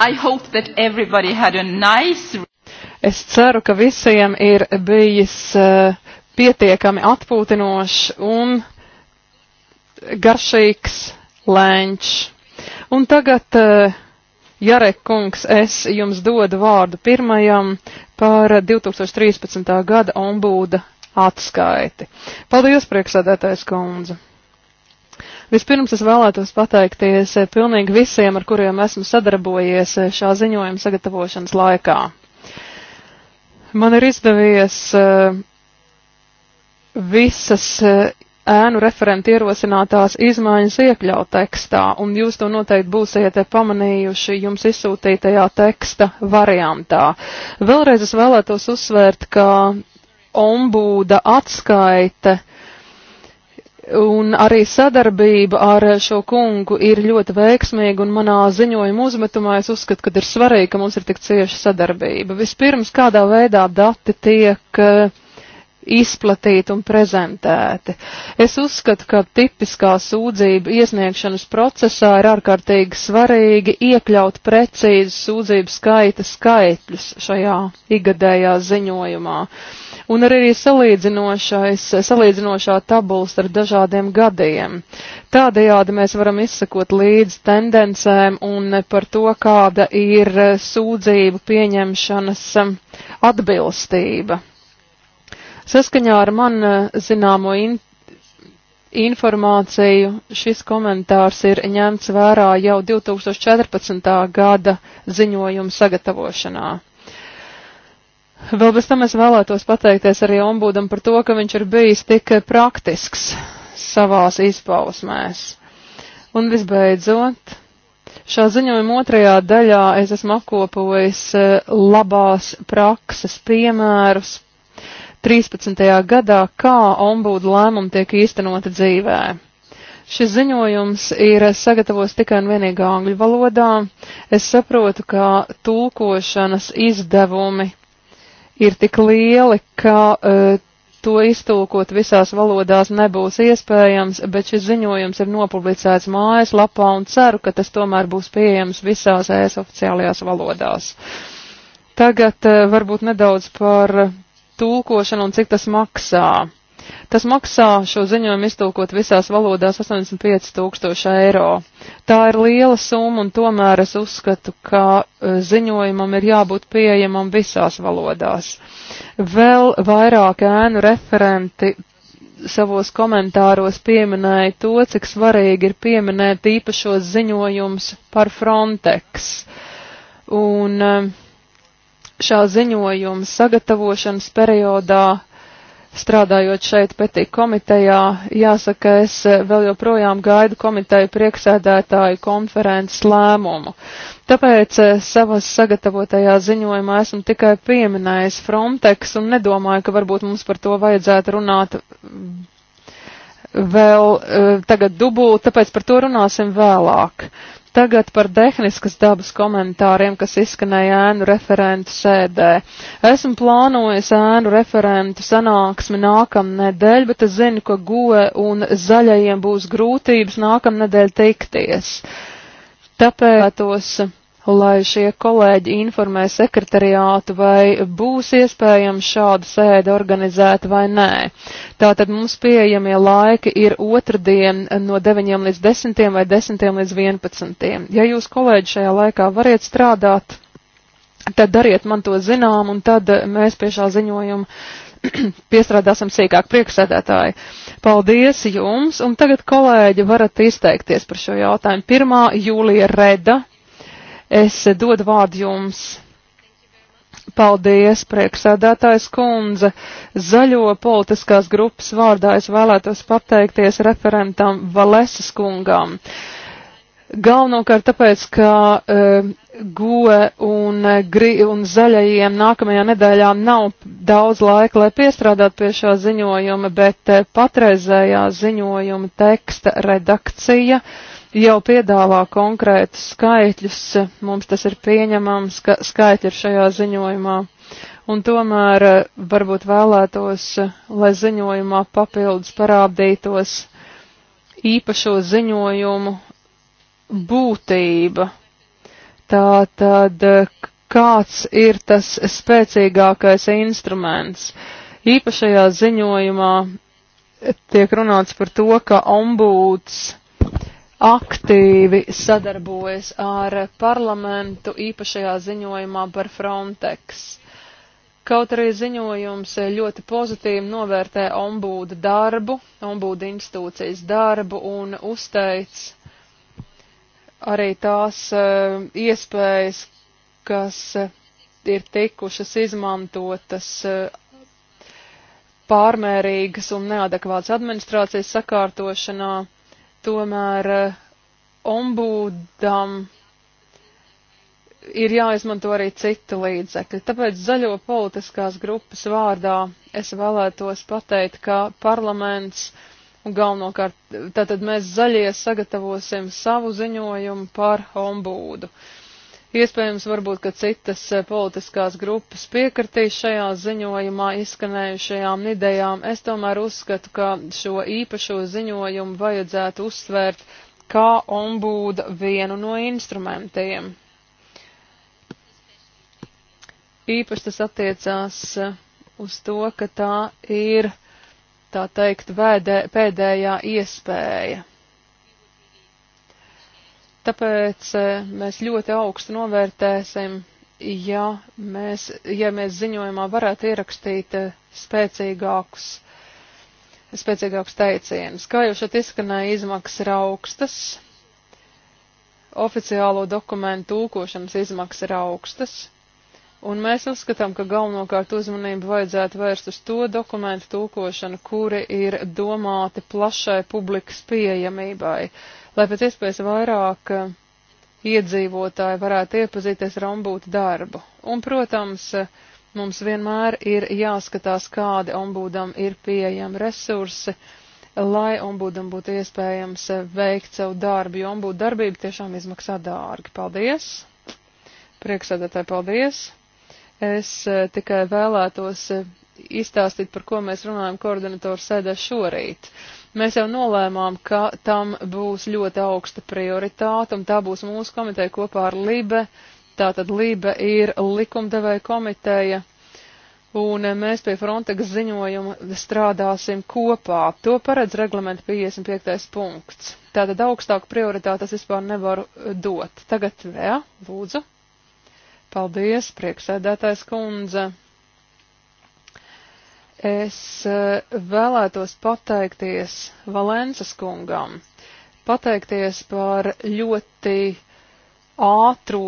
I hope that everybody had a nice. Es ceru, ka visiem ir bijis uh, pietiekami atpūtinošs un garšīgs lēņš. Un tagad, uh, Jarek kungs, es jums dodu vārdu pirmajam par 2013. gada ombūda atskaiti. Paldies, priekšsēdētājs kundze! Vispirms es vēlētos pateikties eh, pilnīgi visiem, ar kuriem esmu sadarbojies eh, šā ziņojuma sagatavošanas laikā. Man ir izdevies eh, visas ēnu referentu ierosinātās izmaiņas iekļaut tekstā, un jūs to noteikti būsiet pamanījuši jums izsūtītajā teksta variantā. Vēlreiz es vēlētos uzsvērt, ka ombūda atskaite Un arī sadarbība ar šo kungu ir ļoti veiksmīga, un manā ziņojuma uzmetumā es uzskatu, ka ir svarīgi, ka mums ir tik cieša sadarbība. Vispirms, kādā veidā dati tiek eh, izplatīti un prezentēti. Es uzskatu, ka tipiskā sūdzība iesniegšanas procesā ir ārkārtīgi svarīgi iekļaut precīzi sūdzību skaita skaitļus šajā igadējā ziņojumā. Uh, un arī salīdzinošā tabulas ar dažādiem gadiem. Tādējādi mēs varam izsakot līdz tendencēm un par to, kāda ir sūdzību pieņemšanas atbilstība. Saskaņā ar man zināmo in informāciju šis komentārs ir ņemts vērā jau 2014. gada ziņojuma sagatavošanā. Vēl bez tam es vēlētos pateikties arī ombūdam par to, ka viņš ir bijis tik praktisks savās izpausmēs. Un visbeidzot, šā ziņojuma otrajā daļā es esmu apkopojis e, labās prakses piemērus 13. gadā, kā ombūda lēmumi tiek īstenoti dzīvē. Šis ziņojums ir sagatavots tikai un vienīgi angļu valodā. Es saprotu, ka tulkošanas izdevumi ir tik lieli, ka uh, to iztulkot visās valodās nebūs iespējams, bet šis ziņojums ir nopublicēts mājaslapā un ceru, ka tas tomēr būs pieejams visās ES oficiālajās valodās. Tagad uh, varbūt nedaudz par tulkošanu un cik tas maksā. Tas maksā šo ziņojumu iztulkot visās valodās 85 tūkstoši eiro. Tā ir liela summa un tomēr es uzskatu, ka e, ziņojumam ir jābūt pieejamam visās valodās. Vēl vairāk ēnu referenti savos komentāros pieminēja to, cik svarīgi ir pieminēt īpašos ziņojums par Frontex. Un e, šā ziņojuma sagatavošanas periodā strādājot šeit petī komitejā, jāsaka, es eh, vēl joprojām gaidu komiteju prieksēdētāju konferences lēmumu. Tāpēc eh, savas sagatavotajā ziņojumā esmu tikai pieminējis Frontex un nedomāju, ka varbūt mums par to vajadzētu runāt mm, vēl eh, tagad dubult, tāpēc par to runāsim vēlāk. Tagad par tehniskas dabas komentāriem, kas izskanēja ēnu referentu sēdē. Esmu plānojis ēnu referentu sanāksmi nākamnedēļ, bet es zinu, ka goe un zaļajiem būs grūtības nākamnedēļ tikties. Tāpēc tos lai šie kolēģi informē sekretariātu, vai būs iespējams šāda sēde organizēta vai nē. Tātad mums pieejamie laiki ir otrdien no 9 līdz 10 vai 10 līdz 11. Ja jūs kolēģi šajā laikā variet strādāt, tad dariet man to zinām, un tad mēs pie šā ziņojuma piestrādāsim sīkāk priekšsēdētāji. Paldies jums, un tagad kolēģi varat izteikties par šo jautājumu. Pirmā jūlija Reda. Es dodu vārdu jums. Paldies, prieksēdētājs kundze. Zaļo politiskās grupas vārdā es vēlētos pateikties referentam Valesas kungām. Galvenokārt tāpēc, ka uh, eh, GOE un, eh, gri, un zaļajiem nākamajā nedēļā nav daudz laika, lai piestrādāt pie šā ziņojuma, bet uh, patreizējā ziņojuma teksta redakcija uh, jau piedāvā konkrētus skaitļus, mums tas ir pieņemams, ka skaitļi ir šajā ziņojumā. Un tomēr eh, varbūt vēlētos, eh, lai ziņojumā papildus parādītos īpašo ziņojumu būtība. Tā tad, eh, kāds ir tas spēcīgākais instruments? Īpašajā ziņojumā tiek runāts par to, ka ombuds aktīvi sadarbojas ar parlamentu īpašajā ziņojumā par Frontex. Kaut arī ziņojums ļoti pozitīvi novērtē ombūda darbu, ombūda institūcijas darbu un uzteic arī tās uh, iespējas, kas uh, ir tikušas izmantotas uh, pārmērīgas un neadekvātas administrācijas sakārtošanā Tomēr eh, ombūdam ir jāizmanto arī citi līdzekļi. Tāpēc zaļo politiskās grupas vārdā es vēlētos pateikt, ka parlaments un galvenokārt, tātad mēs zaļie sagatavosim savu ziņojumu par ombūdu. Uh, Iespējams, varbūt, ka citas eh, politiskās grupas piekritīs šajā ziņojumā izskanējušajām idejām. Es tomēr uzskatu, ka šo īpašo ziņojumu vajadzētu uzsvērt kā ombūda vienu no instrumentiem. Īpaši tas attiecās eh, uz to, ka tā ir, tā teikt, vēdē, pēdējā iespēja Tāpēc e, mēs ļoti augstu novērtēsim, ja mēs, ja mēs ziņojumā varētu ierakstīt e, spēcīgākus, spēcīgākus teicienus. Kā jau šeit izskanēja, izmaksas ir augstas, oficiālo dokumentu tūkošanas izmaksas ir augstas, un mēs uzskatām, ka galvenokārt uzmanību vajadzētu vērst uz to dokumentu tūkošanu, kuri ir domāti plašai publikas pieejamībai lai pēc iespējas vairāk eh, iedzīvotāji varētu iepazīties ar ombūtu darbu. Un, protams, mums vienmēr ir jāskatās, kādi ombūdam ir pieejami resursi, lai ombūdam būtu iespējams eh, veikt savu darbu, jo ombūda darbība tiešām izmaksā dārgi. Paldies! Prieksēdētāji, paldies! Es eh, tikai vēlētos izstāstīt, par ko mēs runājam koordinatoru sēdē šorīt. Uh, Mēs jau nolēmām, ka tam būs ļoti augsta prioritāte, un tā būs mūsu komiteja kopā ar Libe. Tātad Libe ir likumdevēja komiteja, un mēs pie Frontex ziņojuma strādāsim kopā. To paredz reglamenta 55. punkts. Tātad augstāku prioritāti es vispār nevaru dot. Tagad, jā, lūdzu. Paldies, prieksēdētājs kundze. Es eh, vēlētos pateikties Valences kungam, pateikties par ļoti ātro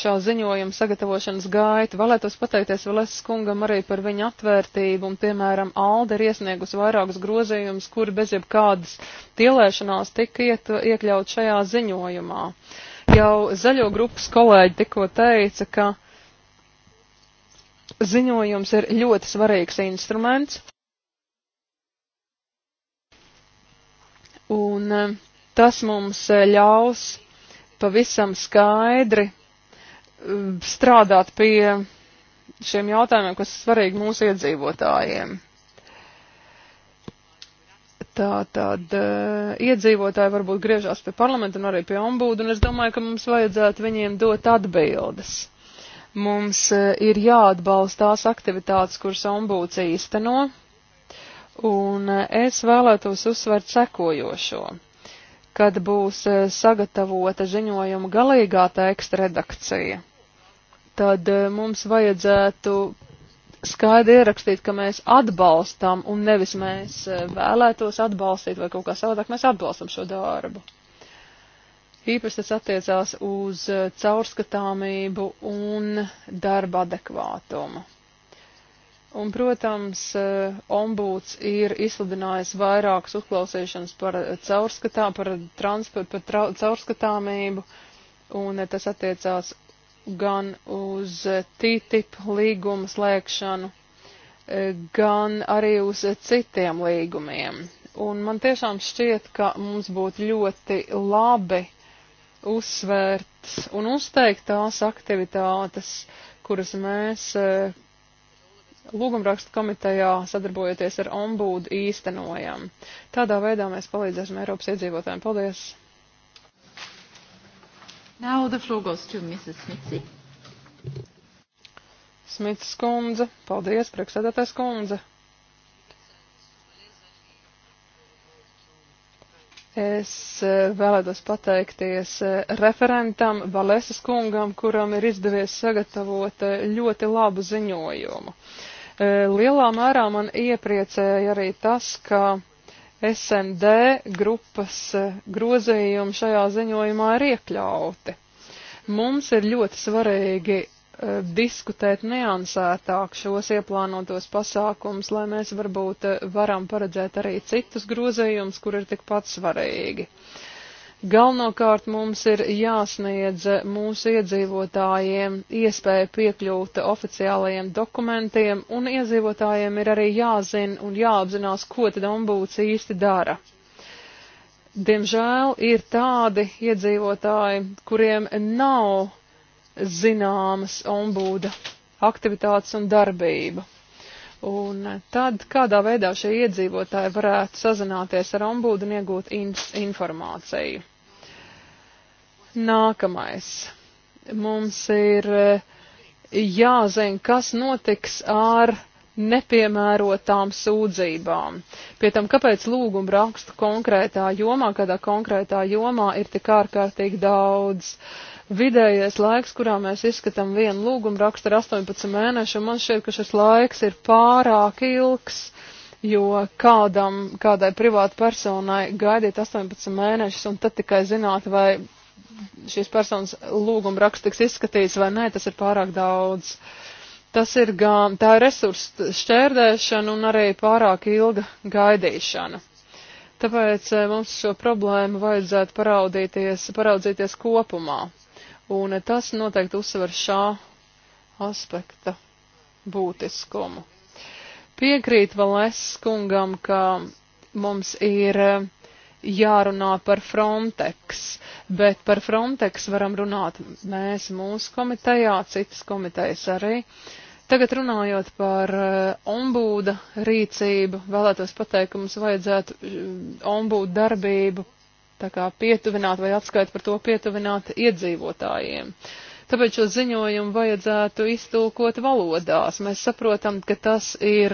šā ziņojuma sagatavošanas gaitu. Vēlētos pateikties Valēsas kungam arī par viņa atvērtību, un, piemēram, Alde ir iesniegus vairākus grozījumus, kuri bez jebkādas tielēšanās tika iet, iekļaut šajā ziņojumā. Jau zaļo grupas kolēģi tikko teica, ka ziņojums ir ļoti svarīgs instruments. Un e, tas mums e, ļaus pavisam skaidri e, strādāt pie šiem jautājumiem, kas ir svarīgi mūsu iedzīvotājiem. Tā tad iedzīvotāji varbūt griežās pie parlamenta un arī pie ombudu, un es domāju, ka mums vajadzētu viņiem dot atbildes. Mums e, ir jāatbalsta tās aktivitātes, kuras ombūts īsteno, un e, es vēlētos uzsvērt sekojošo. Kad būs e, sagatavota ziņojuma galīgā teksta redakcija, tad mums vajadzētu skaidri ierakstīt, ka mēs atbalstam un nevis mēs vēlētos atbalstīt vai kaut kā savādāk mēs atbalstam šo darbu. Īpaši tas attiecās uz eh, caurskatāmību un darba adekvātumu. Un, protams, eh, ombuds ir izsludinājis vairākas uzklausīšanas par, eh, caurskatā, par, transport, par trau, caurskatāmību, un tas attiecās gan uz TTIP līgumu slēgšanu, gan arī uz citiem līgumiem. Un man tiešām šķiet, ka mums būtu ļoti labi uzsvērts un uzteikt tās aktivitātes, kuras mēs e, lūgumrakstu komitejā sadarbojoties ar ombūdu īstenojam. Tādā veidā mēs palīdzēsim Eiropas iedzīvotājiem. Paldies! Now the floor goes to Mrs. Smitsi. Smits kundze, paldies, priekšsēdētājs kundze. Es eh, vēlētos pateikties eh, referentam Valesas kungam, kuram ir izdevies sagatavot eh, ļoti labu ziņojumu. Lielā mērā man iepriecēja arī tas, ka SND grupas grozījumi šajā ziņojumā ir iekļauti. Mums ir ļoti svarīgi diskutēt neansētāk šos ieplānotos pasākums, lai mēs varbūt eh, varam paredzēt arī citus grozījumus, kur ir tikpat svarīgi. Galvenokārt mums ir jāsniedz mūsu iedzīvotājiem iespēja piekļūt oficiālajiem dokumentiem, un iedzīvotājiem ir arī jāzina un jāapzinās, ko tad ombūts īsti dara. Diemžēl ir tādi iedzīvotāji, kuriem nav zināmas ombuda aktivitātes un darbība. Un tad kādā veidā šie iedzīvotāji varētu sazināties ar ombudu un iegūt in informāciju. Nākamais. Mums ir eh, jāzina, kas notiks ar nepiemērotām sūdzībām. Pie tam, kāpēc lūgumu rakstu konkrētā jomā, kādā konkrētā jomā ir tik ārkārtīgi daudz. Uh, vidējais laiks, kurā mēs izskatām vienu lūgumu rakstu ir 18 mēneši, un man šķiet, ka šis laiks ir pārāk ilgs, jo kādam, kādai privātu personai gaidīt 18 mēnešus un tad tikai zināt, vai šīs personas lūguma raksts tiks izskatīts vai nē, tas ir pārāk daudz. Tas ir gan, tā ir resursu šķērdēšana un arī pārāk ilga gaidīšana. Tāpēc eh, mums šo problēmu vajadzētu paraudzīties kopumā. Un tas noteikti uzsver šā aspekta būtiskumu. Piekrīt Valēs kungam, ka mums ir eh, jārunā par Frontex, bet par Frontex varam runāt mēs mūsu komitejā, citas komitejas arī. Tagad runājot par eh, ombūda rīcību, vēlētos pateikt, ka mums vajadzētu eh, ombūda darbību tā kā pietuvināt vai atskaita par to pietuvināt iedzīvotājiem. Tāpēc šo ziņojumu vajadzētu iztulkot valodās. Mēs saprotam, ka tas ir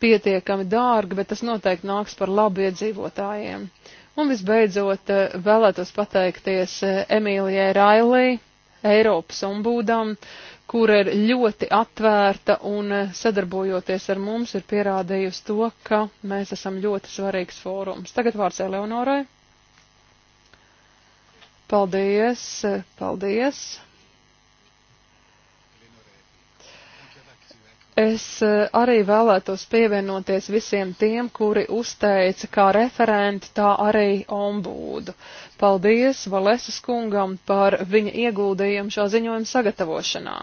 pietiekami dārgi, bet tas noteikti nāks par labu iedzīvotājiem. Un visbeidzot vēlētos pateikties Emīlijai Railī, Eiropas ombūdam, kur ir ļoti atvērta un sadarbojoties ar mums ir pierādījusi to, ka mēs esam ļoti svarīgs fórums. Tagad vārds Eleonorai. Paldies, paldies. Es eh, arī vēlētos pievienoties visiem tiem, kuri uzteica kā referenti, tā arī ombūdu. Paldies Valesas kungam par viņa ieguldījumu šā ziņojuma sagatavošanā.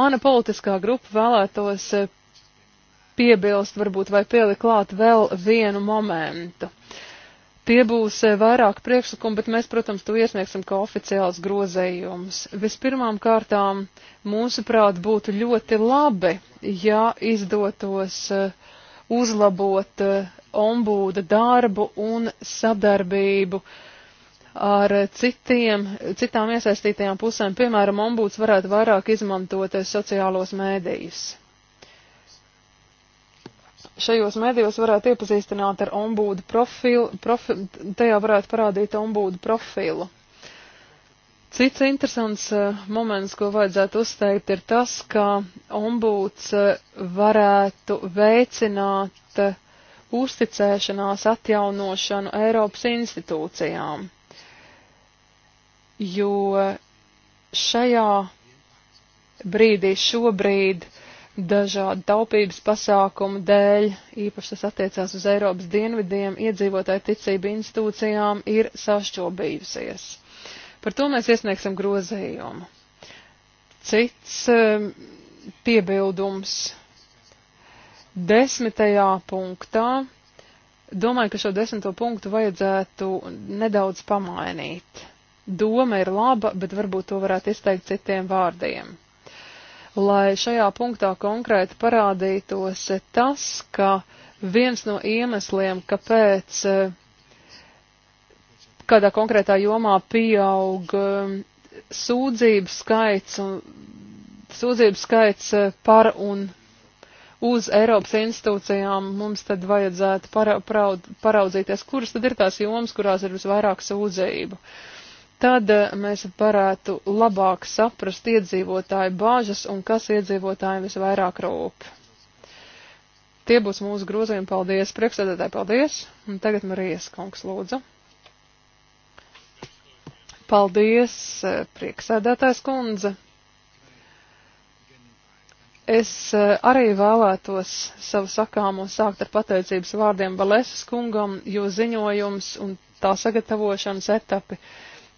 Mana politiskā grupa vēlētos eh, piebilst, varbūt vai pielikt klāt vēl vienu momentu. Uh, Tie būs eh, vairāk priekšlikumi, bet mēs, protams, to iesniegsim kā oficiāls grozējums. Vispirmām kārtām, mūsuprāt, būtu ļoti labi, ja izdotos eh, uzlabot eh, ombūda darbu un sadarbību ar citiem, citām iesaistītajām pusēm. Piemēram, ombuds varētu vairāk izmantot sociālos mēdījus šajos medijos varētu iepazīstināt ar ombūdu profilu, profi, tajā varētu parādīt ombūdu profilu. Cits interesants eh, moments, ko vajadzētu uzteikt, ir tas, ka ombuds eh, varētu veicināt eh, uzticēšanās atjaunošanu Eiropas institūcijām, jo šajā brīdī šobrīd uh, dažādu taupības pasākumu dēļ, īpaši tas attiecās uz Eiropas dienvidiem, iedzīvotāju ticība institūcijām ir sašķobījusies. Par to mēs iesniegsim grozījumu. Cits um, piebildums desmitajā punktā. Domāju, ka šo desmito punktu vajadzētu nedaudz pamainīt. Doma ir laba, bet varbūt to varētu izteikt citiem vārdiem lai šajā punktā konkrēti parādītos tas, ka viens no iemesliem, kāpēc eh, kādā konkrētā jomā pieaug eh, sūdzību skaits, sūdzību skaits eh, par un uz Eiropas institūcijām, mums tad vajadzētu para, praud, paraudzīties, kuras tad ir tās jomas, kurās ir visvairāk sūdzību. Uh, Tad eh, mēs varētu labāk saprast iedzīvotāju bāžas un kas iedzīvotājiem visvairāk rūp. Tie būs mūsu grozījumi. Paldies, priekšsēdētāji, paldies. Un tagad Marijas kungs lūdzu. Paldies, eh, priekšsēdētājs kundze. Es eh, arī vēlētos savu sakāmu sākt ar pateicības vārdiem Valesas kungam, jo ziņojums un tā sagatavošanas etapi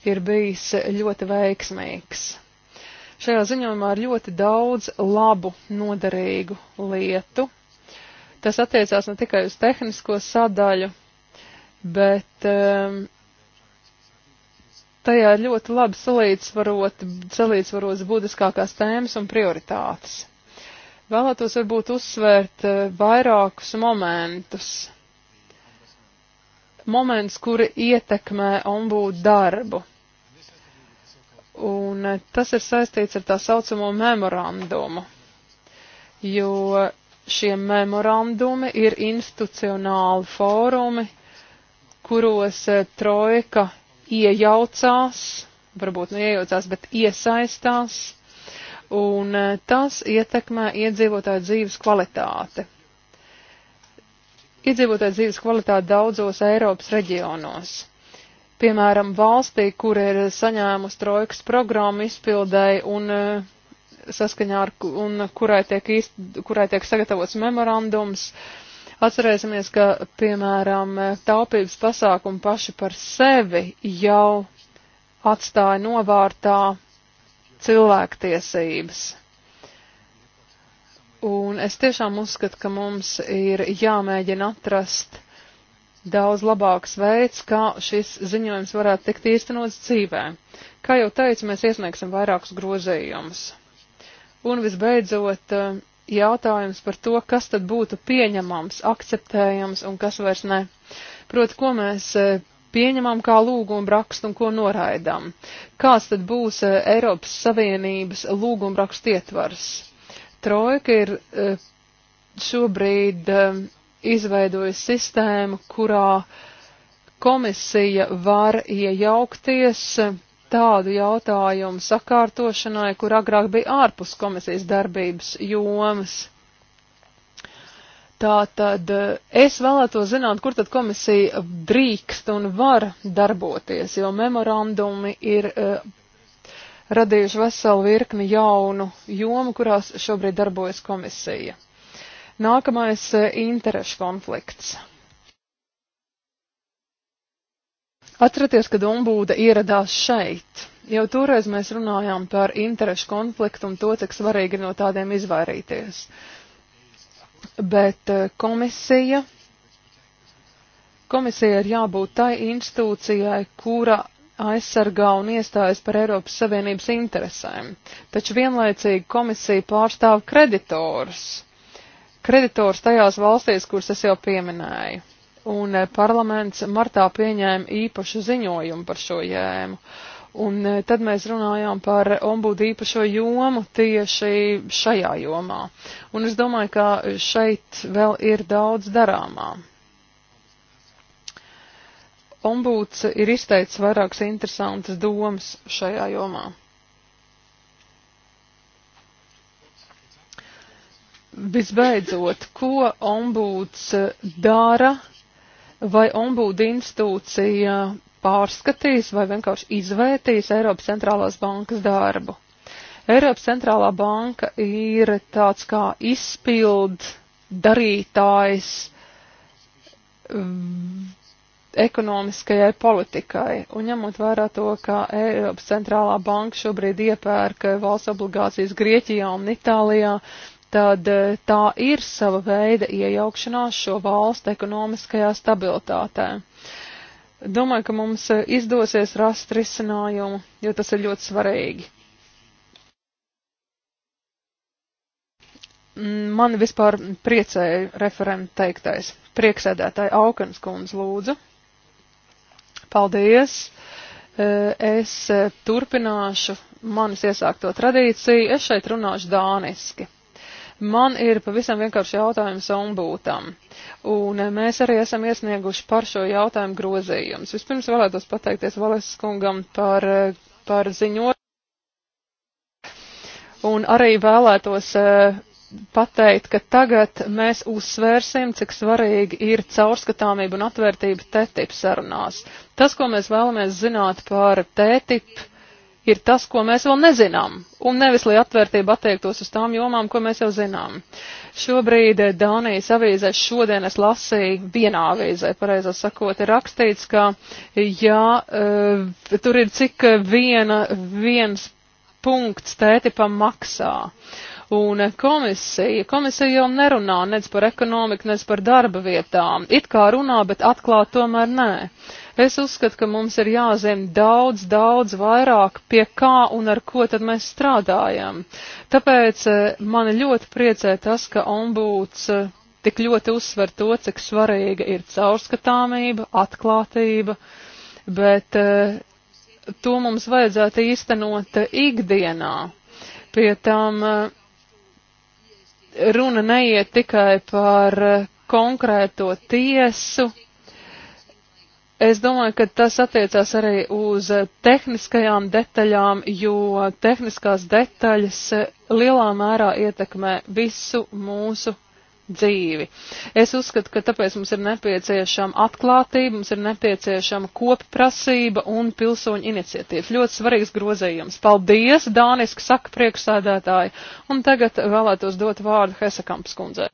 ir bijis ļoti veiksmīgs. Šajā ziņojumā ir ļoti daudz labu, noderīgu lietu. Tas attiecās ne tikai uz tehnisko sadaļu, bet um, tajā ir ļoti labi salīdzvarots būtiskākās tēmas un prioritātes. Vēlētos varbūt uzsvērt uh, vairākus momentus. Moments, kuri ietekmē ombūdu darbu. Un eh, tas ir saistīts ar tā saucamo memorandumu, jo šie memorandumi ir institucionāli fórumi, kuros eh, trojka iejaucās, varbūt neiejaucās, nu bet iesaistās, un eh, tas ietekmē iedzīvotāju dzīves kvalitāti. Iedzīvotāju dzīves kvalitāti daudzos Eiropas reģionos piemēram, valstī, kur ir saņēmusi trojkas programmu izpildēji un eh, saskaņā ar, un kurai tiek, īst, kurai tiek sagatavots memorandums. Atcerēsimies, ka, piemēram, taupības pasākumi paši par sevi jau atstāja novārtā cilvēktiesības. Un es tiešām uzskatu, ka mums ir jāmēģina atrast daudz labāks veids, kā šis ziņojums varētu tikt īstenots dzīvē. Kā jau teicu, mēs iesniegsim vairākus grozējumus. Un visbeidzot, eh, jautājums par to, kas tad būtu pieņemams, akceptējams un kas vairs ne. Proti, ko mēs eh, pieņemam kā lūgumu rakstu un ko noraidam. Kāds tad būs eh, Eiropas Savienības lūgumu rakstu ietvars? Trojka ir šobrīd izveidoja sistēmu, kurā komisija var iejaukties tādu jautājumu sakārtošanai, kur agrāk bija ārpus komisijas darbības jomas. Tātad eh, es vēlētos zināt, kur tad komisija drīkst un var darboties, jo memorandumi ir uh, radījuši veselu virkni jaunu jomu, kurās šobrīd darbojas komisija. Nākamais eh, - interešu konflikts. Atcerieties, kad Umbūda ieradās šeit. Jau toreiz mēs runājām par interešu konfliktu un to, cik svarīgi ir no tādiem izvairīties. Bet eh, komisija, komisija ir jābūt tai institūcijai, kura aizsargā un iestājas par Eiropas Savienības interesēm, taču vienlaicīgi komisija pārstāv kreditorus kreditors tajās valstīs, kuras es jau pieminēju. Un eh, parlaments martā pieņēma īpašu ziņojumu par šo jēmu. Un eh, tad mēs runājām par ombudu īpašo jomu tieši šajā jomā. Un es domāju, ka šeit vēl ir daudz darāmā. Ombuds ir izteicis vairākas interesantas domas šajā jomā. Visbeidzot, ko ombuds eh, dara, vai ombuda institūcija pārskatīs vai vienkārši izvērtīs Eiropas centrālās bankas darbu? Eiropas centrālā banka ir tāds kā izpild darītājs mm, ekonomiskajai politikai. Un ņemot vērā to, ka Eiropas centrālā banka šobrīd iepērk valsts obligācijas Grieķijā un Itālijā, uh, tad eh, tā ir sava veida iejaukšanās šo valstu ekonomiskajā stabilitātē. Domāju, ka mums eh, izdosies rast risinājumu, jo tas ir ļoti svarīgi. Mm, mani vispār priecēja referenta teiktais. Prieksēdētāji Aukens kundze lūdzu. Paldies! Eh, es turpināšu manis iesākto tradīciju. Es šeit runāšu dāniski. Man ir pavisam vienkārši jautājums ombūtam. Un eh, mēs arī esam iesnieguši par šo jautājumu grozījumus. Vispirms vēlētos pateikties Valēsas kungam par, eh, par ziņojumu. Un arī vēlētos eh, pateikt, ka tagad mēs uzsvērsim, cik svarīgi ir caurskatāmība un atvērtība TTIP sarunās. Tas, ko mēs vēlamies zināt par TTIP ir tas, ko mēs vēl nezinām, un nevis, lai atvērtība attiektos uz tām jomām, ko mēs jau zinām. Šobrīd eh, Dānijas avīzē šodien es lasīju vienā avīzē, pareizā sakot, ir rakstīts, ka, jā, e, eh, tur ir cik eh, viena, viens punkts tēti pamaksā. maksā un komisija. Komisija jau nerunā nec par ekonomiku, nec par darba vietām. It kā runā, bet atklāt tomēr nē. Es uzskatu, ka mums ir jāzina daudz, daudz vairāk pie kā un ar ko tad mēs strādājam. Tāpēc eh, mani ļoti priecē tas, ka ombuds eh, tik ļoti uzsver to, cik svarīga ir caurskatāmība, atklātība, bet eh, to mums vajadzētu īstenot ikdienā. Pie tam uh, runa neiet tikai par eh, konkrēto tiesu. Es domāju, ka tas attiecās arī uz eh, tehniskajām detaļām, jo tehniskās detaļas eh, lielā mērā ietekmē visu mūsu dzīvi. Es uzskatu, ka tāpēc mums ir nepieciešama atklātība, mums ir nepieciešama kopprasība un pilsoņu iniciatīva. Ļoti svarīgs grozījums. Paldies, Dāniski saka priekšsēdētāji. Un tagad vēlētos dot vārdu Hesekampas kundzei.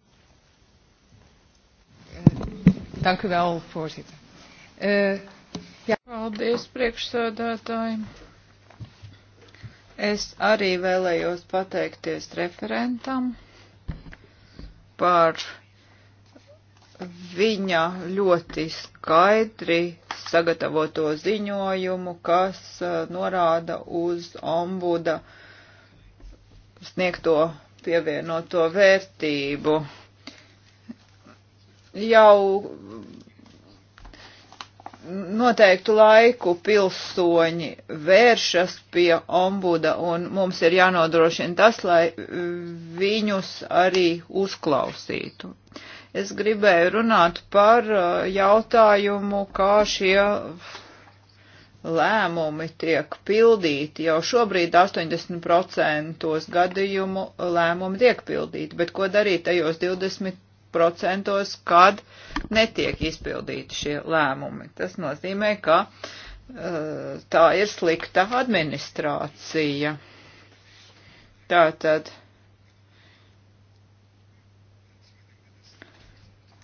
Dank u wel, voorzitter. Uh, ja. Paldies, priekšsēdētāji. Es arī vēlējos pateikties referentam par viņa ļoti skaidri sagatavoto ziņojumu, kas uh, norāda uz ombuda sniegto pievienoto vērtību. Jau noteiktu laiku pilsoņi vēršas pie ombuda un mums ir jānodrošina tas, lai viņus arī uzklausītu. Es gribēju runāt par uh, jautājumu, kā šie lēmumi tiek pildīti. Jau šobrīd 80% gadījumu lēmumi tiek pildīti, bet ko darīt tajos 20 procentos, kad netiek izpildīti šie lēmumi. Tas nozīmē, ka uh, tā ir slikta administrācija. Tātad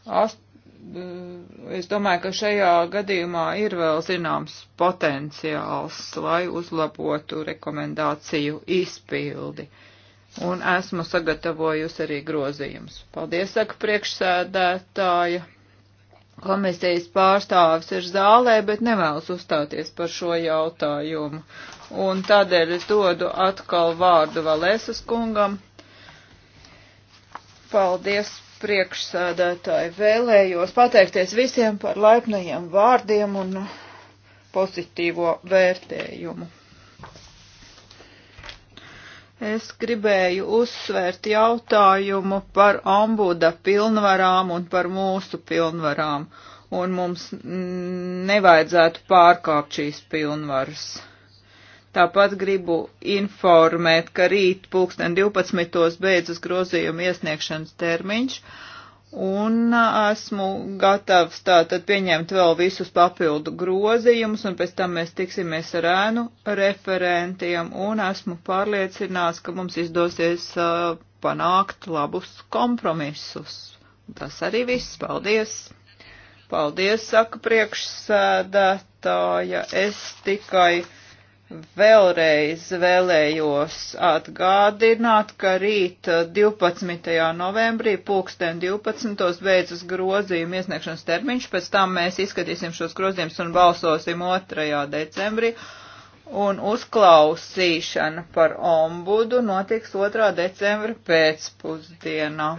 8 eh, es domāju, ka šajā gadījumā ir vēl zināms potenciāls, lai uzlabotu rekomendāciju izpildi. Uh, un esmu sagatavojusi arī grozījumus. Paldies, saka priekšsēdētāja. Komisijas pārstāvis ir zālē, bet nevēlas uzstāties par šo jautājumu. Un tādēļ es dodu atkal vārdu Valēsas kungam. Paldies, priekšsēdētāji. Vēlējos pateikties visiem par laipnajiem vārdiem un pozitīvo vērtējumu. Es gribēju uzsvērt jautājumu par ombuda pilnvarām un par mūsu pilnvarām, un mums nevajadzētu pārkāpt šīs pilnvaras. Tāpat gribu informēt, ka rīt pulksten 12. beidzas grozījuma iesniegšanas termiņš, uh, Un esmu gatavs tātad pieņemt vēl visus papildu grozījumus, un pēc tam mēs tiksimies ar ēnu referentiem, un esmu pārliecināts, ka mums izdosies uh, panākt labus kompromisus. Tas arī viss. Paldies! Paldies, saka priekšsēdētāja. Es tikai Vēlreiz vēlējos atgādināt, ka rīt 12. Eh, novembrī pulksten 12. beidzas grozījuma iesniegšanas termiņš, pēc tam mēs izskatīsim šos grozījumus un balsosim 2. decembrī un uzklausīšana par ombudu notiks 2. decembra pēcpusdienā.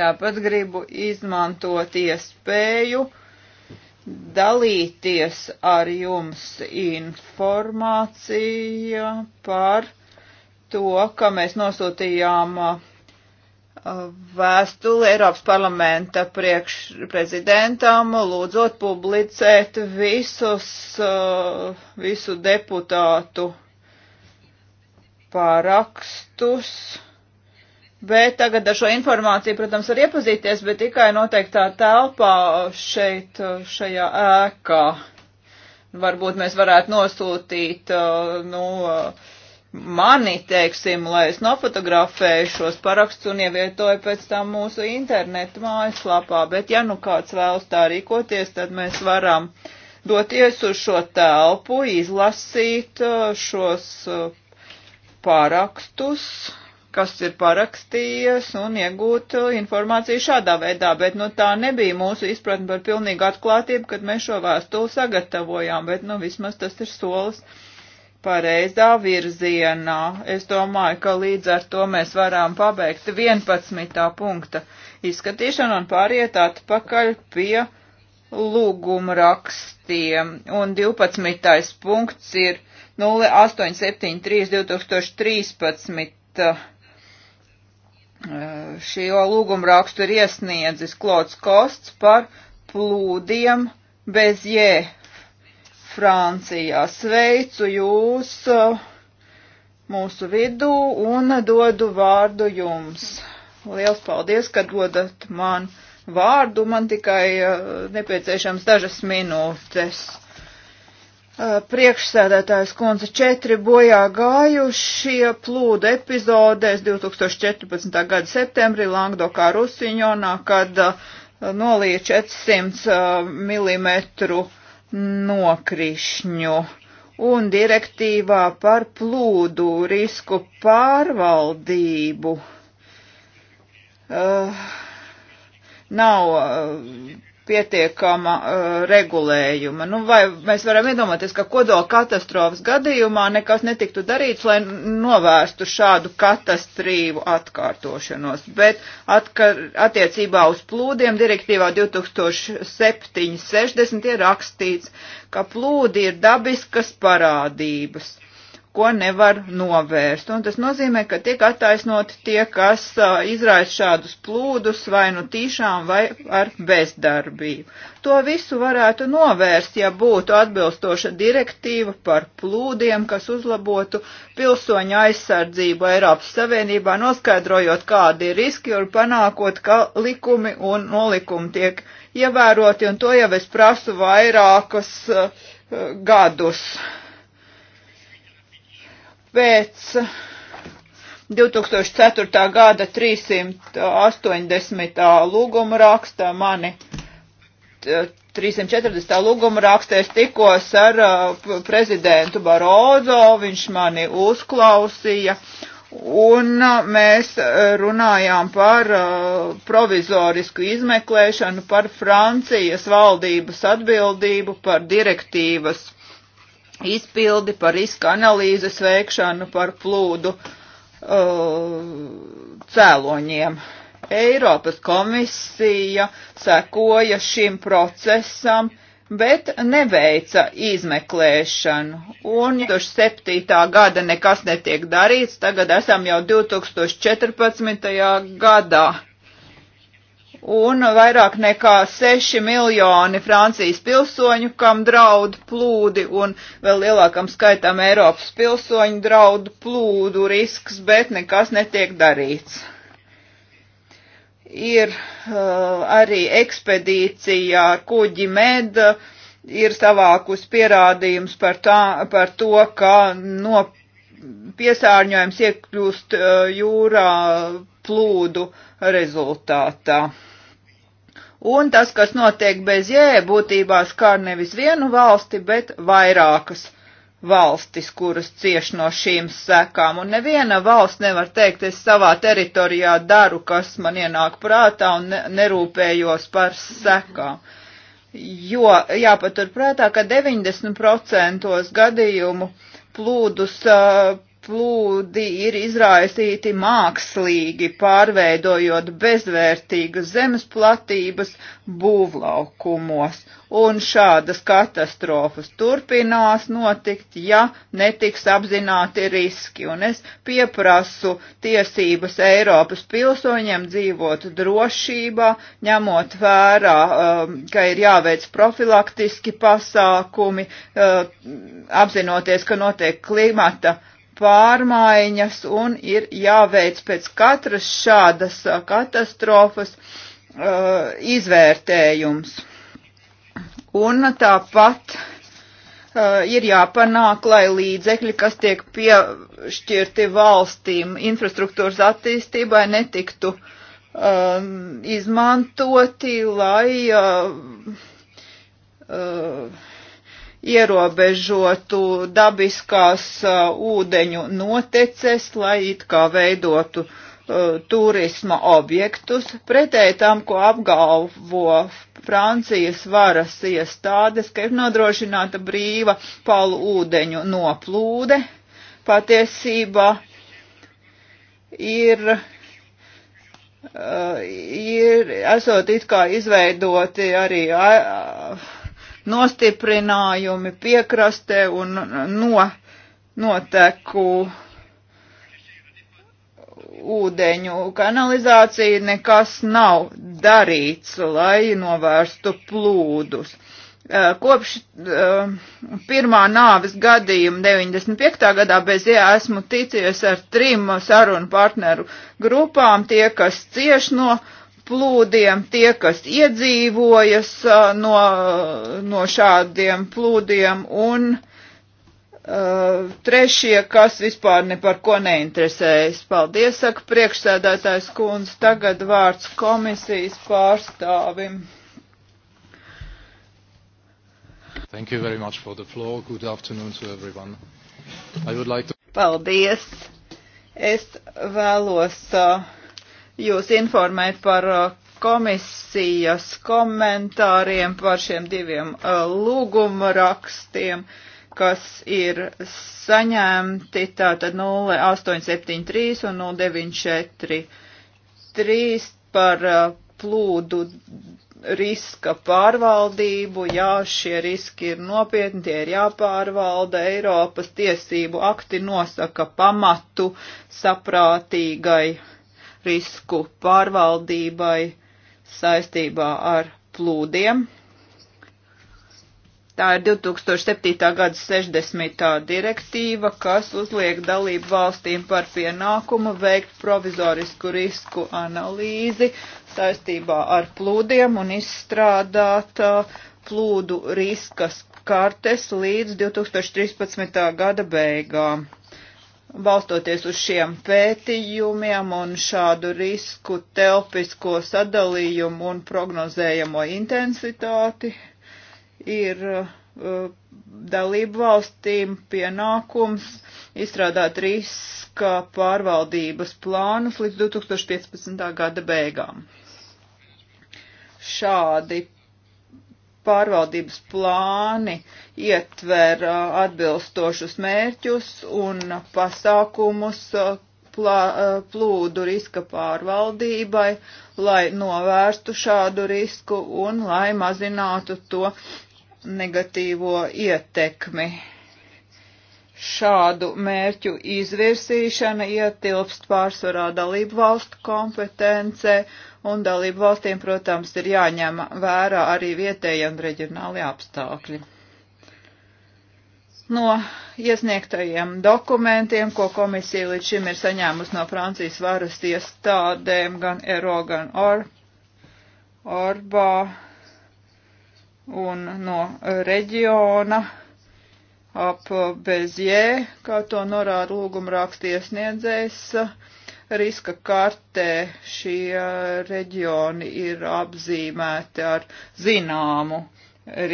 Tāpat gribu izmantot iespēju dalīties ar jums informācija par to, ka mēs nosūtījām uh, vēstuli Eiropas parlamenta priekšprezidentam, lūdzot publicēt visus, uh, visu deputātu pārakstus Bet tagad ar šo informāciju, protams, var iepazīties, bet tikai noteiktā telpā šeit, šajā ēkā. Varbūt mēs varētu nosūtīt, nu, mani, teiksim, lai es nofotografēju šos parakstus un ievietoju pēc tam mūsu internetu mājaslapā. Bet, ja nu kāds vēlas tā rīkoties, tad mēs varam doties uz šo telpu, izlasīt šos parakstus kas ir parakstījies un iegūt informāciju šādā veidā, bet nu, tā nebija mūsu izpratne par pilnīgu atklātību, kad mēs šo vēstuli sagatavojām, bet nu, vismaz tas ir solis pareizā virzienā. Es domāju, ka līdz ar to mēs varam pabeigt 11. punkta izskatīšanu un pāriet atpakaļ pie lūguma rakstiem. Un 12. punkts ir 0873 2013 Eh, šo lūgumu rakstu ir iesniedzis Klods Kosts par plūdiem bez jē Francijā. Sveicu jūs eh, mūsu vidū un dodu vārdu jums. Liels paldies, ka dodat man vārdu, man tikai eh, nepieciešams dažas minūtes. Uh, priekšsēdētājs kundze četri bojā gājušie plūdu epizodēs 2014. gada septembrī Langdokā Rusiņonā, kad uh, nolīja 400 uh, mm nokrišņu. Un direktīvā par plūdu risku pārvaldību uh, nav uh, pietiekama uh, regulējuma. Nu, vai mēs varam iedomāties, ka kodola katastrofas gadījumā nekas netiktu darīts, lai novērstu šādu katastrīvu atkārtošanos. Bet atkar, attiecībā uz plūdiem direktīvā 2760 ir rakstīts, ka plūdi ir dabiskas parādības ko nevar novērst. Un tas nozīmē, ka tiek attaisnoti tie, kas izraisa šādus plūdus vai nu tīšām vai ar bezdarbību. To visu varētu novērst, ja būtu atbilstoša direktīva par plūdiem, kas uzlabotu pilsoņu aizsardzību Eiropas Savienībā, noskaidrojot, kādi ir riski un panākot, ka likumi un nolikumi tiek ievēroti, un to jau es prasu vairākus uh, gadus. Uh, Pēc 2004. gada 380. lūguma rakstā mani 340. lūguma rakstā es tikos ar uh, prezidentu Barozo, viņš mani uzklausīja, un uh, mēs uh, runājām par provizorisku izmeklēšanu, par Francijas valdības atbildību, par direktīvas izpildi, par riska analīzes veikšanu, par plūdu uh, cēloņiem. Eiropas komisija sekoja šim procesam, bet neveica izmeklēšanu. Un 2007. gada nekas netiek darīts, tagad esam jau 2014. gadā un vairāk nekā 6 miljoni Francijas pilsoņu, kam draud plūdi, un vēl lielākam skaitam Eiropas pilsoņu draud plūdu risks, bet nekas netiek darīts. Ir uh, arī ekspedīcija ar kuģi med, ir savākus pierādījums par, tā, par to, ka no piesārņojums iekļūst uh, jūrā plūdu rezultātā. Uh, Un tas, kas notiek bez jē, būtībā skar nevis vienu valsti, bet vairākas valstis, kuras cieš no šīm sekām. Un neviena valsts nevar teikt, es savā teritorijā daru, kas man ienāk prātā un nerūpējos par sekām. Jo jāpaturprātā, ka 90% gadījumu plūdus uh, plūdi ir izraisīti mākslīgi, pārveidojot bezvērtīgas zemes platības būvlaukumos. Un šādas katastrofas turpinās notikt, ja netiks apzināti riski. Un es pieprasu tiesības Eiropas pilsoņiem dzīvot drošībā, ņemot vērā, um, ka ir jāveic profilaktiski pasākumi, uh, apzinoties, ka notiek klimata pārmaiņas un ir jāveic pēc katras šādas uh, katastrofas uh, izvērtējums. Un tāpat uh, ir jāpanāk, lai līdzekļi, kas tiek piešķirti valstīm infrastruktūras attīstībai, netiktu uh, izmantoti, lai uh, uh, ierobežotu dabiskās uh, ūdeņu noteces, lai it kā veidotu uh, turisma objektus, pretēji tam, ko apgalvo Francijas varas iestādes, ka ir nodrošināta brīva palu ūdeņu noplūde, patiesībā ir Uh, ir, esot it kā izveidoti arī uh, nostiprinājumi piekrastē un no, noteku ūdeņu kanalizācija nekas nav darīts, lai novērstu plūdus. Eh, kopš uh, pirmā nāves gadījuma 95. gadā bez jā esmu ticies ar trim sarunu partneru grupām, tie, kas cieš no uh, plūdiem, tie, kas iedzīvojas no, no šādiem plūdiem, un uh, trešie, kas vispār ne par ko neinteresējas. Paldies, saka priekšsēdētājs kundze, tagad vārds komisijas pārstāvim. Thank you very much for the floor. Good afternoon to everyone. I would like to... Paldies. Es vēlos uh, jūs informēt par uh, komisijas komentāriem par šiem diviem uh, lūguma rakstiem, kas ir saņemti tātad 0873 un 0943 par uh, plūdu riska pārvaldību. Jā, šie riski ir nopietni, tie ir jāpārvalda. Eiropas tiesību akti nosaka pamatu saprātīgai risku pārvaldībai saistībā ar plūdiem. Tā ir 2007. gada 60. direktīva, kas uzliek dalību valstīm par pienākumu veikt provizorisku risku analīzi saistībā ar plūdiem un izstrādāt uh, plūdu riskas kartes līdz 2013. gada beigām. Balstoties uz šiem pētījumiem un šādu risku telpisko sadalījumu un prognozējamo intensitāti, ir uh, dalību valstīm pienākums izstrādāt riska pārvaldības plānus līdz 2015. gada beigām. Šādi pārvaldības plāni ietver uh, atbilstošus mērķus un pasākumus uh, plā, uh, plūdu riska pārvaldībai, lai novērstu šādu risku un lai mazinātu to negatīvo ietekmi. Šādu mērķu izvirsīšana ietilpst pārsvarā dalību valstu kompetencē un dalību valstīm, protams, ir jāņem vērā arī vietējie un reģionālie apstākļi. No iesniegtajiem dokumentiem, ko komisija līdz šim ir saņēmusi no Francijas varas iestādēm, gan ERO, gan OR, ORBA un no reģiona ap Bezjē, kā to norāda lūguma rakstiesniedzējs, riska kartē šie reģioni ir apzīmēti ar zināmu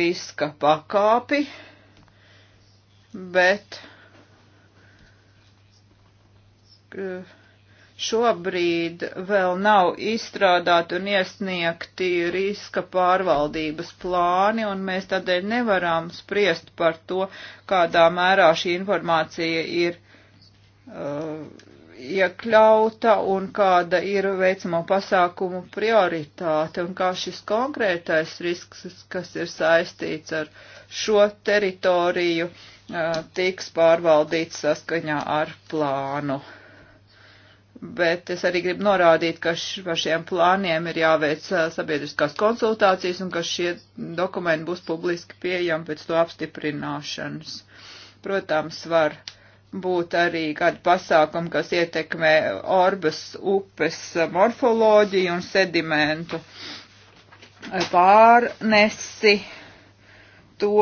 riska pakāpi, bet šobrīd vēl nav izstrādāti un iesniegti riska pārvaldības plāni, un mēs tādēļ nevaram spriest par to, kādā mērā šī informācija ir uh, iekļauta un kāda ir veicamo pasākumu prioritāte un kā šis konkrētais risks, kas ir saistīts ar šo teritoriju, tiks pārvaldīts saskaņā ar plānu. Bet es arī gribu norādīt, ka š, par šiem plāniem ir jāveic sabiedriskās konsultācijas un ka šie dokumenti būs publiski pieejami pēc to apstiprināšanas. Protams, var uh, būt arī kādi pasākumi, kas ietekmē orbas upes morfoloģiju un sedimentu pārnesi. To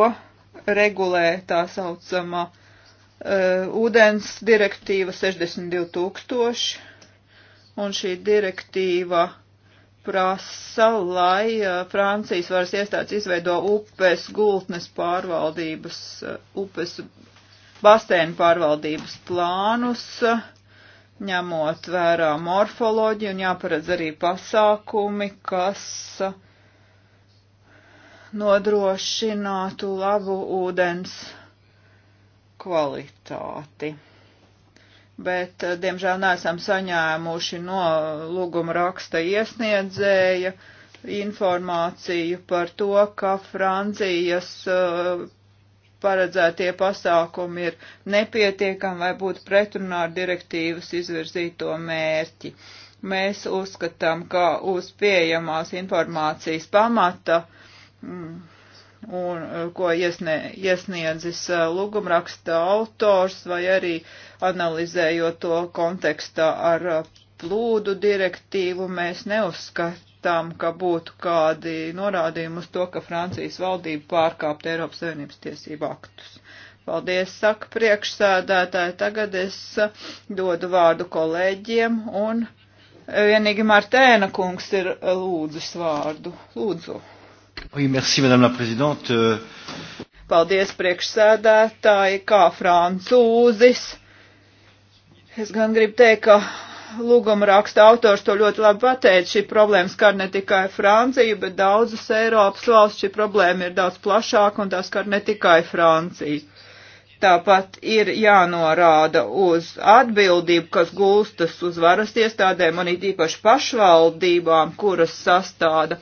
regulē tā saucamā uh, ūdens direktīva 62 tūkstoši, un šī direktīva prasa, lai uh, Francijas varas iestādes izveido upes gultnes pārvaldības, uh, upes basēnu pārvaldības plānus, ņemot vērā morfoloģiju un jāparedz arī pasākumi, kas nodrošinātu labu ūdens kvalitāti. Bet, eh, diemžēl, neesam saņēmuši no lūguma raksta iesniedzēja informāciju par to, ka Francijas eh, paredzētie pasākumi ir nepietiekami vai būtu pretrunā ar direktīvas izvirzīto mērķi. Mēs uzskatām, ka uz pieejamās informācijas pamata, mm, un, eh, ko iesnie, iesniedzis eh, lūgumraksta autors vai arī analizējot to kontekstā ar eh, plūdu direktīvu, mēs neuzskatām, tam, ka būtu kādi norādījumi uz to, ka Francijas valdība pārkāpt Eiropas Savienības tiesību aktus. Paldies, saka priekšsēdētāji. Tagad es dodu vārdu kolēģiem un vienīgi Martēna kungs ir lūdzis vārdu. Lūdzu. Oui, merci, madame la présidente. Paldies, priekšsēdētāji, kā francūzis. Es gan gribu teikt, ka lūguma raksta autors to ļoti labi pateica, šī problēma skar ne tikai Franciju, bet daudzas Eiropas valsts, šī problēma ir daudz plašāka un tā skar ne tikai Franciju. Tāpat ir jānorāda uz atbildību, kas gulstas uz varas iestādēm un it īpaši pašvaldībām, kuras sastāda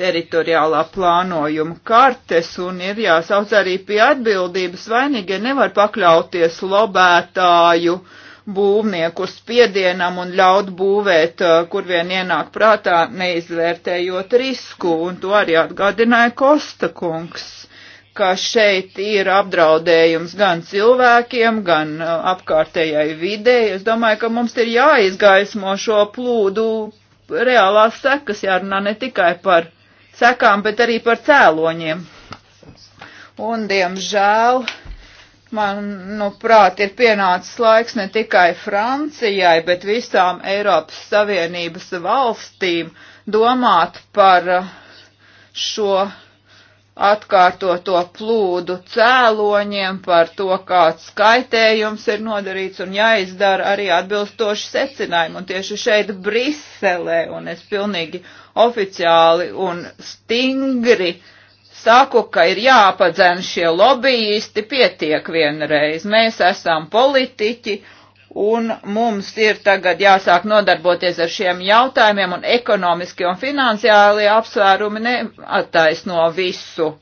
teritoriālā plānojuma kartes un ir jāsauc arī pie atbildības vainīgie nevar pakļauties lobētāju uh, būvnieku spiedienam un ļaut būvēt, eh, kur vien ienāk prātā, neizvērtējot risku, un to arī atgādināja Kosta kungs ka šeit ir apdraudējums gan cilvēkiem, gan eh, apkārtējai videi. Es domāju, ka mums ir jāizgaismo šo plūdu reālās sekas, jārunā ne tikai par sekām, bet arī par cēloņiem. Un, diemžēl, uh, Manuprāt, nu, ir pienācis laiks ne tikai Francijai, bet visām Eiropas Savienības valstīm domāt par eh, šo atkārtoto plūdu cēloņiem, par to, kāds kaitējums ir nodarīts un jāizdara arī atbilstoši secinājumi. Un tieši šeit Briselē, un es pilnīgi oficiāli un stingri uh, saku, ka ir jāpadzem šie lobbyisti, pietiek vienreiz. Mēs esam politiķi un mums ir tagad jāsāk nodarboties ar šiem jautājumiem un ekonomiski un finansiāli apsvērumi neattaisno visu.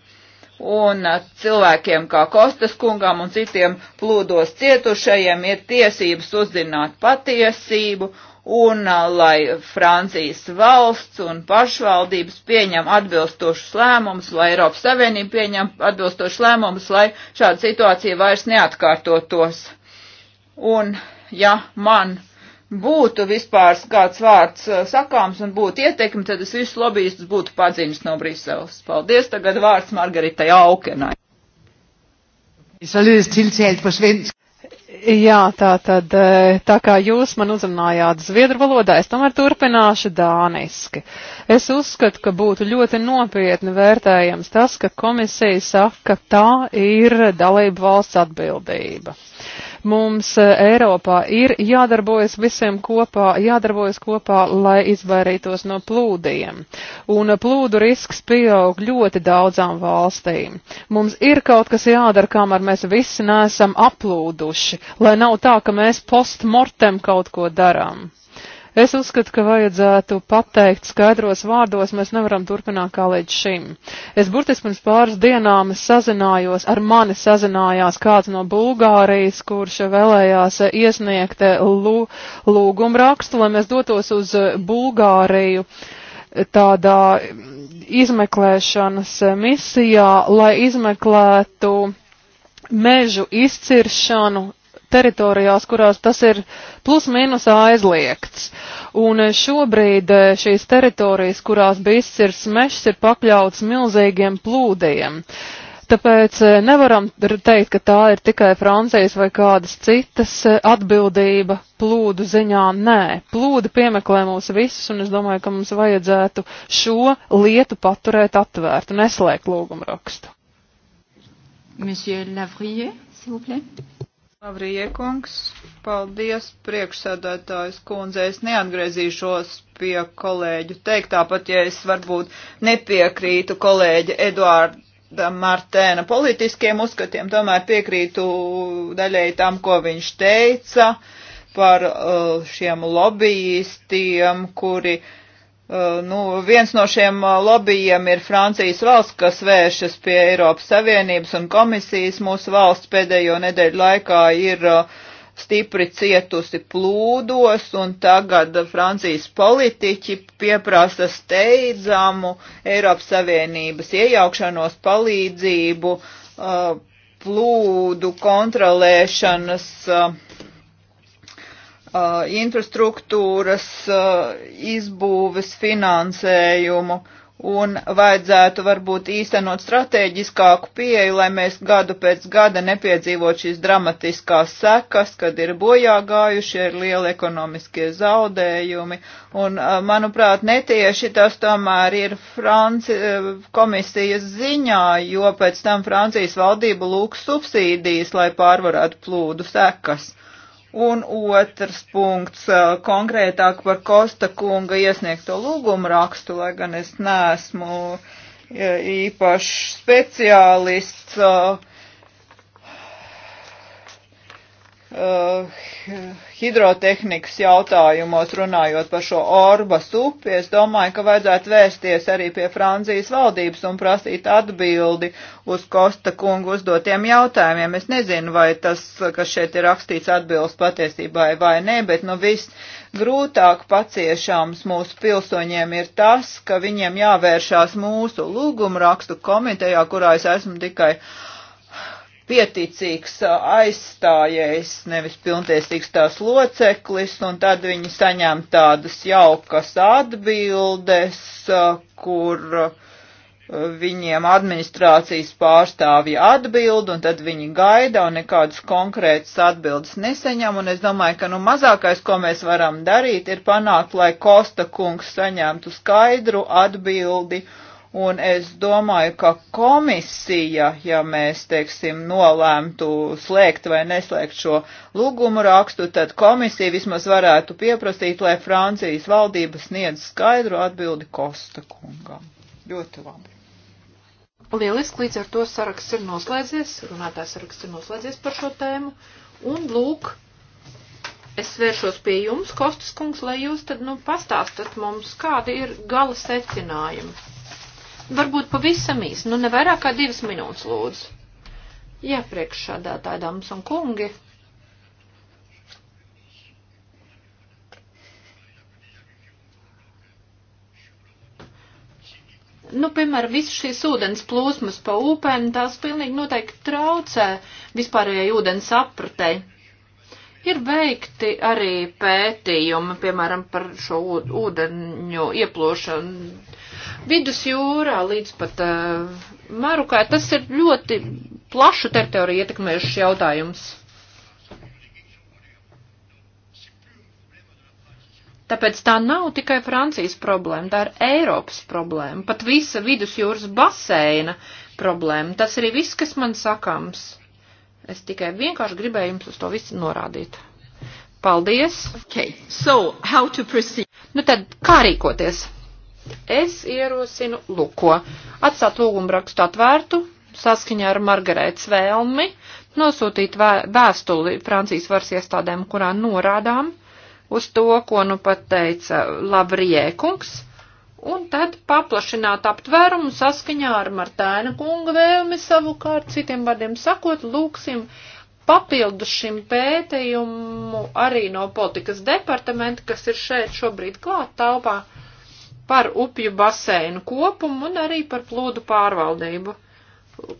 Un cilvēkiem kā Kostas kungam un citiem plūdos cietušajiem ir tiesības uzzināt patiesību un lai Francijas valsts un pašvaldības pieņem atbilstošus lēmumus, lai Eiropas Savienība pieņem atbilstošus lēmumus, lai šāda situācija vairs neatkārtotos. Un ja man būtu vispār kāds vārds sakāms un būtu ieteikumi, tad es visus lobbyistus būtu padzinis no Briseles. Paldies, tagad vārds Margaritai Aukenai. Så lydes tiltalt på svensk. Jā, tā tad, e, tā kā jūs man uzrunājāt zviedru valodā, es tomēr turpināšu dāniski. Es uzskatu, ka būtu ļoti nopietni vērtējams tas, ka komisija saka, ka tā ir dalība valsts atbildība. Mums eh, Eiropā ir jādarbojas visiem kopā, jādarbojas kopā, lai izvairītos no plūdiem. Un eh, plūdu risks pieaug ļoti daudzām valstīm. Mums ir kaut kas jādara, kamēr mēs visi neesam aplūduši, lai nav tā, ka mēs postmortem kaut ko darām. Es uzskatu, ka vajadzētu pateikt skaidros vārdos, mēs nevaram turpināt kā līdz šim. Es burtiski pirms pāris dienām sazinājos, ar mani sazinājās kāds no Bulgārijas, kurš vēlējās iesniegt lūgumu rakstu, lai mēs dotos uz Bulgāriju tādā izmeklēšanas misijā, lai izmeklētu mežu izciršanu teritorijās, kurās tas ir plus mīnus aizliegts. Un eh, šobrīd eh, šīs teritorijas, kurās bija izcirsts mežs, ir pakļauts milzīgiem plūdiem. Tāpēc eh, nevaram teikt, ka tā ir tikai Francijas vai kādas citas atbildība plūdu ziņā. Nē, plūdi piemeklē mūs visus, un es domāju, ka mums vajadzētu šo lietu paturēt atvērtu, neslēgt lūgumrakstu. Monsieur Lavrier, s'il vous plaît. Lavrie kungs, paldies priekšsēdētājs kundze. Es neatgriezīšos pie kolēģu teiktā, pat ja es varbūt nepiekrītu kolēģi Eduārda Martēna politiskiem uzskatiem, tomēr piekrītu daļai tam, ko viņš teica par uh, šiem lobbyistiem, kuri uh, Uh, nu, viens no šiem uh, lobbyiem ir Francijas valsts, kas vēršas pie Eiropas Savienības un komisijas. Mūsu valsts pēdējo nedēļu laikā ir uh, stipri cietusi plūdos, un tagad Francijas politiķi pieprasa steidzamu Eiropas Savienības iejaukšanos palīdzību plūdu kontrolēšanas Uh, infrastruktūras uh, izbūves finansējumu un vajadzētu varbūt īstenot strateģiskāku pieeju, lai mēs gadu pēc gada nepiedzīvot šīs dramatiskās sekas, kad ir bojā gājušie, ir lieli ekonomiskie zaudējumi. Un, uh, manuprāt, netieši tas tomēr ir Franci komisijas ziņā, jo pēc tam Francijas valdība lūgs subsīdijas, lai pārvarētu plūdu sekas. Un otrs punkts eh, konkrētāk par Kosta kunga iesniegto lūgumu rakstu, lai gan es neesmu eh, īpašs speciālists. Uh, Eh, hidrotehnikas jautājumos runājot par šo Orbas upi, es domāju, ka vajadzētu vērsties arī pie Francijas valdības un prasīt atbildi uz Kosta kungu uzdotiem jautājumiem. Es nezinu, vai tas, kas šeit ir rakstīts atbilst patiesībai vai nē, bet nu viss grūtāk paciešams mūsu pilsoņiem ir tas, ka viņiem jāvēršās mūsu lūgumrakstu komitejā, kurā es esmu tikai uh, pieticīgs aizstājējs, nevis pilntiesīgs tās loceklis, un tad viņi saņem tādas jaukas atbildes, kur viņiem administrācijas pārstāvji atbild, un tad viņi gaida un nekādas konkrētas atbildes neseņem, un es domāju, ka nu mazākais, ko mēs varam darīt, ir panākt, lai Kosta kungs saņemtu skaidru atbildi, uh, Un es domāju, ka komisija, ja mēs, teiksim, nolēmtu slēgt vai neslēgt šo lūgumu rakstu, tad komisija vismaz varētu pieprasīt, lai Francijas valdība sniedz skaidru atbildi Kosta kungam. Ļoti labi. Lieliski, līdz ar to saraksts ir noslēdzies, runātājs saraksts ir noslēdzies par šo tēmu. Un lūk, es vēršos pie jums, Kostas kungs, lai jūs tad, nu, pastāstat mums, kādi ir gala secinājumi. Varbūt pavisam īsi, nu nevairāk kā divas minūtes lūdzu. Jā, priekšsādātāji, dāmas un kungi. nu, piemēram, visas šīs ūdens plūsmas pa upēm, tās pilnīgi noteikti traucē vispārējai ūdens apratei. Ir veikti arī pētījumi, piemēram, par šo ūdeņu ieplūšanu Vidusjūrā līdz pat uh, eh, Marukai tas ir ļoti plašu teritoriju ietekmējušs jautājums. Tāpēc tā nav tikai Francijas problēma, tā ir Eiropas problēma, pat visa vidusjūras baseina problēma. Tas arī viss, kas man sakāms. Es tikai vienkārši gribēju jums uz to visu norādīt. Paldies! Okay, so how to proceed? Nu tad, kā rīkoties? Es ierosinu luko atstāt lūgumu rakstu atvērtu saskaņā ar Margarētas vēlmi, nosūtīt vēstuli Francijas varas iestādēm, kurā norādām uz to, ko nu pat teica Lavrie kungs, un tad paplašināt aptvērumu saskaņā ar Martēna kunga vēlmi savukārt, citiem vārdiem sakot, lūksim papildus šim pētījumu arī no politikas departamenta, kas ir šeit šobrīd klāt talpā par upju baseinu kopumu un arī par plūdu pārvaldību,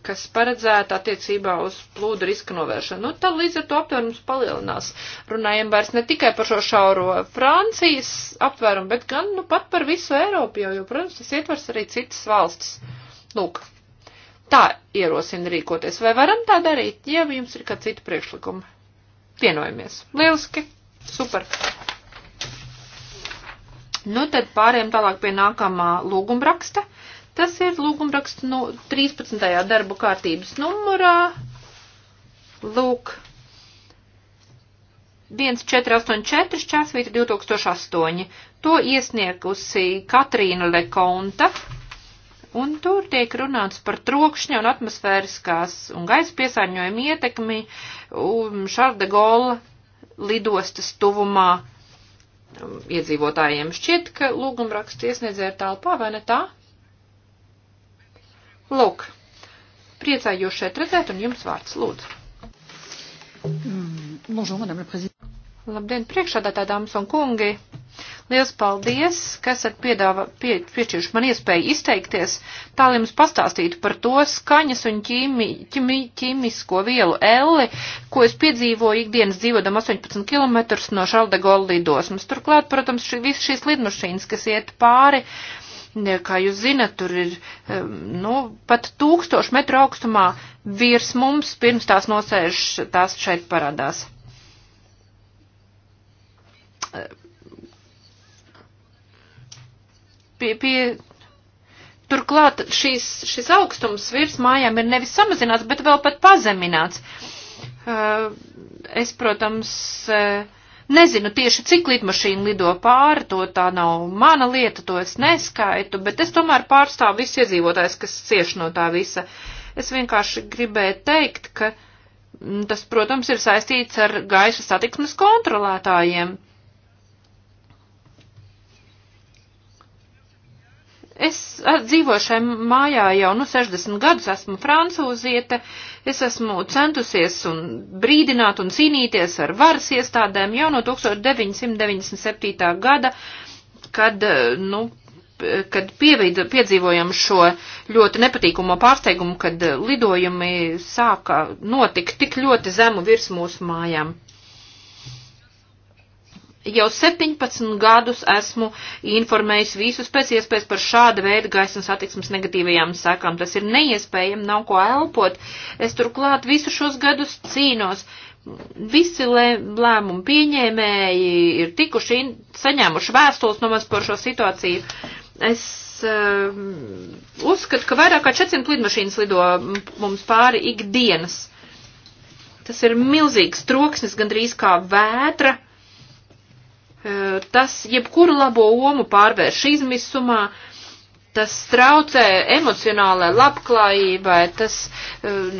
kas paredzēta attiecībā uz plūdu riska novēršanu. Nu, tad līdz ar to aptvērums palielinās. Runājam vairs ne tikai par šo šauro Francijas aptvērumu, bet gan, nu, pat par visu Eiropu, jo, jo, protams, tas ietvers arī citas valstis. Lūk, tā ierosina rīkoties. Vai varam tā darīt, ja jums ir kādi citi priekšlikumi? Vienojamies. Lieliski! Super! Nu, tad pāriem tālāk pie nākamā lūgumraksta. Tas ir lūgumraksts no nu, 13. darbu kārtības numurā. Lūk, 1484 šķērsvīta 2008. To iesniegusi Katrīna Lekonta. Un tur tiek runāts par trokšņa un atmosfēriskās un gaisa piesārņojumu ietekmi um, Šarda Gola lidostas tuvumā Um, iedzīvotājiem. Šķiet, ka lūgumraksts iesniedzēja ir tālpā, vai ne tā? Lūk, priecājos šeit redzēt, un jums vārds lūdzu. Mm, bonjour, madame la présidente. Labdien, priekšādātā dāmas un kungi! Liels paldies, ka esat piedāvā, pie, piešķīruši man iespēju izteikties, tā lai jums pastāstītu par to skaņas un ķīmi, ķīmi, ķīmisko vielu elli, ko es piedzīvoju ikdienas dzīvodam 18 km no Šaldegola lidosmas. Turklāt, protams, šī, visas šīs lidmašīnas, kas iet pāri, kā jūs zinat, tur ir, um, nu, pat tūkstoši metru augstumā virs mums pirms tās nosēž, tās šeit parādās pie, pie turklāt šīs, šis augstums virs mājām ir nevis samazināts, bet vēl pat pazemināts. Eh, es, protams, eh, nezinu tieši, cik lidmašīna lido pāri, to tā nav mana lieta, to es neskaitu, bet es tomēr pārstāvu visus iedzīvotājus, kas cieš no tā visa. Es vienkārši gribēju teikt, ka mm, tas, protams, ir saistīts ar gaisa satiksmes kontrolētājiem. Es dzīvoju šai mājā jau, nu, 60 gadus, esmu francūziete, es esmu centusies un brīdināt un cīnīties ar varas iestādēm jau no 1997. gada, kad, eh, nu, kad pievidu, piedzīvojam šo ļoti nepatīkumo pārsteigumu, kad eh, lidojumi sāka notikt tik ļoti zemu virs mūsu mājām jau 17 gadus esmu informējis visus pēc iespējas par šāda veida gaisa un satiksmes negatīvajām sekām. Tas ir neiespējami, nav ko elpot. Es turklāt visu šos gadus cīnos. Visi lēmumu pieņēmēji ir tikuši saņēmuši vēstules no maz par šo situāciju. Es uh, uzskatu, ka vairāk kā 400 lidmašīnas lido mums pāri ikdienas. Tas ir milzīgs troksnis, gandrīz kā vētra Eh, tas jebkuru labo omu pārvērš izmisumā, tas traucē emocionālai labklājībai, tas um,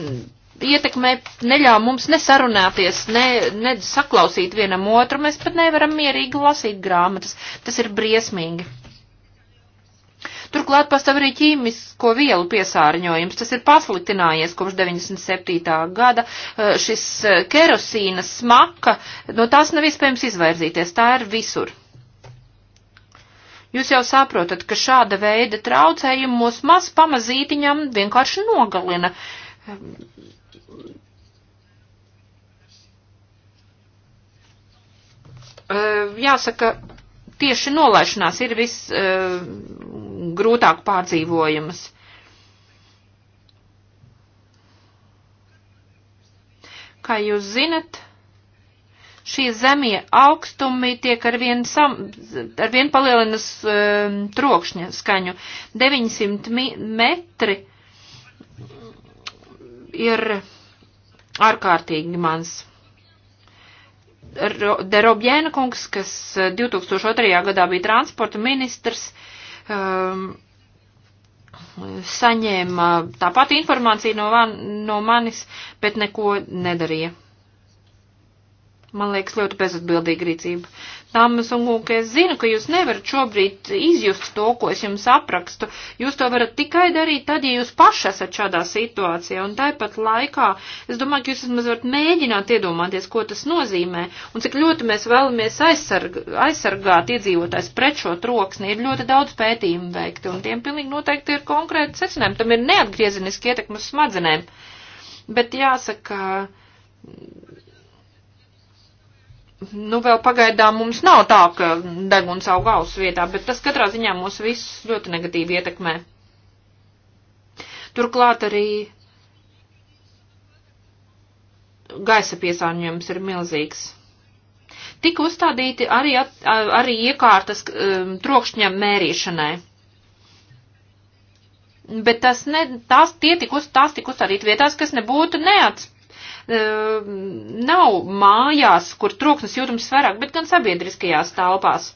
ietekmē, neļauj mums nesarunāties, ne, ne saklausīt vienam otru, mēs pat nevaram mierīgi lasīt grāmatas. Tas ir briesmīgi. Turklāt pastāv arī ķīmisko vielu piesārņojums. Tas ir pasliktinājies kopš 97. gada. Eh, šis eh, kerosīna smaka, no tās nav iespējams izvairzīties, tā ir visur. Jūs jau saprotat, ka šāda veida traucējumi mūs maz pamazītiņam vienkārši nogalina. Eh, jāsaka, tieši nolaišanās ir visgrūtāk e, uh, pārdzīvojamas. Kā jūs zinat, šie zemie augstumi tiek ar vien, sam, ar vien palielinas um, e, trokšņa skaņu. 900 metri ir ārkārtīgi mans. Derobjēna kungs, kas 2002. Eh, gadā bija transporta ministrs, um, saņēma eh, tāpat informāciju no, van, no manis, bet neko nedarīja. Man liekas, ļoti bezatbildīga rīcība. Dāmas un kungi, es zinu, ka jūs nevarat šobrīd izjust to, ko es jums aprakstu. Jūs to varat tikai darīt tad, ja jūs paši esat šādā situācijā. Un tāpat laikā, es domāju, ka jūs vismaz varat mēģināt iedomāties, ko tas nozīmē. Un cik ļoti mēs vēlamies aizsarg aizsargāt iedzīvotājs pret šo troksni. Ir ļoti daudz pētījumu veikti, un tiem pilnīgi noteikti ir konkrēti secinājumi. Tam ir neatgriezeniski ietekmes smadzenēm. Bet jāsaka, nu, vēl pagaidām mums nav tā, ka deguns aug ausu vietā, bet tas katrā ziņā mūs visus ļoti negatīvi ietekmē. Turklāt arī gaisa piesārņojums ir milzīgs. Tik uzstādīti arī, at, arī iekārtas um, trokšņa mērīšanai. Bet tas ne, tās, tie tik uz, tās tik uzstādīt vietās, kas nebūtu neats, Ehm, nav mājās, kur troksnis jūtams vairāk, bet gan sabiedriskajās telpās.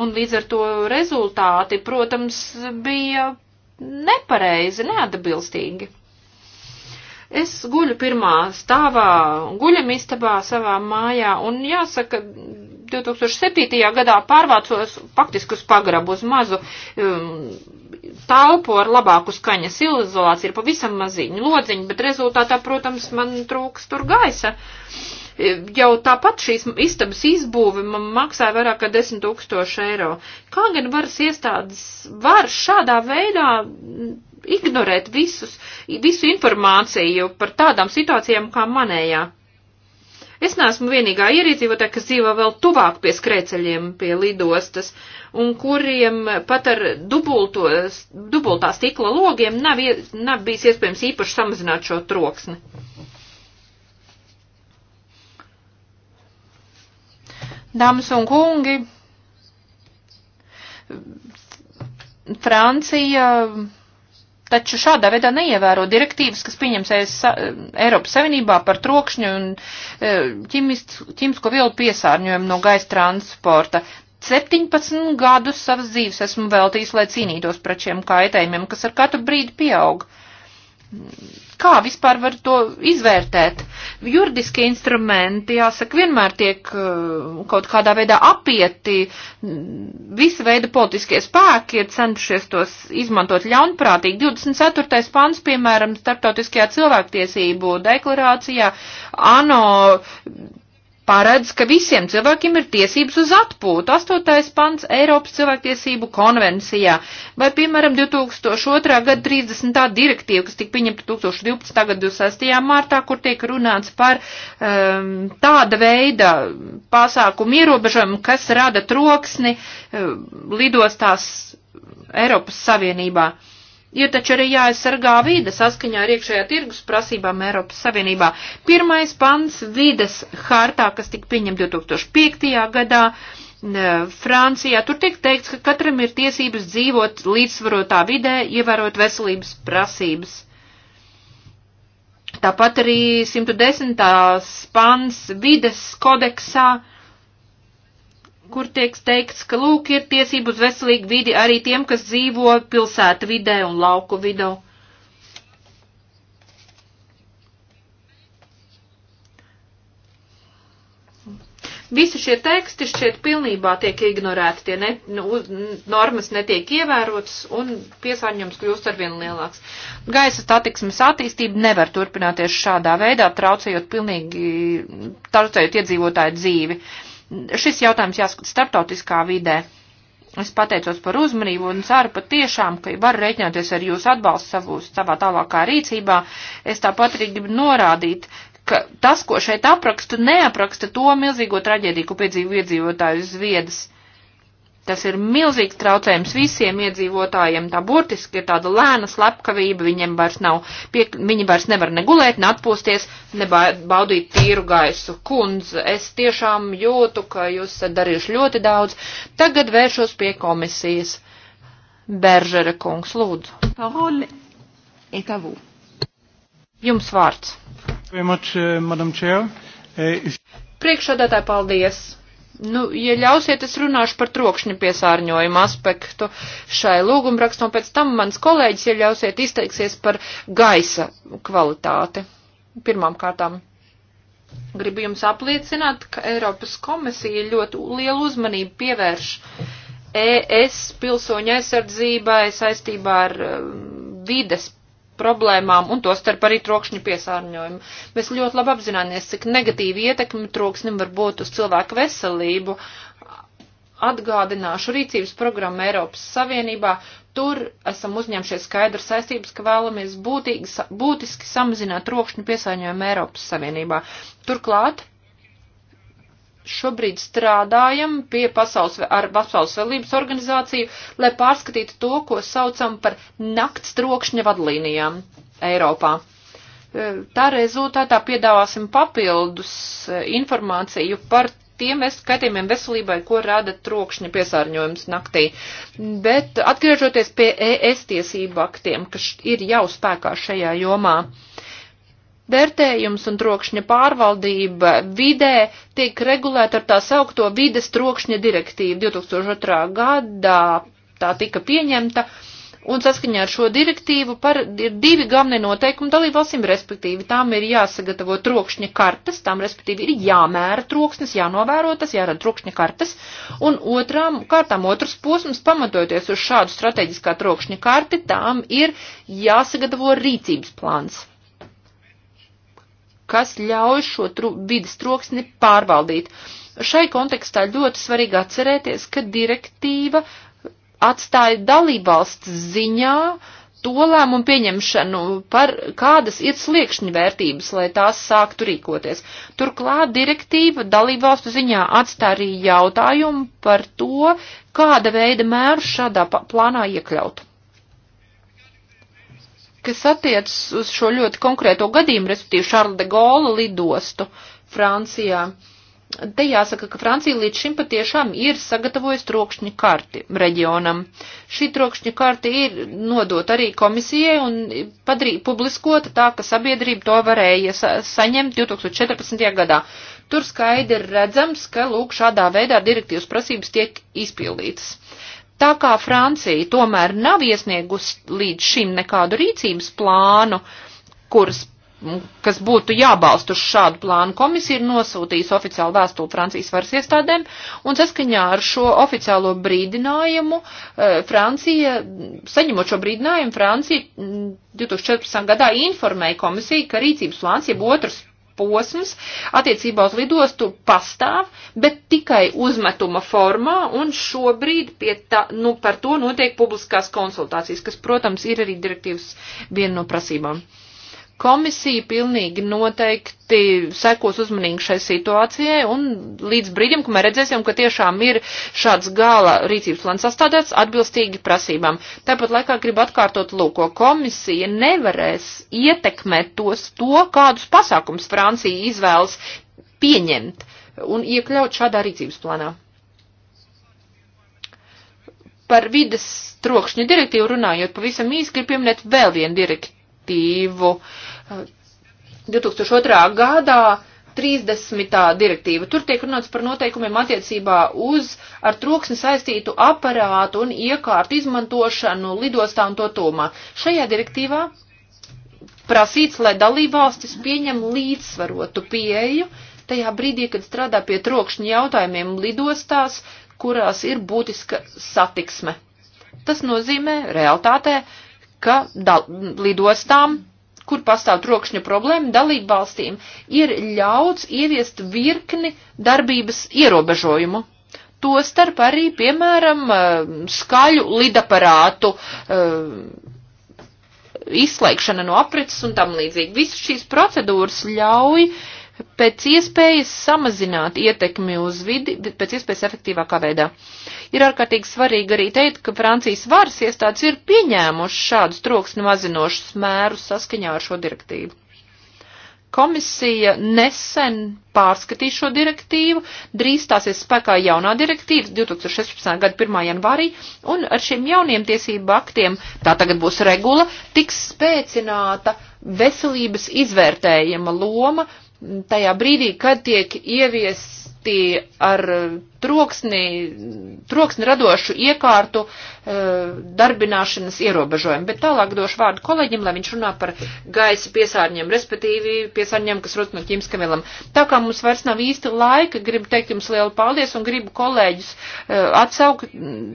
Un līdz ar to rezultāti, protams, bija nepareizi, neatbilstīgi. Es guļu pirmā stāvā guļamistabā savā mājā, un jāsaka, 2007. gadā pārvācos faktiski uz pagrabu, uz mazu um, talpu ar labāku skaņas izolāciju, ir pavisam maziņu lodziņu, bet rezultātā, protams, man trūks tur gaisa. Jau tāpat šīs istabas izbūve man maksāja vairāk kā 10 tūkstoši eiro. Kā gan varas iestādes var šādā veidā ignorēt visus, visu informāciju par tādām situācijām kā manējā? Es neesmu vienīgā ierīdzīvotāja, kas dzīvo vēl tuvāk pie skrēceļiem, pie lidostas, un kuriem pat ar dubulto, dubultā stikla logiem nav, nav bijis iespējams īpaši samazināt šo troksni. Dāmas un kungi, Francija taču šādā veidā neievēro direktīvas, kas pieņemsies Eiropas Savienībā par trokšņu un e, ķimisko vielu piesārņojumu no gaisa transporta. 17 gadus savas dzīves esmu veltījis, lai cīnītos pret šiem kaitējumiem, kas ar katru brīdi pieaug. Kā vispār var to izvērtēt? Juridiski instrumenti, jāsaka, vienmēr tiek uh, kaut kādā veidā apieti. Visa veida politiskie spēki ir centušies tos izmantot ļaunprātīgi. 24. pants, piemēram, starptautiskajā cilvēktiesību deklarācijā ANO paredz, ka visiem cilvēkiem ir tiesības uz atpūtu. 8. pants Eiropas cilvēktiesību konvencijā vai, piemēram, 2002. gada 30. direktīva, kas tika pieņemta 2012. gada 26. martā, kur tiek runāts par um, tāda veida pasākumu ierobežojumu, kas rada troksni um, lidostās Eiropas Savienībā. Uh, Ir taču arī jāaizsargā vīde saskaņā ar iekšējā tirgus prasībām Eiropas Savienībā. Pirmais pants vīdes hārtā, kas tika pieņemta 2005. gadā e, Francijā, tur tiek teikts, ka katram ir tiesības dzīvot līdzsvarotā vidē, ievērot veselības prasības. Tāpat arī 110. pants vides kodeksā kur tiek teikts, ka lūk ir tiesību uz veselīgu vidi arī tiem, kas dzīvo pilsētu vidē un lauku vidū. Visi šie teksti šķiet pilnībā tiek ignorēti, tie ne, nu, normas netiek ievērotas un piesārņojums kļūst arvien lielāks. Gaisa statiksmes attīstība nevar turpināties šādā veidā, traucējot pilnīgi, traucējot iedzīvotāju dzīvi. Uh, Šis jautājums jāskata starptautiskā vidē. Es pateicos par uzmanību un ceru patiešām, ka var reiķināties ar jūsu atbalstu savūs, savā tālākā rīcībā. Es tāpat arī gribu norādīt, ka tas, ko šeit aprakstu, neapraksta to milzīgo traģēdiju, ko piedzīvo iedzīvotāju uz viedas. Tas ir milzīgs traucējums visiem iedzīvotājiem. Tā burtiski ir tāda lēna slepkavība, viņiem vairs nav, pie, viņi vairs nevar negulēt, neatpūsties, ne baudīt tīru gaisu. Kundz, es tiešām jūtu, ka jūs esat darījuši ļoti daudz. Tagad vēršos pie komisijas. Beržere kungs, lūdzu. Parole est à vous. Jums vārds. Much, uh, uh Priekšādātāji, paldies. Nu, ja ļausiet, es runāšu par trokšņa piesārņojuma aspektu šai lūgumrakstam, pēc tam mans kolēģis, ja ļausiet, izteiksies par gaisa kvalitāti. Pirmām kārtām gribu jums apliecināt, ka Eiropas komisija ļoti lielu uzmanību pievērš ES pilsoņa aizsardzībai saistībā ar um, vides problēmām un to starp arī trokšņu piesārņojumu. Mēs ļoti labi apzināmies, cik negatīvi ietekmi troksnim var būt uz cilvēku veselību. Atgādināšu rīcības programmu Eiropas Savienībā. Tur esam uzņemšies skaidru saistības, ka vēlamies būtīgi, būtiski samazināt trokšņu piesārņojumu Eiropas Savienībā. Turklāt šobrīd strādājam pie pasaules, ar Pasaules veselības organizāciju, lai pārskatītu to, ko saucam par nakts trokšņa vadlīnijām Eiropā. E, tā rezultātā piedāvāsim papildus e, informāciju par tiem skaitījumiem veselībai, ko rada trokšņa piesārņojums naktī. Bet atgriežoties pie ES tiesību aktiem, kas ir jau spēkā šajā jomā, uh, Vērtējums un trokšņa pārvaldība vidē tiek regulēta ar tā saukto vides trokšņa direktīvu 2002. gadā tā tika pieņemta. Un saskaņā ar šo direktīvu par, ir divi galvenie noteikumi dalībvalstīm, respektīvi tām ir jāsagatavo trokšņa kartas, tām respektīvi ir jāmēra troksnis, jānovēro tas, jārada trokšņa kartas, un otrām kārtām otrs posms, pamatojoties uz šādu strateģiskā trokšņa karti, tām ir jāsagatavo rīcības plāns kas ļauj šo tru, vidas troksni pārvaldīt. Šai kontekstā ļoti svarīgi atcerēties, ka direktīva atstāja dalībvalsts ziņā to lēmumu pieņemšanu par kādas ir sliekšņu vērtības, lai tās sāktu rīkoties. Turklāt direktīva dalībvalstu ziņā atstāja arī jautājumu par to, kāda veida mēru šādā plānā iekļaut kas attiecas uz šo ļoti konkrēto gadījumu, respektīvi Šarla de Gaulle lidostu Francijā. Te jāsaka, ka Francija līdz šim patiešām ir sagatavojusi trokšņa karti reģionam. Šī trokšņa karti ir nodot arī komisijai un padarī, publiskota tā, ka sabiedrība to varēja sa saņemt 2014. gadā. Tur skaidri redzams, ka lūk šādā veidā direktīvas prasības tiek izpildītas. Tā kā Francija tomēr nav iesniegusi līdz šim nekādu rīcības plānu, kuras kas būtu jābalst uz šādu plānu. Komisija ir nosūtījusi oficiālu vēstuli Francijas varas iestādēm, un saskaņā ar šo oficiālo brīdinājumu eh, Francija, saņemot šo brīdinājumu, Francija 2014. gadā informēja komisiju, ka rīcības plāns, jeb otrs posms attiecībā uz lidostu pastāv, bet tikai uzmetuma formā, un šobrīd tā, nu, par to notiek publiskās konsultācijas, kas, protams, ir arī direktīvas viena no prasībām. Uh, Komisija pilnīgi noteikti sekos uzmanīgi šai situācijai un līdz brīdim, kamēr redzēsim, ka tiešām ir šāds gala rīcības plāns sastādēts atbilstīgi prasībām. Tāpat laikā gribu atkārtot lūko, komisija nevarēs ietekmēt tos to, kādus pasākums Francija izvēlas pieņemt un iekļaut šādā rīcības plānā par vides trokšņa direktīvu runājot, pavisam īsti gribu pieminēt vēl vienu direktīvu direktīvu. 2002. Eh, gadā 30. direktīva. Tur tiek runāts par noteikumiem attiecībā uz ar troksni saistītu aparātu un iekārtu izmantošanu lidostā un to tomā. Šajā direktīvā prasīts, lai dalībvalstis pieņem līdzsvarotu pieeju tajā brīdī, kad strādā pie trokšņa jautājumiem lidostās, kurās ir būtiska satiksme. Tas nozīmē realtātē, ka dal, lidostām, kur pastāv trokšņa problēma, dalību valstīm ir ļauts ieviest virkni darbības ierobežojumu. Tostarp arī, piemēram, eh, skaļu lidaparātu eh, izslēgšana no aprites un tam līdzīgi. Visas šīs procedūras ļauj uh, pēc iespējas samazināt ietekmi uz vidi, pēc iespējas efektīvākā veidā. Ir ārkārtīgi svarīgi arī teikt, ka Francijas varas iestādes ir pieņēmuši šādus troksni mazinošus mērus saskaņā ar šo direktīvu. Komisija nesen pārskatīja šo direktīvu, drīz stāsies spēkā jaunā direktīva 2016. gada 1. janvārī, un ar šiem jauniem tiesību aktiem, tā tagad būs regula, tiks spēcināta veselības izvērtējama loma tajā brīdī, kad tiek ieviesti ar troksni, troksni radošu iekārtu eh, darbināšanas ierobežojumi. Bet tālāk došu vārdu kolēģim, lai viņš runā par gaisa piesārņiem, respektīvi piesārņiem, kas rodas no ķīmiskavielam. Tā kā mums vairs nav īsti laika, gribu teikt jums lielu paldies un gribu kolēģus eh, atsaukt,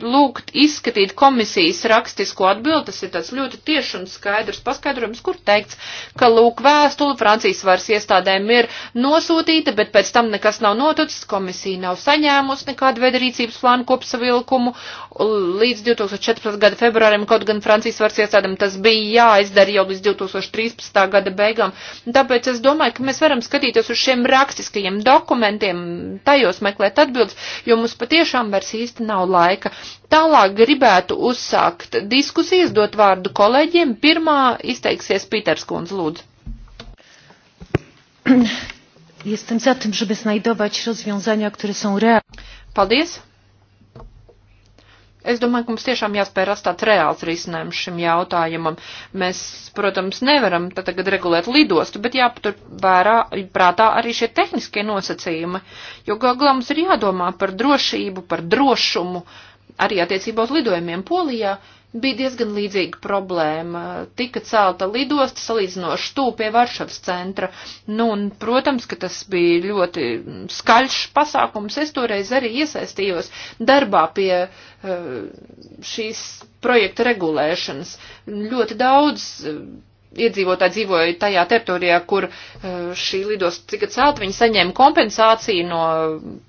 lūgt izskatīt komisijas rakstisko atbildi. Tas ir tāds ļoti tieši un skaidrs paskaidrojums, kur teikts, ka lūk vēstuli Francijas varas iestādēm ir nosūtīta, bet pēc tam nekas nav noticis, komisija nav saņēmusi mums nekādu veidu rīcības plānu kopsavilkumu līdz 2014. gada februārim, kaut gan Francijas varas iestādēm tas bija jāizdara jau līdz 2013. gada beigām. Tāpēc es domāju, ka mēs varam skatīties uz šiem rakstiskajiem dokumentiem, tajos meklēt atbildes, jo mums patiešām vairs īsti nav laika. Tālāk gribētu uzsākt diskusijas, dot vārdu kolēģiem. Pirmā izteiksies Pīters Kunz, lūdzu. Jestem za tym, żeby znajdować rozwiązania, które są realne. Paldies! Es domāju, ka mums tiešām jāspēj rast tāds reāls risinājums šim jautājumam. Mēs, protams, nevaram tagad regulēt lidostu, bet jāpatur vērā, prātā arī šie tehniskie nosacījumi, jo galā mums ir jādomā par drošību, par drošumu, arī attiecībā uz lidojumiem Polijā. Uh, bija diezgan līdzīga problēma. Tika celta lidosta salīdzinoši stūp pie Varšavas centra. Nu, un, protams, ka tas bija ļoti skaļš pasākums. Es toreiz arī iesaistījos darbā pie eh, šīs projekta regulēšanas. Ļoti daudz eh, iedzīvotāji dzīvoja tajā teritorijā, kur eh, šī lidosta tika celta, viņi saņēma kompensāciju no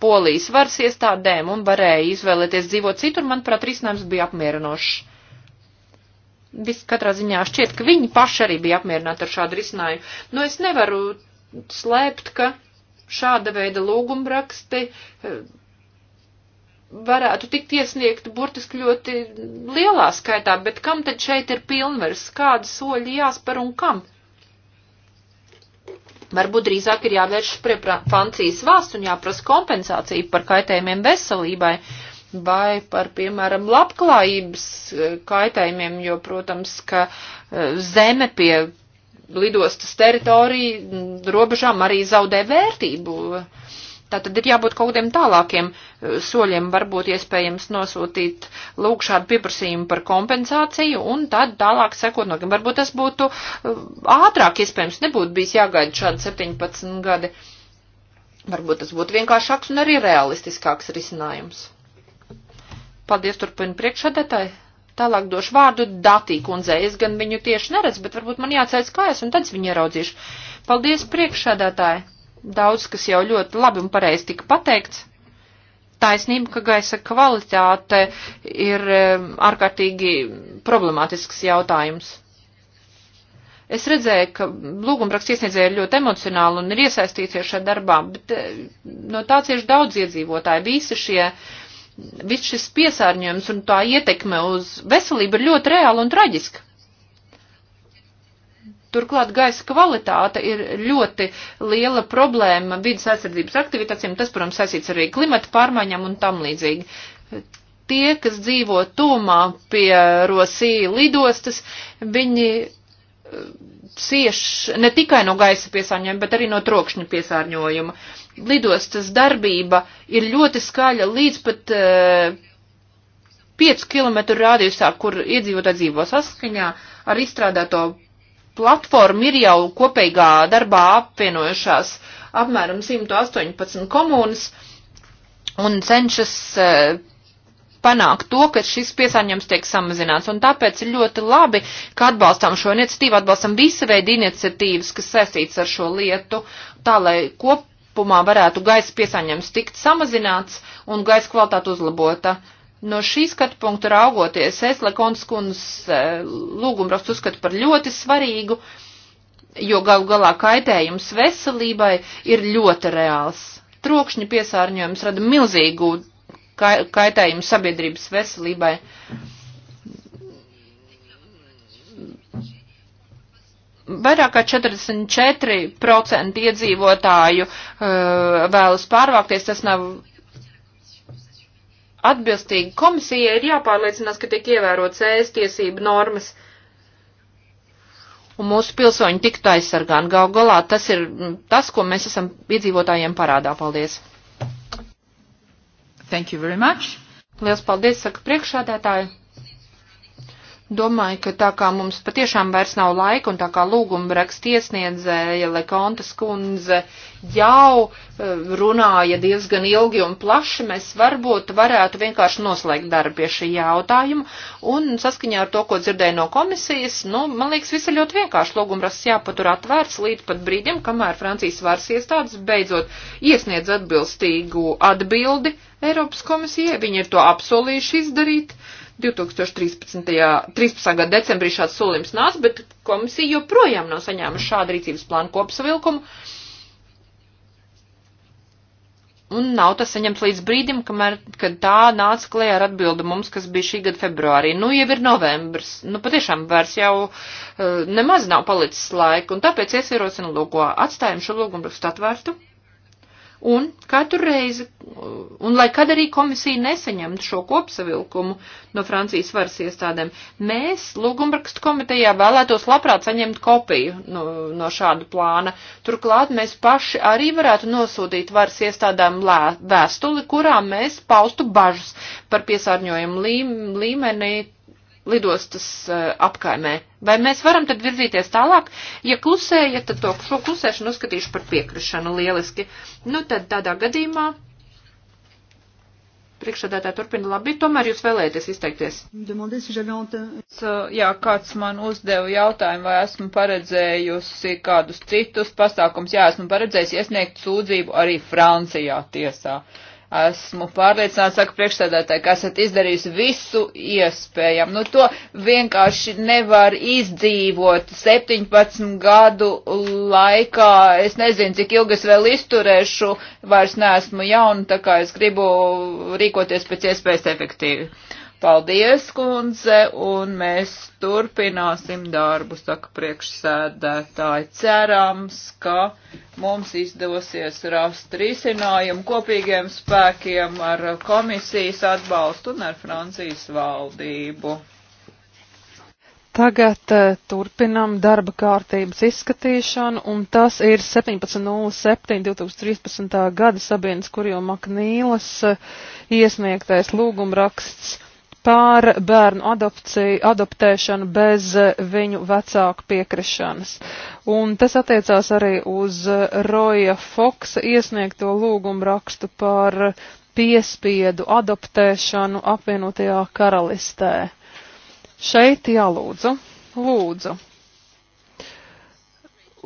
polijas varas iestādēm un varēja izvēlēties dzīvot citur. Manuprāt, risinājums bija apmierinošs. Viss katrā ziņā šķiet, ka viņi paši arī bija apmierināti ar šādu risinājumu. Nu, es nevaru slēpt, ka šāda veida lūgumraksti eh, varētu tikt iesniegt burtiski ļoti lielā skaitā, bet kam tad šeit ir pilnvers, kādi soļi jāspar un kam? Varbūt drīzāk ir jāvērš pie Francijas valsts un jāprasa kompensācija par kaitējumiem veselībai. Uh, vai par, piemēram, labklājības eh, kaitējumiem, jo, protams, ka eh, zeme pie lidostas teritorija mm, robežām arī zaudē vērtību. Tā tad ir jābūt kaut kādiem tālākiem eh, soļiem, varbūt iespējams nosūtīt lūk šādu pieprasījumu par kompensāciju un tad tālāk sekot nogam. Varbūt tas būtu ātrāk iespējams, nebūtu bijis jāgaida šādi 17 gadi. Varbūt tas būtu vienkāršāks un arī realistiskāks risinājums. Paldies, turpina priekšsēdētāji. Tālāk došu vārdu Datī kundzei. Es gan viņu tieši neredzu, bet varbūt man jāceļas kājas un tad es viņu ieraudzīšu. Paldies, priekšsēdētāji. Daudz, kas jau ļoti labi un pareizi tika pateikts. Taisnība, ka gaisa kvalitāte ir ārkārtīgi problemātisks jautājums. Es redzēju, ka lūgumraksts iesniedzēja ir ļoti emocionāli un ir iesaistīties šajā darbā, bet eh, no tā cieši daudz iedzīvotāji. Visi šie uh, viss šis piesārņojums un tā ietekme uz veselību ir ļoti reāla un traģiska. Turklāt gaisa kvalitāte ir ļoti liela problēma vidas aizsardzības aktivitācijām, tas, protams, saistīts arī klimata pārmaiņām un tam līdzīgi. Tie, kas dzīvo tomā pie Rosija lidostas, viņi uh, cieš ne tikai no gaisa piesārņojuma, bet arī no trokšņa piesārņojuma. Uh, lidostas darbība ir ļoti skaļa līdz pat uh, eh, 5 km rādījusā, kur iedzīvotāji dzīvo saskaņā ar izstrādāto platformu ir jau kopīgā darbā apvienojušās apmēram 118 komunas un cenšas uh, panākt to, ka šis piesārņojums tiek samazināts. Un tāpēc ir ļoti labi, ka atbalstām šo iniciatīvu, atbalstam visu veidu iniciatīvas, kas saistīts ar šo lietu, tā lai kop, kopumā varētu gaisa piesaņems tikt samazināts un gaisa kvalitāte uzlabota. No šī skatu punkta raugoties, es Lekons kundzes eh, lūgumrakstu uzskatu par ļoti svarīgu, jo galu galā kaitējums veselībai ir ļoti reāls. Trokšņa piesārņojums rada milzīgu kaitējumu sabiedrības veselībai. Mm Vairāk kā 44% iedzīvotāju uh, vēlas pārvākties, tas nav atbilstīgi. Komisija ir jāpārliecinās, ka tiek ievērots ēst tiesību normas un mūsu pilsoņi tiktu aizsargāti. Gal galā tas ir tas, ko mēs esam iedzīvotājiem parādā. Paldies! Thank you very much! Liels paldies, saka priekšādētāji! Domāju, ka tā kā mums patiešām vairs nav laika un tā kā lūguma raksts iesniedzēja Lekontas kundze jau eh, runāja diezgan ilgi un plaši, mēs varbūt varētu vienkārši noslēgt darbu pie šī jautājuma. Un saskaņā ar to, ko dzirdēju no komisijas, nu, man liekas, viss ir ļoti vienkārši. Lūguma raksts jāpatur atvērts līdz pat brīdim, kamēr Francijas varas iestādes beidzot iesniedz atbilstīgu atbildi Eiropas komisijai. Viņi ir to apsolījuši izdarīt. Uh, 2013. 13. gada decembrī šāds solījums nāca, bet komisija joprojām nav saņēmusi šādu rīcības plānu kopsavilkumu. Un nav tas saņemts līdz brīdim, kamēr, kad tā nāca klējā ar atbildi mums, kas bija šī gada februārī. Nu, jau ir novembrs. Nu, patiešām vairs jau uh, nemaz nav palicis laika, un tāpēc es ierosinu lūgo. Atstājam šo lūgumu rakstu atvērtu. Un katru reizi, un lai kad arī komisija nesaņemtu šo kopsavilkumu no Francijas varas iestādēm, mēs lūgumrakstu komitejā vēlētos labprāt saņemt kopiju no, no šāda plāna. Turklāt mēs paši arī varētu nosūtīt varas iestādēm lē, vēstuli, kurā mēs paustu bažas par piesārņojumu līm, līmeni lidostas e, apkaimē. Vai mēs varam tad virzīties tālāk? Ja klusējat, tad to, šo klusēšanu uzskatīšu par piekrišanu lieliski. Nu, tad tādā gadījumā priekšsēdētāja turpina labi, tomēr jūs vēlēties izteikties. Jā, kāds man uzdeva jautājumu, vai esmu paredzējusi kādus citus pasākums. Jā, esmu paredzējusi iesniegt sūdzību arī Francijā tiesā. Uh, Esmu pārliecināts, saka priekšstādātāji, ka esat izdarījis visu iespējam. Nu, to vienkārši nevar izdzīvot 17 gadu laikā. Es nezinu, cik ilgi es vēl izturēšu, vairs neesmu jauna, tā kā es gribu rīkoties pēc iespējas efektīvi. Paldies, kundze, un mēs turpināsim darbu, saka priekšsēdētāji. Cerams, ka mums izdosies rast risinājumu kopīgiem spēkiem ar komisijas atbalstu un ar Francijas valdību. Tagad uh, turpinam darba kārtības izskatīšanu, un tas ir 17.07.2013. gada Sabienas Kurjo Maknīlas uh, eh, iesniegtais lūgumraksts pār bērnu adopciju, adoptēšanu bez eh, viņu vecāku piekrišanas. Un tas attiecās arī uz eh, Roja Foksa iesniegto lūgumu rakstu par eh, piespiedu adoptēšanu apvienotajā karalistē. Šeit jālūdzu, lūdzu.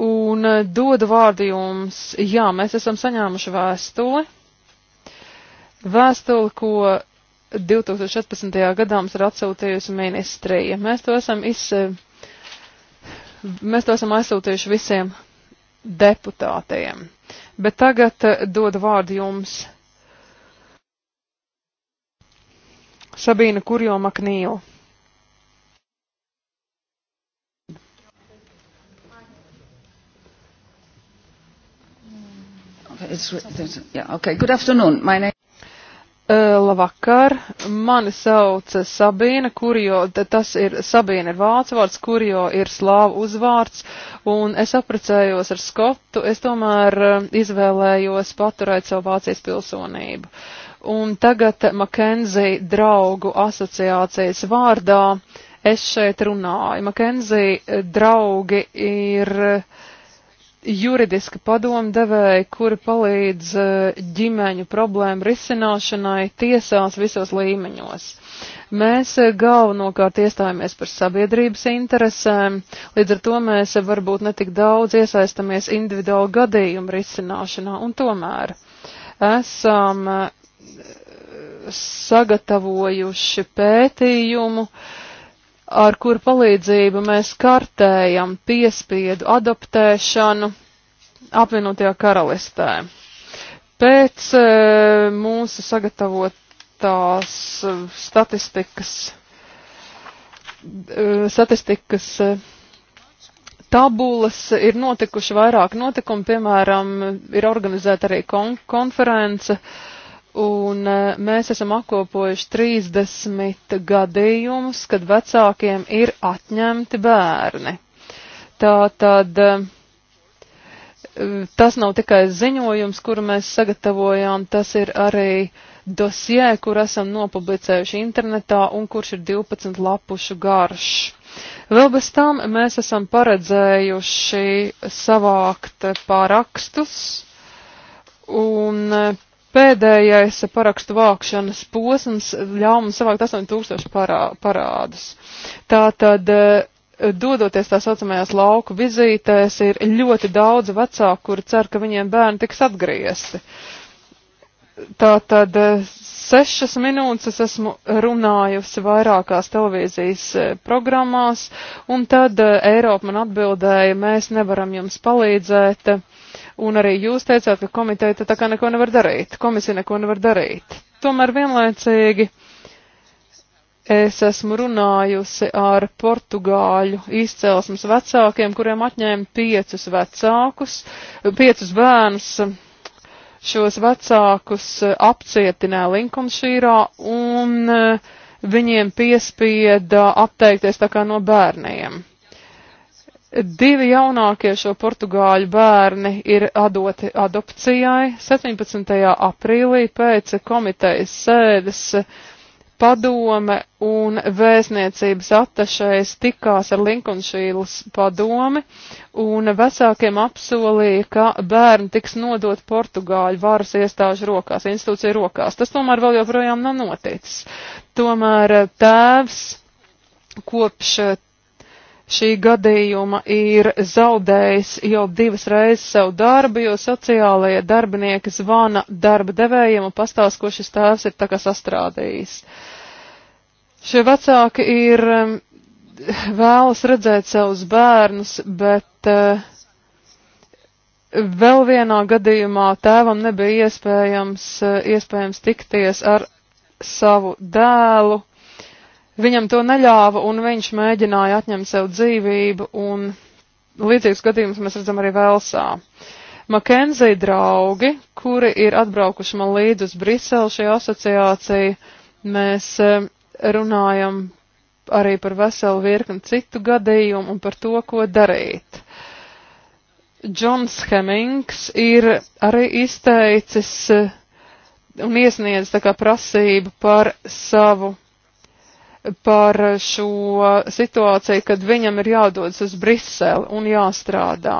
Un dodu vārdu jums, jā, mēs esam saņēmuši vēstuli vēstuli, ko 2016. gadā mums ir atsūtījusi ministrija. Mēs to esam, iz, mēs to esam aizsūtījuši visiem deputātiem. Bet tagad eh, dodu vārdu jums. Sabīna Kurjo Maknīla. It's, it's, yeah, okay. Good afternoon. My name Labvakar, mani sauc Sabīna, kurio, tas ir, Sabīna ir vācu vārds, kurio ir slāvu uzvārds, un es aprecējos ar Skotu, es tomēr izvēlējos paturēt savu Vācijas pilsonību. Un tagad Makenzi draugu asociācijas vārdā es šeit runāju. Makenzi draugi ir. Uh, juridiska padomdevēja, kuri palīdz eh, ģimeņu problēmu risināšanai tiesās visos līmeņos. Mēs eh, galvenokārt iestājāmies par sabiedrības interesēm, līdz ar to mēs varbūt netik daudz iesaistamies individuālu gadījumu risināšanā, un tomēr esam eh, sagatavojuši pētījumu, uh, ar kur palīdzību mēs kartējam piespiedu adoptēšanu apvienotajā karalistē. Pēc e, mūsu sagatavotās e, statistikas, e, statistikas e, tabulas ir notikuši vairāk notikumu, piemēram, ir organizēta arī kon konference, uh, Un eh, mēs esam apkopojuši 30 gadījumus, kad vecākiem ir atņemti bērni. Tā tad eh, tas nav tikai ziņojums, kuru mēs sagatavojām, tas ir arī dosie, kur esam nopublicējuši internetā un kurš ir 12 lapušu garš. Vēl bez tam mēs esam paredzējuši savākt pārakstus un eh, pēdējais parakstu vākšanas posms ļāva mums savākt 8000 parā, parādus. Tātad, eh, dodoties tā saucamajās lauku vizītēs, ir ļoti daudz vecāku, kuri cer, ka viņiem bērni tiks atgriezti. Tātad, eh, sešas minūtes esmu runājusi vairākās televīzijas eh, programmās, un tad Eiropa man atbildēja, mēs nevaram jums palīdzēt Un arī jūs teicāt, ka komiteja tā kā neko nevar darīt, komisija neko nevar darīt. Tomēr vienlaicīgi es esmu runājusi ar portugāļu izcelsmes vecākiem, kuriem atņēma piecus vecākus, piecus bērnus šos vecākus eh, apcietināja Linkumšīrā un eh, viņiem piespieda apteikties tā kā no bērniem. Divi jaunākie šo portugāļu bērni ir adoti adopcijai. 17. aprīlī pēc komitejas sēdes padome un vēstniecības atašais tikās ar Linkonšīlas padomi un vecākiem apsolīja, ka bērni tiks nodot portugāļu varas iestāžu rokās, institūciju rokās. Tas tomēr vēl joprojām nav noticis. Tomēr tēvs kopš šī gadījuma ir zaudējis jau divas reizes savu darbu, jo sociālajie darbinieki zvana darba devējiem un pastāst, ko šis tēvs ir tā kā sastrādījis. Šie vecāki ir um, vēlas redzēt savus bērnus, bet uh, vēl vienā gadījumā tēvam nebija iespējams, uh, iespējams tikties ar savu dēlu, Viņam to neļāva un viņš mēģināja atņemt sev dzīvību un līdzīgs gadījums mēs redzam arī Velsā. Makenzija draugi, kuri ir atbraukuši man līdzi uz Briselu šī asociācija, mēs e, runājam arī par veselu virkni citu gadījumu un par to, ko darīt. Džons Hemings ir arī izteicis e, un iesniedz tā kā prasību par savu par šo situāciju, kad viņam ir jādodas uz Briseli un jāstrādā.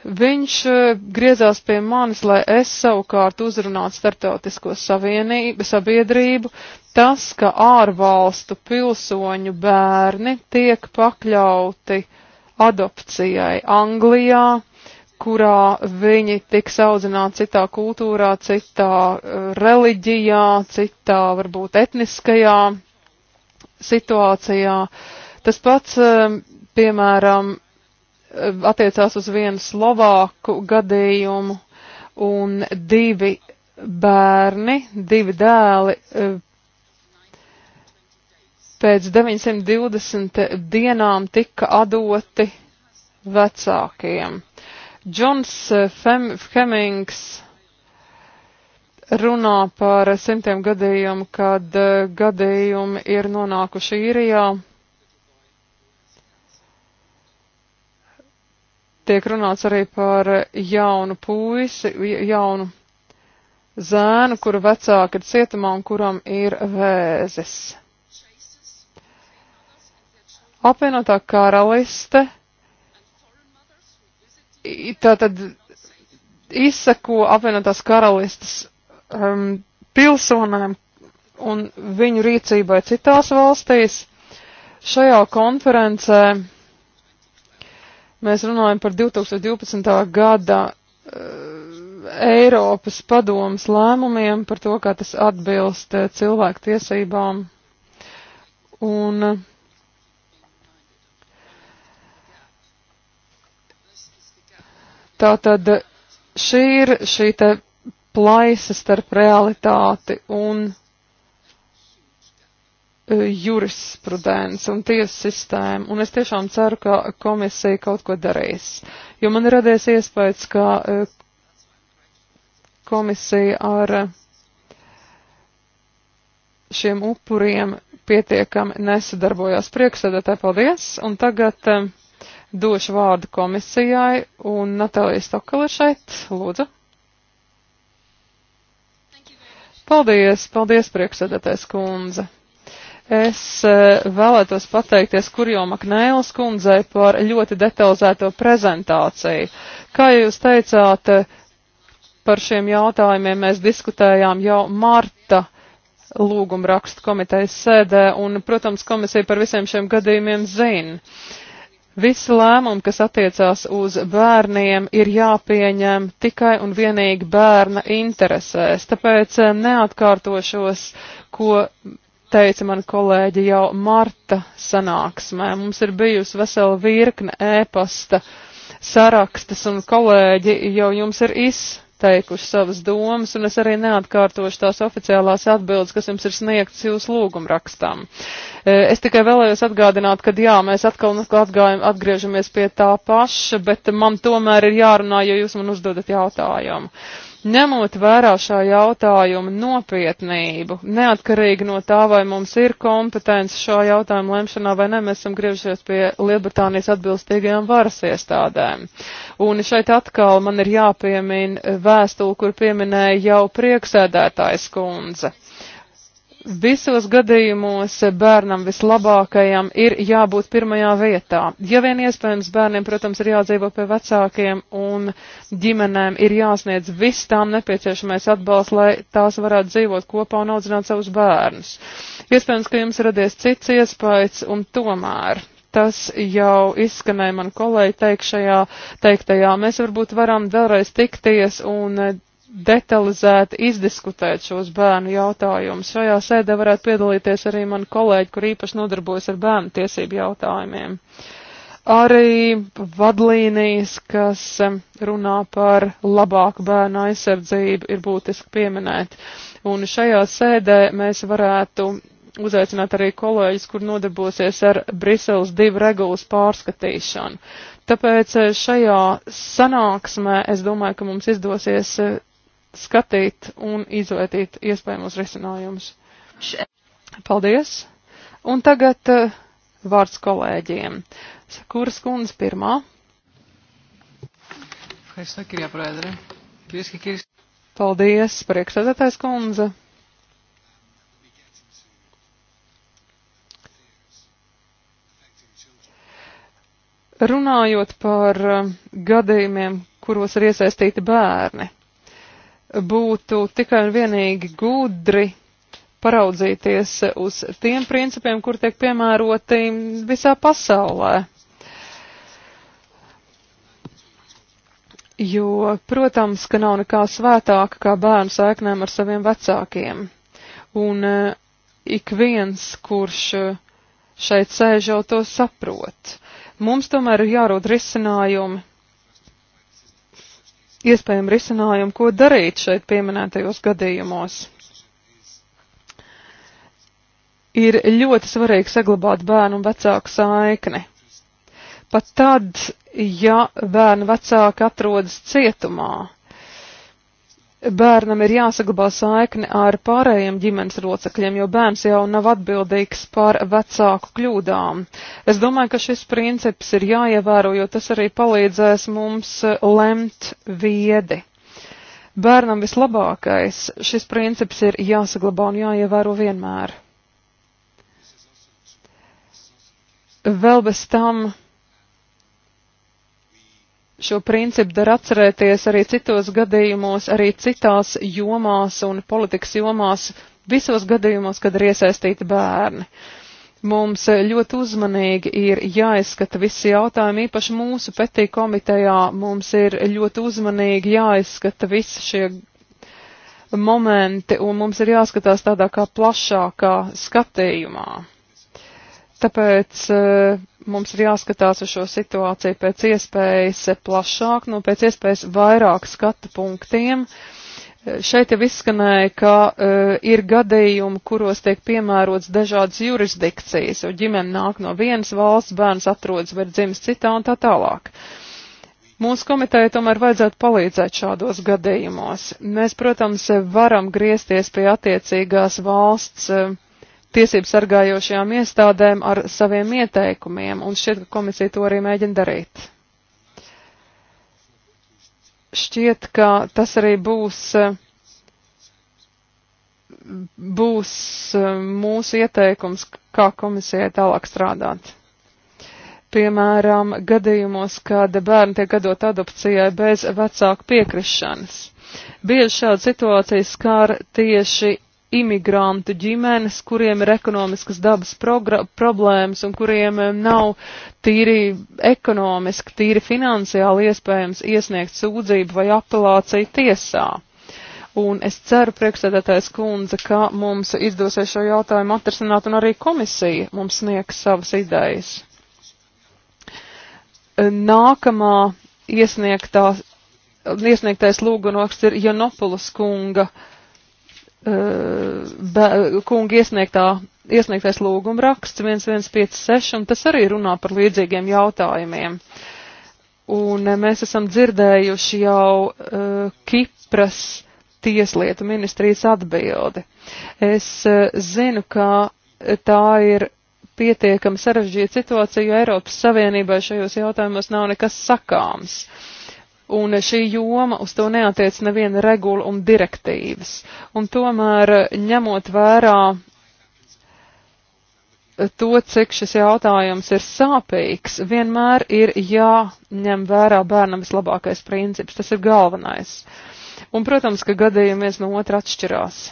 Viņš e, griezās pie manis, lai es savukārt uzrunātu starptautisko savienību, sabiedrību. Tas, ka ārvalstu pilsoņu bērni tiek pakļauti adopcijai Anglijā, kurā viņi tiks audzināti citā kultūrā, citā uh, reliģijā, citā varbūt etniskajā situācijā. Tas pats, um, piemēram, uh, attiecās uz vienu slovāku gadījumu un divi bērni, divi dēli uh, pēc 920 dienām tika adoti vecākiem. Uh, Džons eh, Fem Hemings runā par simtiem gadījumu, kad eh, gadījumi ir nonākuši īrijā. Tiek runāts arī par jaunu puisi, jaunu zēnu, kura vecāka ir cietumā un kuram ir vēzis. Apvienotā karaliste tā tad izseko apvienotās karalistas um, pilsonēm un viņu rīcībai citās valstīs. Šajā konferencē mēs runājam par 2012. gada uh, Eiropas padomas lēmumiem par to, kā tas atbilst uh, cilvēku tiesībām. Un uh, Tātad šī ir šī te plaisa starp realitāti un e, jurisprudence un tiesu sistēma, un es tiešām ceru, ka komisija kaut ko darīs. Jo man ir radies iespējas, ka e, komisija ar šiem upuriem pietiekami nesadarbojās. Priekšsēdētāji, paldies! Un tagad e, došu vārdu komisijai, un Natālija Stokala šeit, lūdzu. Paldies, paldies, priekšsēdētājs kundze. Es e, vēlētos pateikties Kurjo Maknēlas kundzei par ļoti detalizēto prezentāciju. Kā jūs teicāt, e, par šiem jautājumiem mēs diskutējām jau marta lūgumrakstu komitejas sēdē, un, protams, komisija par visiem šiem gadījumiem zina. Visi lēmumi, kas attiecās uz bērniem, ir jāpieņem tikai un vienīgi bērna interesēs. Tāpēc eh, neatkārtošos, ko teica mana kolēģi jau Marta sanāksmē. Mums ir bijusi vesela virkne ēpasta sarakstas, un kolēģi jau jums ir izsakojis teikuši savas domas, un es arī neatkārtošu tās oficiālās atbildes, kas jums ir sniegtas jūsu lūgumrakstam. E, es tikai vēlējos atgādināt, ka jā, mēs atkal un atkal atgājam, atgriežamies pie tā paša, bet man tomēr ir jārunā, jo jūs man uzdodat jautājumu ņemot vērā šā jautājuma nopietnību, neatkarīgi no tā, vai mums ir kompetence šā jautājuma lemšanā vai ne, mēs esam griežies pie Lielbritānijas atbilstīgajām varas iestādēm. Un šeit atkal man ir jāpiemina vēstuli, kur pieminēja jau prieksēdētājs kundze. Visos gadījumos bērnam vislabākajam ir jābūt pirmajā vietā. Ja vien iespējams, bērniem, protams, ir jādzīvo pie vecākiem un ģimenēm ir jāsniedz viss tām nepieciešamais atbalsts, lai tās varētu dzīvot kopā un audzināt savus bērnus. Iespējams, ka jums radies cits iespējas un tomēr. Tas jau izskanēja man kolēģi teikšajā, teiktajā. Mēs varbūt varam vēlreiz tikties un detalizēti izdiskutēt šos bērnu jautājumus. Šajā sēdē varētu piedalīties arī mani kolēģi, kur īpaši nodarbojas ar bērnu tiesību jautājumiem. Arī vadlīnijas, kas runā par labāku bērnu aizsardzību, ir būtiski pieminēt. Un šajā sēdē mēs varētu uzaicināt arī kolēģis, kur nodarbosies ar Briseles divu regulas pārskatīšanu. Tāpēc šajā sanāksmē es domāju, ka mums izdosies skatīt un izvērtīt iespējamos risinājumus. Paldies! Un tagad uh, vārds kolēģiem. Kuras kundze pirmā? Paldies, priekšsēdētājs kundze! runājot par eh, gadījumiem, kuros ir iesaistīti bērni būtu tikai un vienīgi gudri paraudzīties uz tiem principiem, kur tiek piemēroti visā pasaulē. Jo, protams, ka nav nekā svētāka kā bērnu saiknēm ar saviem vecākiem. Un eh, ik viens, kurš eh, šeit sēž, jau to saprot. Mums tomēr ir jārod risinājumi, iespējamu risinājumu, ko darīt šeit pieminētajos gadījumos. Ir ļoti svarīgi saglabāt bērnu un vecāku saikni. Pat tad, ja bērnu vecāki atrodas cietumā, bērnam ir jāsaglabā saikne ar pārējiem ģimenes locekļiem, jo bērns jau nav atbildīgs par vecāku kļūdām. Es domāju, ka šis princips ir jāievēro, jo tas arī palīdzēs mums lemt viedi. Bērnam vislabākais šis princips ir jāsaglabā un jāievēro vienmēr. Vēl bez tam Šo principu dar atcerēties arī citos gadījumos, arī citās jomās un politikas jomās, visos gadījumos, kad ir iesaistīti bērni. Mums ļoti uzmanīgi ir jāizskata visi jautājumi, īpaši mūsu petī komitejā mums ir ļoti uzmanīgi jāizskata visi šie momenti, un mums ir jāskatās tādā kā plašākā skatījumā. Tāpēc eh, mums ir jāskatās uz šo situāciju pēc iespējas eh, plašāk, no nu, pēc iespējas vairāk skatu punktiem. Eh, šeit jau izskanēja, ka uh, ir gadījumi, kuros tiek piemērots dažādas jurisdikcijas, jo ģimene nāk no vienas valsts, bērns atrodas vai dzimis citā un tā tālāk. Mūsu komiteja tomēr vajadzētu palīdzēt šādos gadījumos. Mēs, protams, varam griezties pie attiecīgās valsts uh, tiesību sargājošajām iestādēm ar saviem ieteikumiem, un šķiet, ka komisija to arī mēģina darīt. Šķiet, ka tas arī būs, būs mūsu ieteikums, kā komisijai tālāk strādāt. Piemēram, gadījumos, kad bērni tiek gadot adopcijai bez vecāku piekrišanas. Bieži šāda situācija skār tieši imigrantu ģimenes, kuriem ir ekonomiskas dabas problēmas un kuriem nav tīri ekonomiski, tīri finansiāli iespējams iesniegt sūdzību vai apelāciju tiesā. Un es ceru, priekšsēdētājs kundze, ka mums izdosies šo jautājumu atrasināt un arī komisija mums sniegs savas idejas. Nākamā iesniegtā, iesniegtais lūgunoksts ir Janopulus kunga uh, kunga iesniegtā, iesniegtais lūguma raksts 1156, un tas arī runā par līdzīgiem jautājumiem. Un eh, mēs esam dzirdējuši jau uh, Kipras tieslietu ministrijas atbildi. Es uh, zinu, ka tā ir pietiekami sarežģīta situācija, jo Eiropas Savienībai šajos jautājumos nav nekas sakāms. Uh, un šī joma uz to neatiec neviena regula un direktīvas. Un tomēr ņemot vērā to, cik šis jautājums ir sāpīgs, vienmēr ir jāņem vērā bērnam vislabākais princips. Tas ir galvenais. Un, protams, ka gadījumi viens no otra atšķirās.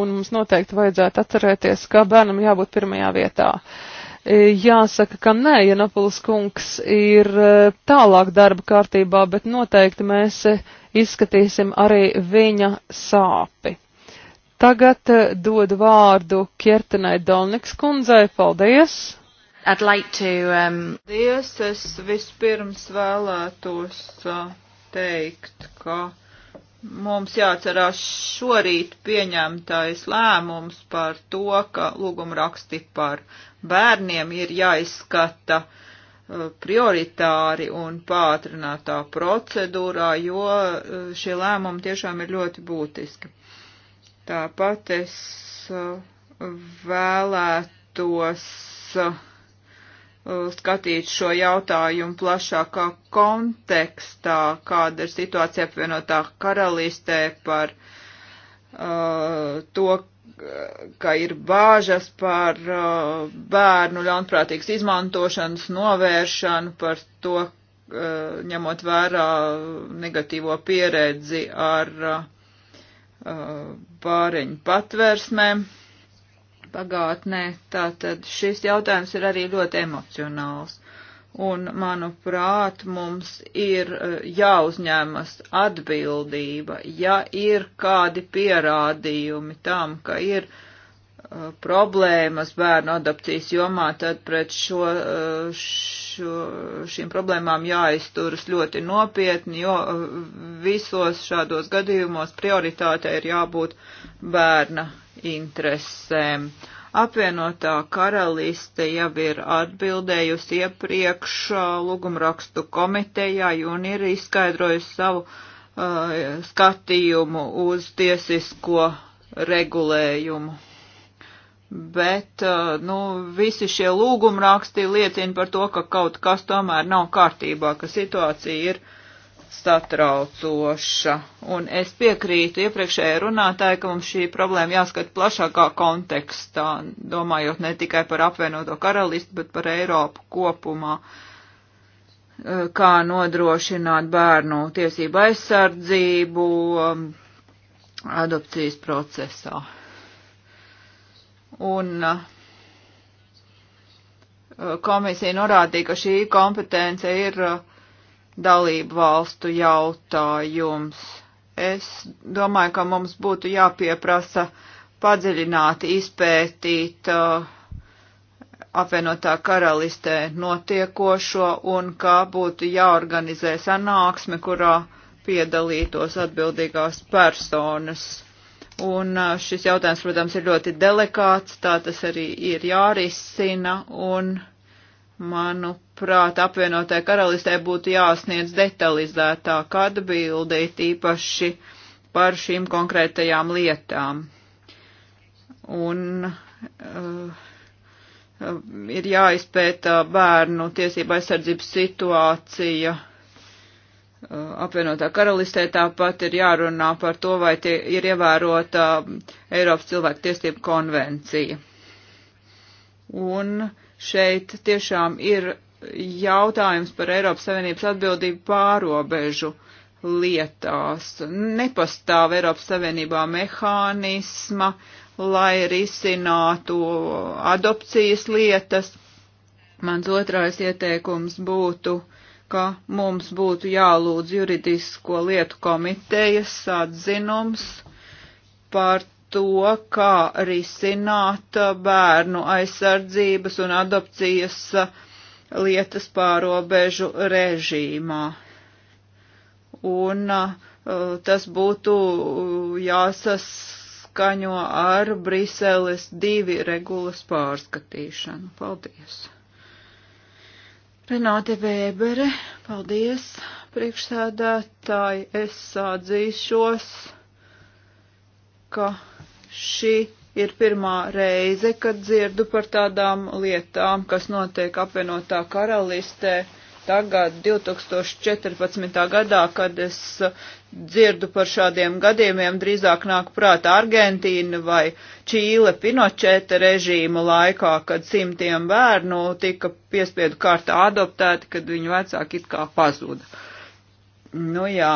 Un mums noteikti vajadzētu atcerēties, ka bērnam jābūt pirmajā vietā. Uh, E, jāsaka, ka nē, ja Napulis kungs ir e, tālāk darba kārtībā, bet noteikti mēs e, izskatīsim arī viņa sāpi. Tagad dodu vārdu Kjertenai Dolniks kundzei. Paldies! I'd like to, um... Paldies! Es vispirms vēlētos uh, teikt, ka mums jāatcerās šorīt pieņemtais lēmums par to, ka lūgumraksti par bērniem ir jāizskata uh, prioritāri un pātrinātā procedūrā, jo uh, šie lēmumi tiešām ir ļoti būtiski. Tāpat es uh, vēlētos uh, Uh, skatīt šo jautājumu plašākā kontekstā, kāda ir situācija apvienotā karalistē par uh, to, ka ir bāžas par uh, bērnu ļaunprātīgas izmantošanas novēršanu, par to, uh, ņemot vērā negatīvo pieredzi ar uh, uh, bāreņu patvērsmēm pagātnē. Tātad šis jautājums ir arī ļoti emocionāls. Un, manuprāt, mums ir eh, jāuzņemas atbildība, ja ir kādi pierādījumi tam, ka ir eh, problēmas bērnu adaptācijas jomā, tad pret šo, eh, šo, šīm problēmām jāizturas ļoti nopietni, jo visos šādos gadījumos prioritāte ir jābūt bērna interesēm. Apvienotā karaliste jau ir atbildējusi iepriekš uh, lūgumrakstu komitejai un ir izskaidrojusi savu uh, skatījumu uz tiesisko regulējumu. Bet, uh, nu, visi šie lūgumraksti liecina par to, ka kaut kas tomēr nav kārtībā, ka situācija ir uh, satraucoša. Un es piekrītu iepriekšējai runātāji, ka mums šī problēma jāskat plašākā kontekstā, domājot ne tikai par apvienoto karalisti, bet par Eiropu kopumā, e, kā nodrošināt bērnu tiesību aizsardzību um, adopcijas procesā. Un uh, e, komisija norādīja, ka šī kompetence ir uh, dalību valstu jautājums. Es domāju, ka mums būtu jāpieprasa padziļināt, izpētīt uh, apvienotā karalistē notiekošo un kā būtu jāorganizē sanāksme, kurā piedalītos atbildīgās personas. Un uh, šis jautājums, protams, ir ļoti delikāts, tā tas arī ir jārisina un Manuprāt, apvienotai karalistē būtu jāsniedz detalizētāk atbildi, tīpaši par šīm konkrētajām lietām. Un uh, ir jāizpēta bērnu tiesība aizsardzības situācija eh, apvienotā karalistē, tāpat ir jārunā par to, vai tie ir ievērota Eiropas cilvēku tiesību konvencija. Un uh, Šeit tiešām ir jautājums par Eiropas Savienības atbildību pārobežu lietās. Nepastāv Eiropas Savienībā mehānisma, lai risinātu adopcijas lietas. Mans otrais ieteikums būtu, ka mums būtu jālūdz juridisko lietu komitejas atzinums par to, kā risināt bērnu aizsardzības un adopcijas lietas pārobežu režīmā. Un uh, tas būtu uh, jāsaskaņo ar Briseles divi regulas pārskatīšanu. Paldies! Renāte Vēbere, paldies, priekšsēdētāji, es sādzīšos, ka šī ir pirmā reize, kad dzirdu par tādām lietām, kas notiek apvienotā karalistē. Tagad, 2014. gadā, kad es dzirdu par šādiem gadījumiem, drīzāk nāk prātā Argentīna vai Čīle Pinočeta režīma laikā, kad simtiem bērnu tika piespiedu kārtā adoptēti, kad viņu vecāki it kā pazuda. Nu jā.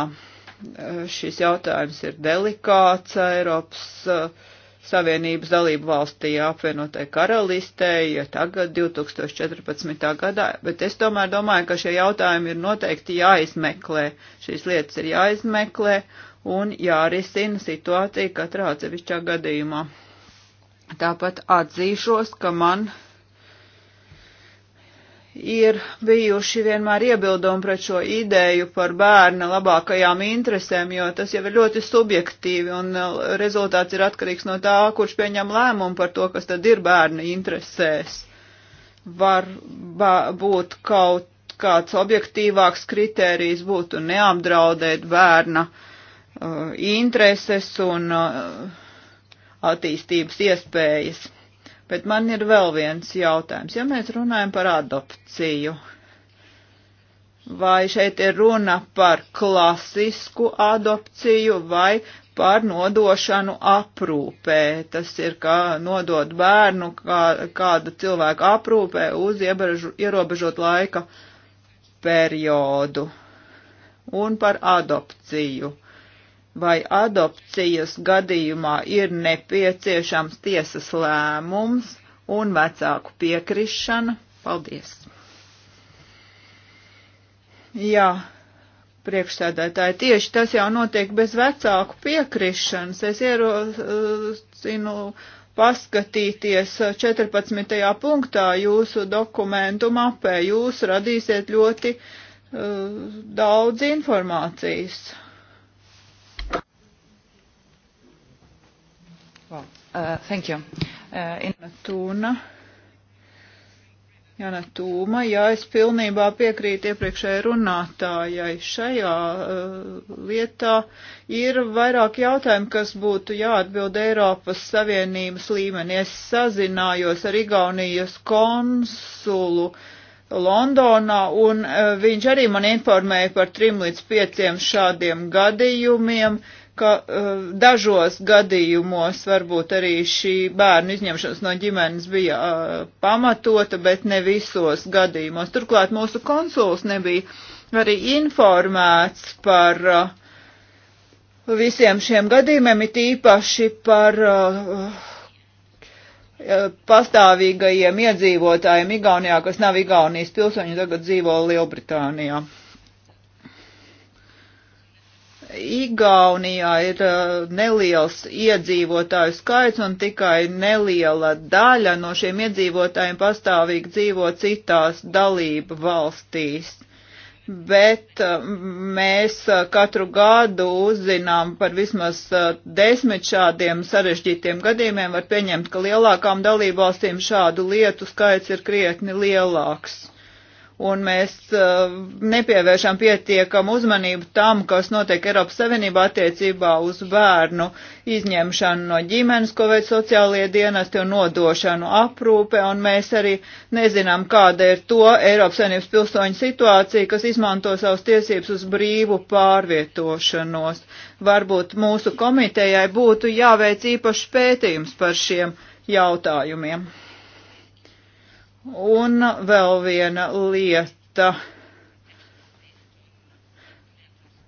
Eh, šis jautājums ir delikāts Eiropas eh, Savienības dalību valstī apvienotai karalistē, ja tagad 2014. gadā, bet es tomēr domāju, ka šie jautājumi ir noteikti jāizmeklē. Šīs lietas ir jāizmeklē un jārisina situācija katrā atsevišķā gadījumā. Tāpat atzīšos, ka man ir bijuši vienmēr iebildumi pret šo ideju par bērna labākajām interesēm, jo tas jau ir ļoti subjektīvi un uh, rezultāts ir atkarīgs no tā, kurš pieņem lēmumu par to, kas tad ir bērna interesēs. Var būt kaut kāds objektīvāks kritērijs būtu neapdraudēt bērna uh, intereses un uh, attīstības iespējas. Bet man ir vēl viens jautājums. Ja mēs runājam par adopciju, vai šeit ir runa par klasisku adopciju vai par nodošanu aprūpē. Tas ir kā nodot bērnu kā, kāda cilvēka aprūpē uz iebežu, ierobežot laika periodu un par adopciju vai adopcijas gadījumā ir nepieciešams tiesas lēmums un vecāku piekrišana. Paldies! Jā, priekšsēdētāji, tieši tas jau notiek bez vecāku piekrišanas. Es ierosinu paskatīties 14. punktā jūsu dokumentu mapē. Jūs radīsiet ļoti uh, daudz informācijas. Well, uh, thank you. Uh, in... Tūna. Jana Tūma, jā, es pilnībā piekrītu iepriekšējai runātājai. Šajā uh, lietā ir vairāk jautājumu, kas būtu jāatbild Eiropas Savienības līmenī. Es sazinājos ar Igaunijas konsulu Londonā, un uh, viņš arī man informēja par trim līdz pieciem šādiem gadījumiem. Uh, ka uh, dažos gadījumos varbūt arī šī bērnu izņemšanas no ģimenes bija uh, pamatota, bet ne visos gadījumos. Turklāt mūsu konsuls nebija arī informēts par uh, visiem šiem gadījumiem, it īpaši par pastāvīgajiem iedzīvotājiem Igaunijā, kas nav Igaunijas pilsoņi, tagad dzīvo Lielbritānijā. Igaunijā ir uh, neliels iedzīvotāju skaits un tikai neliela daļa no šiem iedzīvotājiem pastāvīgi dzīvo citās dalību valstīs. Bet uh, mēs uh, katru gadu uzzinām par vismaz desmit šādiem sarežģītiem gadījumiem, var pieņemt, ka lielākām dalību valstīm šādu lietu skaits ir krietni lielāks un mēs uh, nepievēršam pietiekamu uzmanību tam, kas notiek Eiropas Savienībā attiecībā uz bērnu izņemšanu no ģimenes, ko veic sociālie dienesti un nodošanu aprūpe, un mēs arī nezinām, kāda ir to Eiropas Savienības pilsoņu situācija, kas izmanto savus tiesības uz brīvu pārvietošanos. Varbūt mūsu komitejai būtu jāveic īpašs pētījums par šiem jautājumiem. Un vēl viena lieta.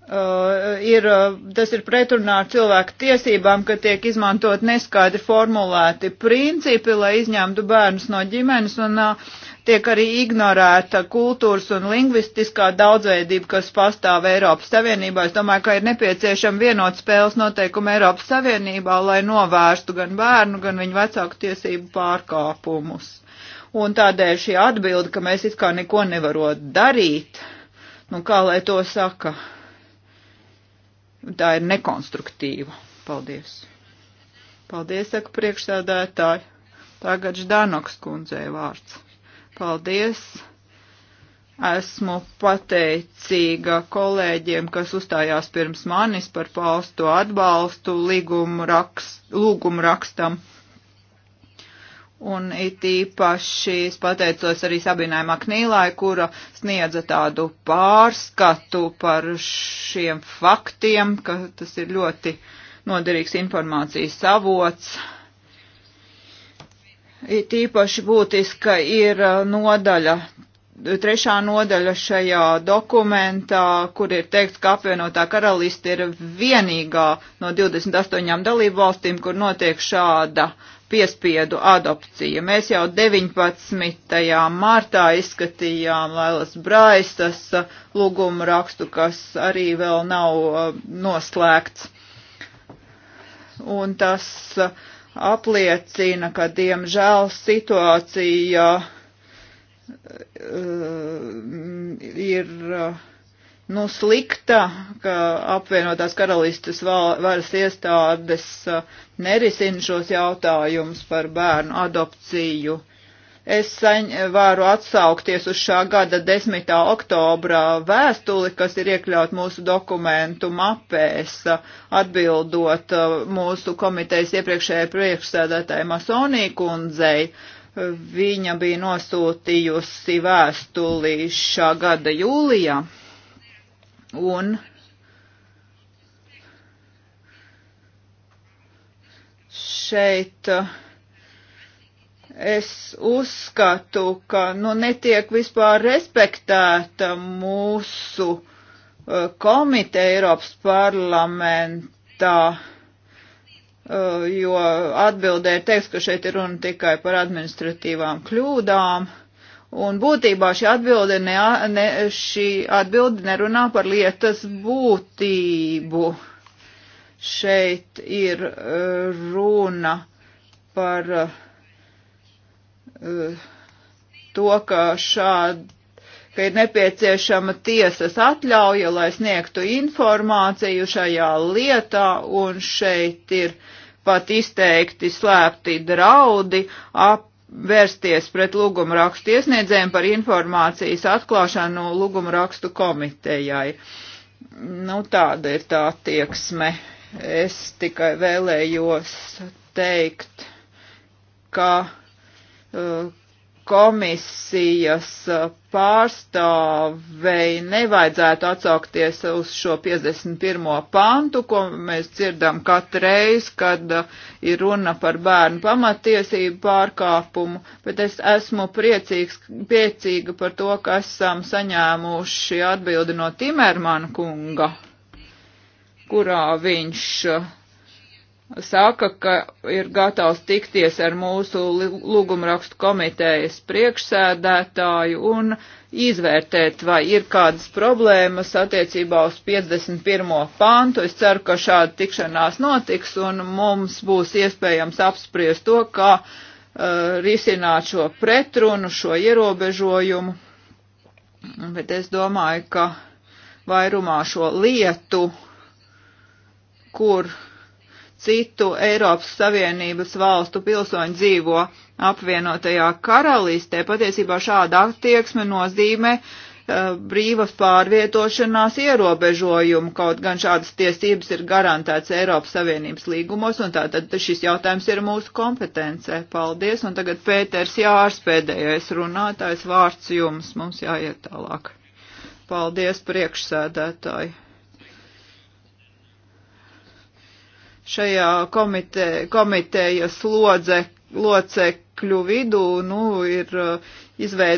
Uh, ir, tas ir pretrunā ar cilvēku tiesībām, ka tiek izmantot neskaidri formulēti principi, lai izņemtu bērnus no ģimenes, un uh, tiek arī ignorēta kultūras un lingvistiskā daudzveidība, kas pastāv Eiropas Savienībā. Es domāju, ka ir nepieciešama vienot spēles noteikumi Eiropas Savienībā, lai novērstu gan bērnu, gan viņu vecāku tiesību pārkāpumus un tādēļ šī atbilde, ka mēs it kā neko nevarot darīt, nu kā lai to saka, tā ir nekonstruktīva. Paldies. Paldies, saka priekšsēdētāji. Tagad Ždanoks kundzei vārds. Paldies. Esmu pateicīga kolēģiem, kas uzstājās pirms manis par paustu atbalstu līgumu rakst, lūgumu rakstam. Un it īpaši es pateicos arī Sabinai Maknīlai, kura sniedza tādu pārskatu par šiem faktiem, ka tas ir ļoti noderīgs informācijas savots. It īpaši būtiska ir uh, nodaļa, trešā nodaļa šajā dokumentā, kur ir teikts, ka apvienotā karaliste ir vienīgā no 28 dalību valstīm, kur notiek šāda uh, piespiedu adopcija. Mēs jau 19. martā izskatījām Lailas Braisas lūgumu rakstu, kas arī vēl nav uh, noslēgts. Un tas uh, apliecina, ka diemžēl situācija uh, ir nu, slikta, ka apvienotās karalistas varas iestādes uh, nerisina šos jautājumus par bērnu adopciju. Es saņ, varu atsaukties uz šā gada 10. oktobra vēstuli, kas ir iekļaut mūsu dokumentu mapēs, atbildot uh, mūsu komitejas iepriekšējai priekšsēdētāji Masonī kundzei. Viņa bija nosūtījusi vēstuli šā gada jūlijā. Un šeit uh, es uzskatu, ka nu, netiek vispār respektēta mūsu uh, komiteja Eiropas parlamentā, uh, jo atbildē ir teiks, ka šeit ir runa tikai par administratīvām kļūdām. Un būtībā šī atbilde, ne, ne, šī atbilde nerunā par lietas būtību. Šeit ir eh, runa par eh, to, ka šādi ka ir nepieciešama tiesas atļauja, lai sniegtu informāciju šajā lietā, un šeit ir pat izteikti slēpti draudi ap vērsties pret lūgumu rakstu iesniedzējiem par informācijas atklāšanu lūgumu rakstu komitejai. Nu, tāda ir tā attieksme. Es tikai vēlējos teikt, ka uh, komisijas uh, pārstāvei nevajadzētu atsaukties uz šo 51. pantu, ko mēs dzirdam katru reizi, kad uh, ir runa par bērnu pamatiesību pārkāpumu, bet es esmu priecīgs, priecīga par to, ka esam saņēmuši atbildi no Timermana kunga, kurā viņš uh, saka, ka ir gatavs tikties ar mūsu lūgumrakstu komitejas priekšsēdētāju un izvērtēt, vai ir kādas problēmas attiecībā uz 51. pantu. Es ceru, ka šāda tikšanās notiks un mums būs iespējams apspriest to, kā uh, risināt šo pretrunu, šo ierobežojumu. Bet es domāju, ka vairumā šo lietu, kur citu Eiropas Savienības valstu pilsoņu dzīvo apvienotajā karalistē, patiesībā šāda attieksme nozīmē uh, brīvas pārvietošanās ierobežojumu, kaut gan šādas tiesības ir garantētas Eiropas Savienības līgumos, un tātad šis jautājums ir mūsu kompetencē. Paldies, un tagad Pēters Jārs, pēdējais runātājs, vārds jums, mums jāiet tālāk. Paldies, priekšsēdētāji. šajā komite, komitejas lodze, locekļu vidū nu, ir eh, eh,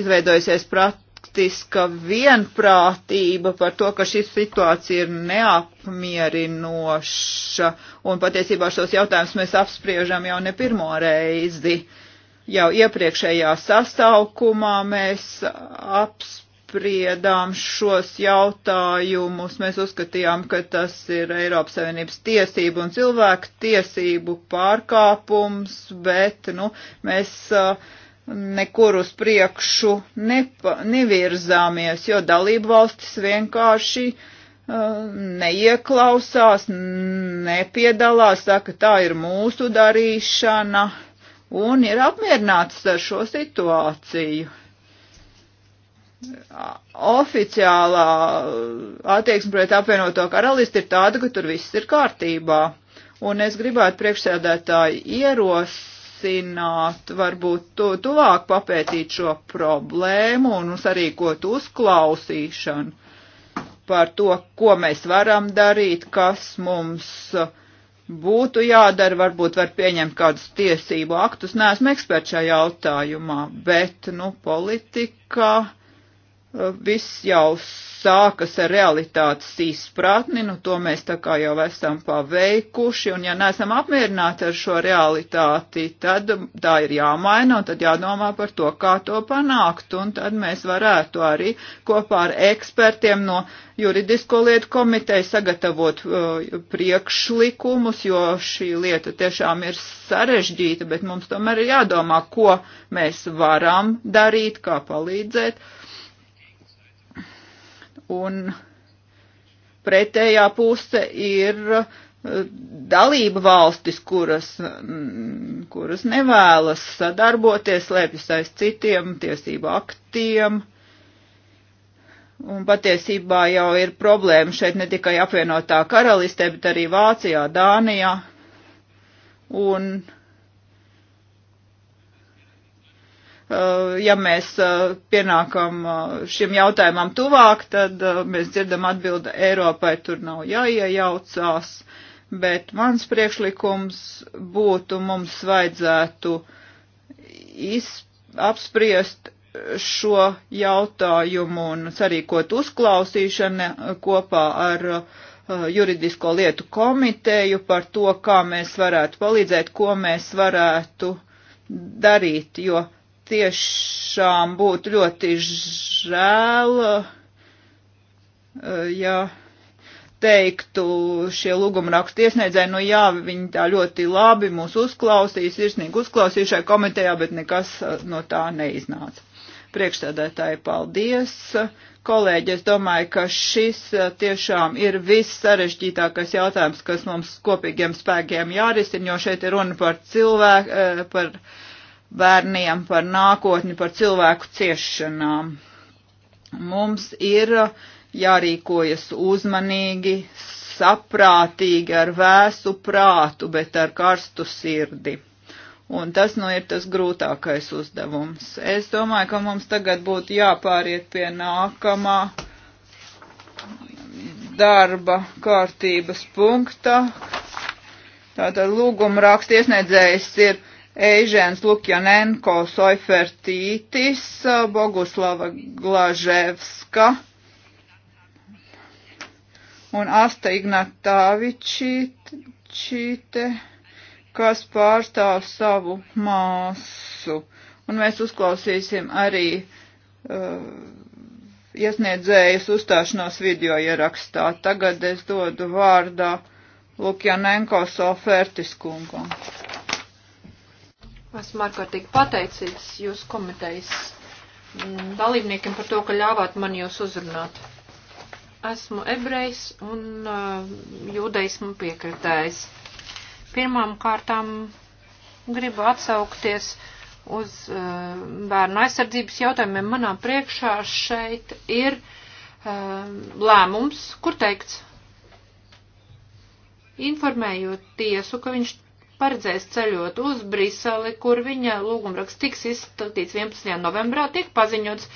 izveidojusies praktiska vienprātība par to, ka šī situācija ir neapmierinoša. Un patiesībā šos jautājumus mēs apspriežam jau ne pirmo reizi. Jau iepriekšējā sasaukumā mēs apspriežam apspriedām šos jautājumus. Mēs uzskatījām, ka tas ir Eiropas Savienības tiesību un cilvēku tiesību pārkāpums, bet, nu, mēs uh, nekur uz priekšu nepa, nevirzāmies, jo dalību valstis vienkārši uh, neieklausās, nepiedalās, saka, tā ir mūsu darīšana un ir apmierināts ar šo situāciju oficiālā attieksme pret apvienoto karalisti ir tāda, ka tur viss ir kārtībā. Un es gribētu priekšsēdētāji ierosināt, varbūt tu, tuvāk papētīt šo problēmu un sarīkot uzklausīšanu par to, ko mēs varam darīt, kas mums būtu jādara, varbūt var pieņemt kādus tiesību aktus. Neesmu eksperts šajā jautājumā, bet, nu, politika Eh, viss jau sākas ar realitātes izpratni, nu to mēs tā kā jau esam paveikuši, un ja neesam apmierināti ar šo realitāti, tad tā ir jāmaina, un tad jādomā par to, kā to panākt, un tad mēs varētu arī kopā ar ekspertiem no juridisko lietu komiteja sagatavot uh, priekšlikumus, jo šī lieta tiešām ir sarežģīta, bet mums tomēr ir jādomā, ko mēs varam darīt, kā palīdzēt un pretējā puse ir eh, dalība valstis, kuras, mm, kuras nevēlas sadarboties, slēpjas aiz citiem tiesību aktiem. Un patiesībā jau ir problēma šeit ne tikai apvienotā karalistē, bet arī Vācijā, Dānijā. Un Eh, ja mēs eh, pienākam eh, šim jautājumam tuvāk, tad mēs dzirdam atbildi Eiropai, tur nav jāiejaucās, bet mans priekšlikums būtu mums vajadzētu iz, apspriest šo jautājumu un sarīkot uzklausīšanu kopā ar juridisko lietu komiteju par to, kā mēs varētu palīdzēt, ko mēs varētu darīt, jo uh, tiešām būtu ļoti žēl, eh, ja teiktu šie lūgumrakstu iesniedzēji, nu jā, viņi tā ļoti labi mūs uzklausīja, sirsnīgi uzklausīja šai komitejā, bet nekas eh, no tā neiznāca. Priekšstādētāji, paldies! Kolēģi, es domāju, ka šis eh, tiešām ir viss sarežģītākais jautājums, kas mums kopīgiem spēkiem jārisina, jo šeit ir runa par cilvēku, par cilvēku bērniem, par nākotni, par cilvēku ciešanām. Mums ir jārīkojas uzmanīgi, saprātīgi, ar vēsu prātu, bet ar karstu sirdi. Un tas nu ir tas grūtākais uzdevums. Es domāju, ka mums tagad būtu jāpāriet pie nākamā darba kārtības punkta. Tātad lūguma rakstiesniedzējs ir Eižēns Lukjanenko Soifertītis, Boguslava Glaževska un Asta Ignatāvičīte, kas pārstāv savu māsu. Un mēs uzklausīsim arī uh, iesniedzējas uzstāšanos video ierakstā. Tagad es dodu vārdā Lukjanenko Sofertis kungam. Esmu ārkārtīgi pateicīgs jūsu komitejas mm, dalībniekiem par to, ka ļāvāt man jūs uzrunāt. Esmu ebrejs un uh, jūdeismu piekritējs. Pirmām kārtām gribu atsaukties uz uh, bērnu aizsardzības jautājumiem. Manā priekšā šeit ir uh, lēmums, kur teikts, informējot tiesu, ka viņš paredzējis ceļot uz Briseli, kur viņa lūgumraksts tiks izskatīts 11. novembrā, tiek paziņots,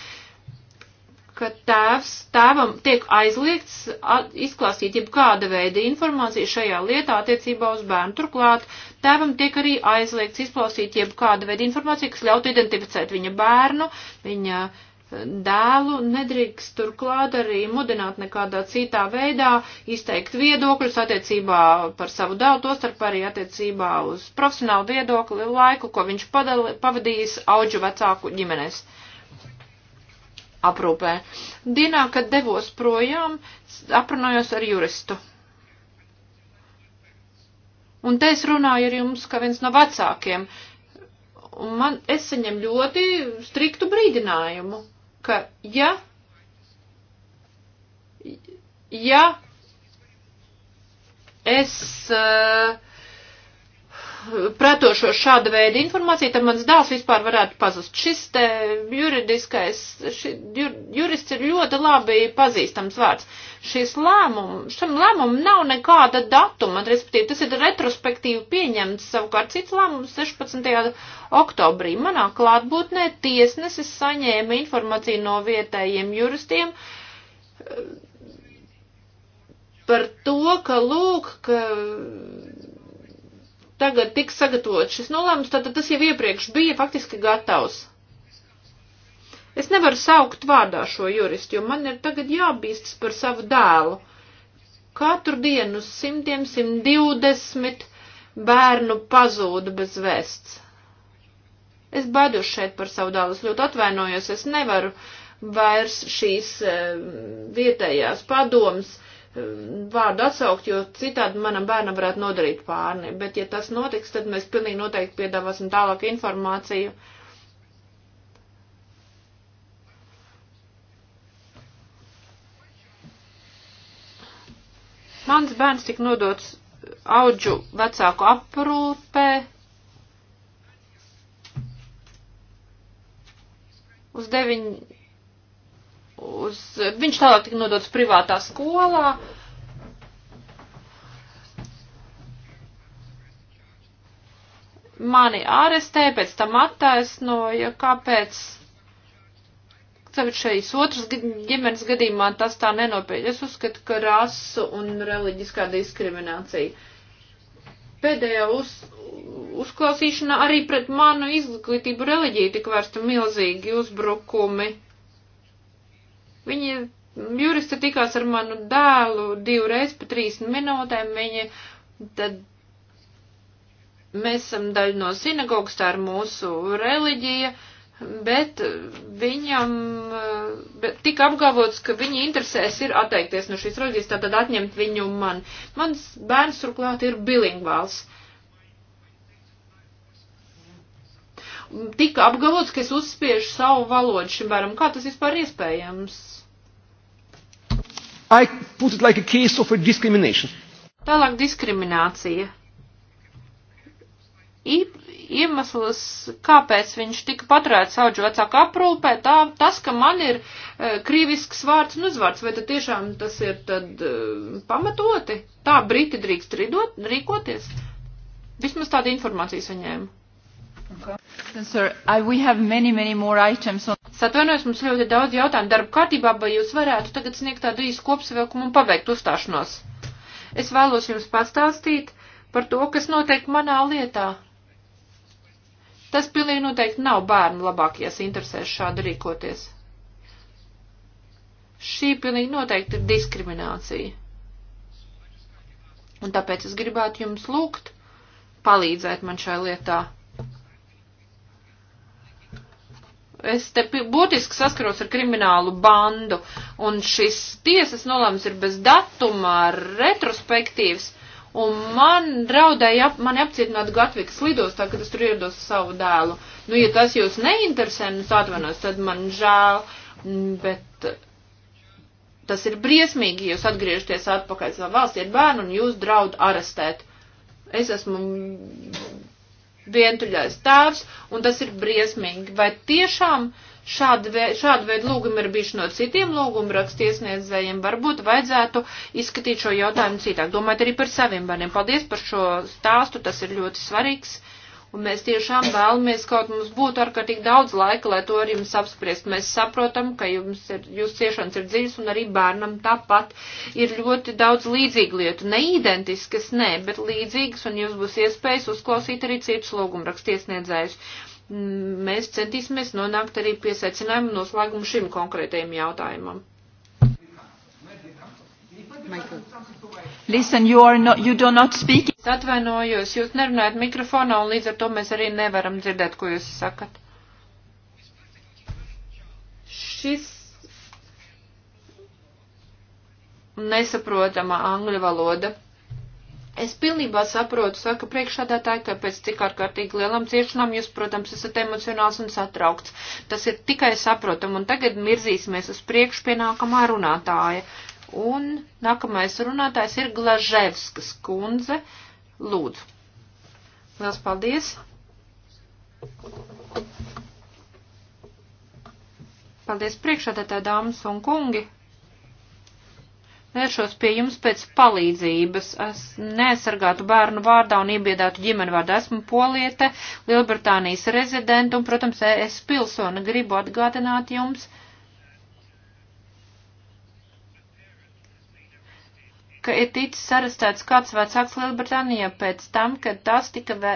ka tēvs, tēvam tiek aizliegts at, izklāstīt jebkāda veida informāciju šajā lietā attiecībā uz bērnu. Turklāt tēvam tiek arī aizliegts izklāstīt jebkāda veida informāciju, kas ļautu identificēt viņa bērnu, viņa uh, dēlu nedrīkst turklāt arī mudināt nekādā citā veidā, izteikt viedokļus attiecībā par savu dēlu, tostarp arī attiecībā uz profesionālu viedokli laiku, ko viņš padali, pavadījis auģu vecāku ģimenes aprūpē. Dienā, kad devos projām, aprunājos ar juristu. Un te es runāju ar jums, kā viens no vecākiem, un man, es saņem ļoti striktu brīdinājumu ka ja, ja es uh, pretošos šāda veida informāciju, tad mans dēls vispār varētu pazust. Šis te juridiskais, ši, jur, jurists ir ļoti labi pazīstams vārds. Šis lēmum, šim lēmumam nav nekāda datuma, respektīvi tas ir retrospektīvi pieņemts, savukārt cits lēmums 16. oktobrī. Manā klātbūtnē tiesnesis saņēma informāciju no vietējiem juristiem eh, par to, ka lūk, ka tagad tiks sagatavots šis nolēmums, tad tas jau iepriekš bija faktiski gatavs. Es nevaru saukt vārdā šo juristu, jo man ir tagad jābīstas par savu dēlu. Katru dienu simtiem, simt divdesmit bērnu pazūda bez vēsts. Es baidos šeit par savu dēlu, es ļoti atvainojos, es nevaru vairs šīs eh, vietējās padomas uh, vārdu atsaukt, jo citādi manam bērnam varētu nodarīt pārni. Bet, ja tas notiks, tad mēs pilnīgi noteikti piedāvāsim tālāk informāciju. Mans bērns tika nodots auģu vecāku aprūpē. Uz deviņu uz, viņš tālāk tika nodots privātā skolā. Mani ārestē, pēc tam attaisnoja, kāpēc Tāpēc šajās otras ģimenes gadījumā tas tā nenopietni. Es uzskatu, ka rasu un reliģiskā diskriminācija. Pēdējā uz, uzklausīšanā arī pret manu izglītību reliģiju tik vērsta milzīgi uzbrukumi. Viņi, juristi tikās ar manu dēlu divreiz pa trīs minūtēm, viņi tad mēs esam daļa no sinagogas, tā ir mūsu reliģija, bet viņam bet tika apgalvots, ka viņa interesēs ir atteikties no šīs reliģijas, tātad atņemt viņu man. Mans bērns turklāt ir bilingvāls. tika apgalvots, ka es uzspiežu savu valodu šim varam. Kā tas vispār iespējams? I put it like a case of a discrimination. Tālāk diskriminācija. I, iemesls, kāpēc viņš tika paturēts auģu vecāku aprūpē, tā, tas, ka man ir e, krīvisks vārds un uzvārds, vai tad tiešām tas ir tad e, pamatoti? Tā Briti drīkst ridot, rīkoties? Vismaz tāda informācijas viņiem. Okay. Es atvainojos, mums ļoti daudz jautājumu darba kārtībā, vai jūs varētu tagad sniegt tādu īsu kopsavilkumu un pabeigt uzstāšanos. Es vēlos jums pastāstīt par to, kas notiek manā lietā. Tas pilnīgi noteikti nav bērnu labākajās interesēs šādi rīkoties. Šī pilnīgi noteikti ir diskriminācija. Un tāpēc es gribētu jums lūgt palīdzēt man šai lietā. es te būtiski saskaros ar kriminālu bandu, un šis tiesas nolēms ir bez datuma, retrospektīvs, un man draudēja, ap, man apcietināt Gatvikas lidostā, kad es tur ierados savu dēlu. Nu, ja tas jūs neinteresē, nu, atvainojos, tad man žēl, mm, bet eh, tas ir briesmīgi, ja jūs atgriežaties atpakaļ savā valstī ar bērnu un jūs draud arestēt. Es esmu vientuļais tēvs, un tas ir briesmīgi. Vai tiešām šāda, vē, šāda veida lūgumi ir bijuši no citiem lūgumu rakstiesniedzējiem? Varbūt vajadzētu izskatīt šo jautājumu citāk. Domājot arī par saviem bērniem. Paldies par šo stāstu, tas ir ļoti svarīgs. Un mēs tiešām vēlamies, kaut mums būtu ārkārtīgi daudz laika, lai to ar jums apspriest. Mēs saprotam, ka jums ir, jūs ciešanas ir dzīves un arī bērnam tāpat ir ļoti daudz līdzīgu lietu. Ne identiskas, nē, bet līdzīgas, un jums būs iespējas uzklausīt arī citus logumrakstiesniedzējus. Mēs centīsimies nonākt arī pie secinājuma noslēgumu šim konkrētajam jautājumam. Michael. Listen, you, are not, you do not speak. Es atvainojos, jūs nerunājat mikrofonā un līdz ar to mēs arī nevaram dzirdēt, ko jūs sakat. Šis nesaprotama angļu valoda. Es pilnībā saprotu, saka priekšādātāji, ka pēc cik ārkārtīgi lielam ciešanām jūs, protams, esat emocionāls un satraukts. Tas ir tikai saprotam, un tagad mirzīsimies uz priekšu pie nākamā runātāja. Un nākamais runātājs ir Glaževskas kundze. Lūdzu. Liels paldies. Paldies priekšādētā dāmas un kungi. Vēršos pie jums pēc palīdzības. Es nesargātu bērnu vārdā un iebiedātu ģimeni vārdā. Esmu poliete, Lielbritānijas rezidenta un, protams, es pilsona gribu atgādināt jums, ka ir ticis arestēts kāds vecāks Lielbritānijā pēc tam, kad tas tika, vē,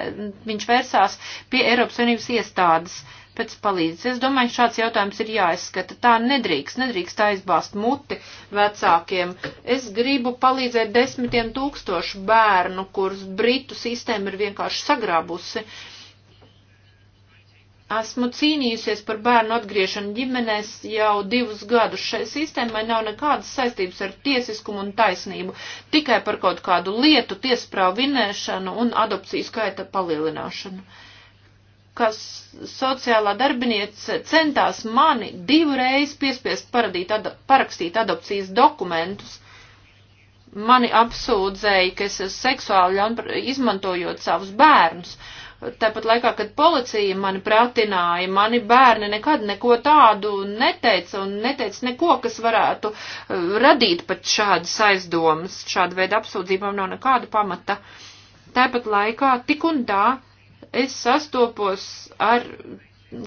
viņš vērsās pie Eiropas Savienības iestādes pēc palīdzes. Es domāju, šāds jautājums ir jāizskata. Tā nedrīkst, nedrīkst aizbāzt muti vecākiem. Es gribu palīdzēt desmitiem tūkstošu bērnu, kurus Britu sistēma ir vienkārši sagrābusi. Uh, Esmu cīnījusies par bērnu atgriešanu ģimenēs jau divus gadus. Šai sistēmai nav nekādas saistības ar tiesiskumu un taisnību, tikai par kaut kādu lietu, tiesprāvu vinēšanu un adopciju skaita palielināšanu. Kas sociālā darbiniece centās mani divu reizi piespiest paradīt, ad, parakstīt adopcijas dokumentus, mani apsūdzēja, ka es seksuāli izmantojot savus bērnus. Uh, tāpat laikā, kad policija mani pratināja, mani bērni nekad neko tādu neteica un neteica neko, kas varētu uh, radīt pat šādas aizdomas. Šāda veida apsūdzībām nav nekāda pamata. Tāpat laikā tik un tā es sastopos ar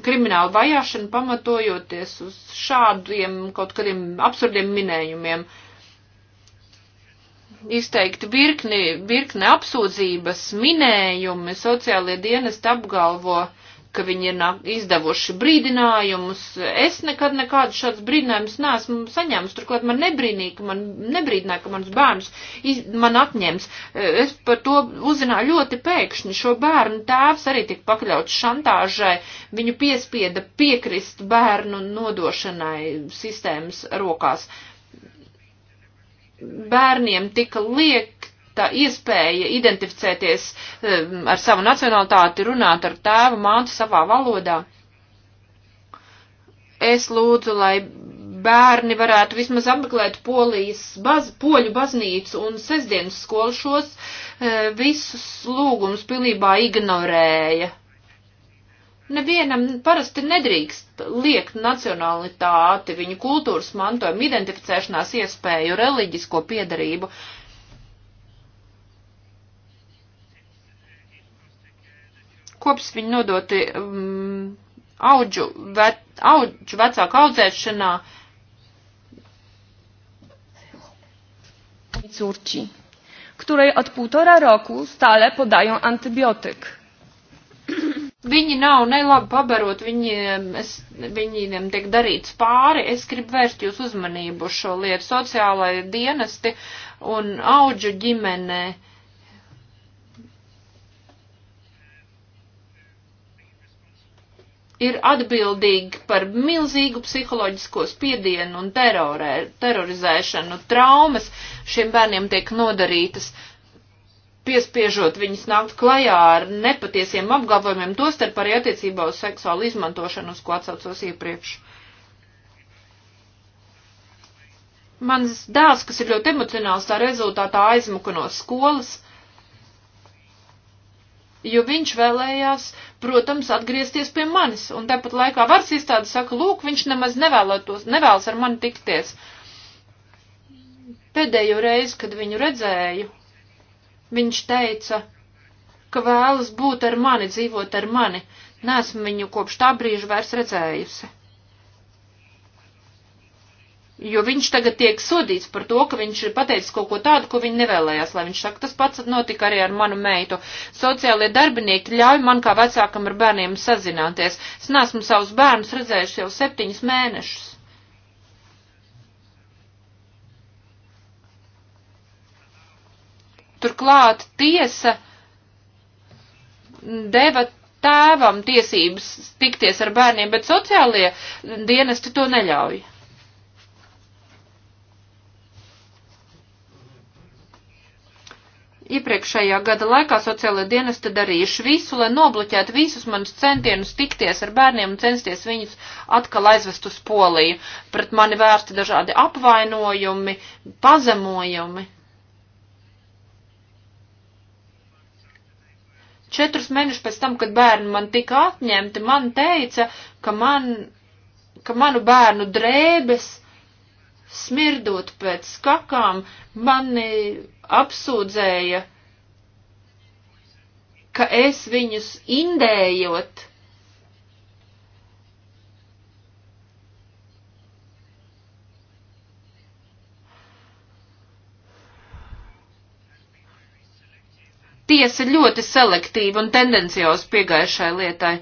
kriminālu vajāšanu pamatojoties uz šādiem kaut kādiem absurdiem minējumiem. Uh, izteikti virkni, virkni apsūdzības, minējumi, sociālie dienesti apgalvo, ka viņi ir izdevuši brīdinājumus. Es nekad nekādus šādus brīdinājumus neesmu saņēmis, turklāt man nebrīnīja, ka man nebrīdināja, ka mans bērns iz, man atņems. Es par to uzzināju ļoti pēkšņi. Šo bērnu tēvs arī tika pakļauts šantāžai, viņu piespieda piekrist bērnu nodošanai sistēmas rokās. Uh, bērniem tika liekta iespēja identificēties eh, ar savu nacionalitāti, runāt ar tēvu, mātu savā valodā. Es lūdzu, lai bērni varētu vismaz apmeklēt polijas baz, poļu baznīcu un sestdienas skolu šos eh, visus lūgumus pilnībā ignorēja nevienam parasti nedrīkst liekt nacionalitāti, viņu kultūras mantojumu, identificēšanās iespēju, reliģisko piedarību. Kops viņi nodoti um, audžu, ve, audžu vecāku audzēšanā. Córci, której od półtora roku stale podają antybiotyk Viņi nav nelabi pabarot, viņiem, es, viņiem tiek darīts pāri. Es gribu vērst jūs uzmanību uz šo lietu. Sociālai dienesti un auģu ģimenē. Ir atbildīgi par milzīgu psiholoģisko spiedienu un terorē, terorizēšanu. Traumas šiem bērniem tiek nodarītas. Uh, piespiežot viņus nākt klajā ar nepatiesiem apgalvojumiem, tostarp arī attiecībā uz seksuālu izmantošanu, uz ko atsaucos iepriekš. Mans dēls, kas ir ļoti emocionāls, tā rezultātā aizmuka no skolas, jo viņš vēlējās, protams, atgriezties pie manis, un tāpat laikā varas iestāde saka, lūk, viņš nemaz nevēlētos, nevēlas ar mani tikties. Pēdējo reizi, kad viņu redzēju, Viņš teica, ka vēlas būt ar mani, dzīvot ar mani. Nesmu viņu kopš tā brīža vairs redzējusi. Jo viņš tagad tiek sodīts par to, ka viņš ir pateicis kaut ko tādu, ko viņi nevēlējās, lai viņš saka. Tas pats notika arī ar manu meitu. Sociālie darbinieki ļauj man kā vecākam ar bērniem sazināties. Es neesmu savus bērnus redzējuši jau septiņus mēnešus. Turklāt tiesa deva tēvam tiesības tikties ar bērniem, bet sociālie dienesti to neļauj. iepriekšējā gada laikā sociālajā dienestā darījuši visu, lai nobloķētu visus manus centienus tikties ar bērniem un censties viņus atkal aizvest uz Poliju. Pret mani vērsti dažādi apvainojumi, pazemojumi. Četrus mēnešus pēc tam, kad bērni man tika atņemti, man teica, ka, man, ka manu bērnu drēbes smirdot pēc skakām, mani apsūdzēja, ka es viņus indējot tiesa ļoti selektīva un tendenciāls piegājušai lietai,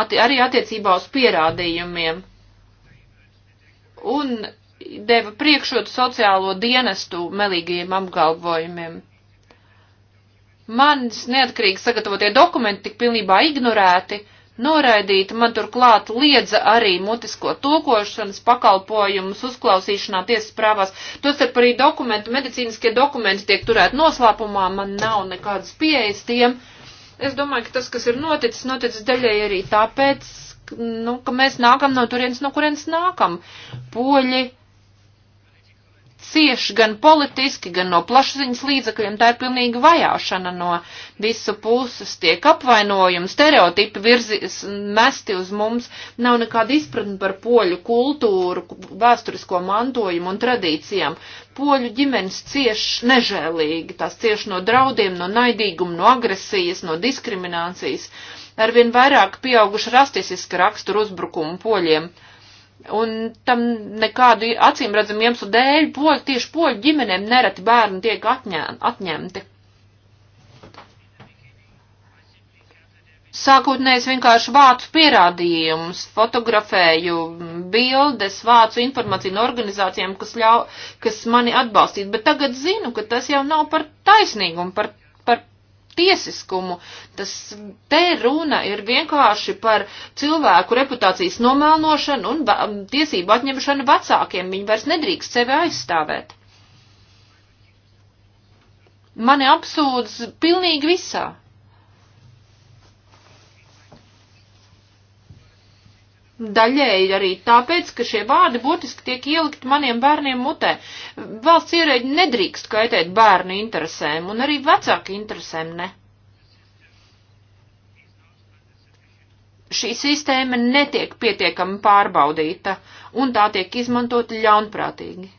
Ati, arī attiecībā uz pierādījumiem. Un deva priekšrotu sociālo dienestu melīgajiem apgalvojumiem. Manis neatkarīgi sagatavotie dokumenti tik pilnībā ignorēti, uh, noraidīta. Man turklāt liedza arī mutisko tulkošanas pakalpojumus, uzklausīšanā tiesas prāvās. Tostarp arī dokumentu, medicīniskie dokumenti tiek turēti noslēpumā, man nav nekādas pieejas tiem. Es domāju, ka tas, kas ir noticis, noticis daļai arī tāpēc, nu, ka mēs nākam no turienes, no kurienes nākam. Poļi, cieš gan politiski, gan no plašsaziņas līdzakļiem. Tā ir pilnīga vajāšana no visu puses, tiek apvainojumi, stereotipi virzis, mesti uz mums. Nav nekāda izpratne par poļu kultūru, vēsturisko mantojumu un tradīcijām. Poļu ģimenes cieš nežēlīgi, tās cieš no draudiem, no naidīguma, no agresijas, no diskriminācijas. Arvien vairāk pieauguši rastisiska rakstura uzbrukumu poļiem Un tam nekādu acīm redzamu iemeslu dēļ poļu, tieši poļu ģimenēm nereti bērni tiek atņēm, atņemti. Sākotnēji es vienkārši vācu pierādījumus, fotografēju bildes, vācu informāciju no organizācijām, kas, ļau, kas mani atbalstītu, bet tagad zinu, ka tas jau nav par taisnīgumu, par tiesiskumu. Tas te runa ir vienkārši par cilvēku reputācijas nomēlnošanu un tiesību atņemšanu vecākiem. Viņi vairs nedrīkst sevi aizstāvēt. Mani apsūdz pilnīgi visā. Daļēji arī tāpēc, ka šie vārdi būtiski tiek ielikt maniem bērniem mutē. Valsts ierēģi nedrīkst kaitēt bērnu interesēm un arī vecāku interesēm ne. Šī sistēma netiek pietiekami pārbaudīta un tā tiek izmantota ļaunprātīgi.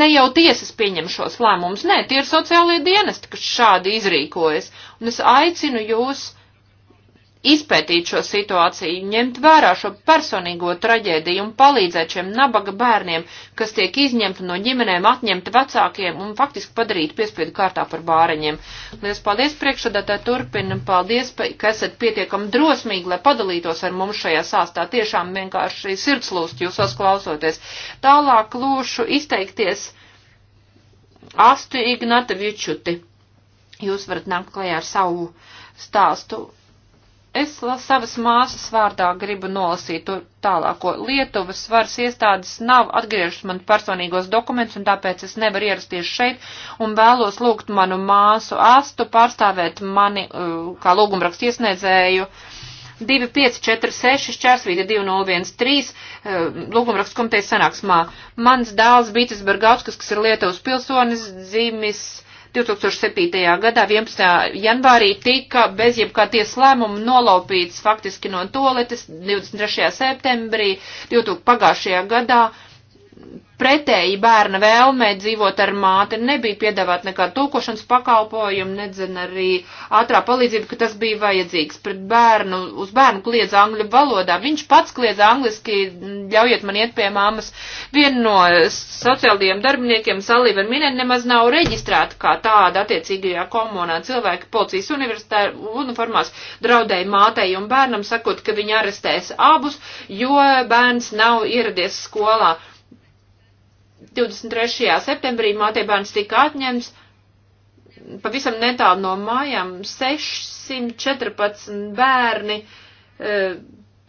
Ne jau tiesas pieņem šos lēmumus, nē, tie ir sociālie dienesti, kas šādi izrīkojas. Un es aicinu jūs izpētīt šo situāciju, ņemt vērā šo personīgo traģēdiju un palīdzēt šiem nabaga bērniem, kas tiek izņemti no ģimenēm, atņemti vecākiem un faktiski padarīt piespiedu kārtā par bāreņiem. Lielas paldies priekšsadatāji turpina, paldies, ka esat pietiekami drosmīgi, lai padalītos ar mums šajā sāstā. Tiešām vienkārši sirds lūst jūs uzklausoties. Tālāk lūšu izteikties Astu Ignatavičuti. Jūs varat nākt klajā ar savu stāstu Es savas māsas vārdā gribu nolasīt to tālāko. Lietuvas varas iestādes nav atgriežas man personīgos dokumentus, un tāpēc es nevaru ierasties šeit, un vēlos lūgt manu māsu astu pārstāvēt mani uh, kā lūgumrakst iesniedzēju. 2546 čērsvīta 2013 lūgumraksts komitejas sanāksmā. Mans dēls Bītis Bergautskas, kas ir Lietuvas pilsonis, dzīmis 2007. gadā 11. janvārī tika bez jebkā tiesa lēmuma nolaupīts faktiski no toaletes 23. septembrī 2000 pagājušajā gadā pretēji bērna vēlmē dzīvot ar māti, nebija piedāvāt nekādu tūkošanas pakalpojumu, nedzen arī ātrā palīdzība, ka tas bija vajadzīgs. Pret bērnu, uz bērnu kliedz angļu valodā, viņš pats kliedz angliski, ļaujiet man iet pie māmas. Viena no sociālajiem darbiniekiem, Salīva Minē, nemaz nav reģistrēta kā tāda attiecīgajā komunā. Cilvēki policijas uniformās draudēja mātei un bērnam, sakot, ka viņi arestēs abus, jo bērns nav ieradies skolā. 23. septembrī mātebērns tika atņemts pavisam netālu no mājām 614 bērni e,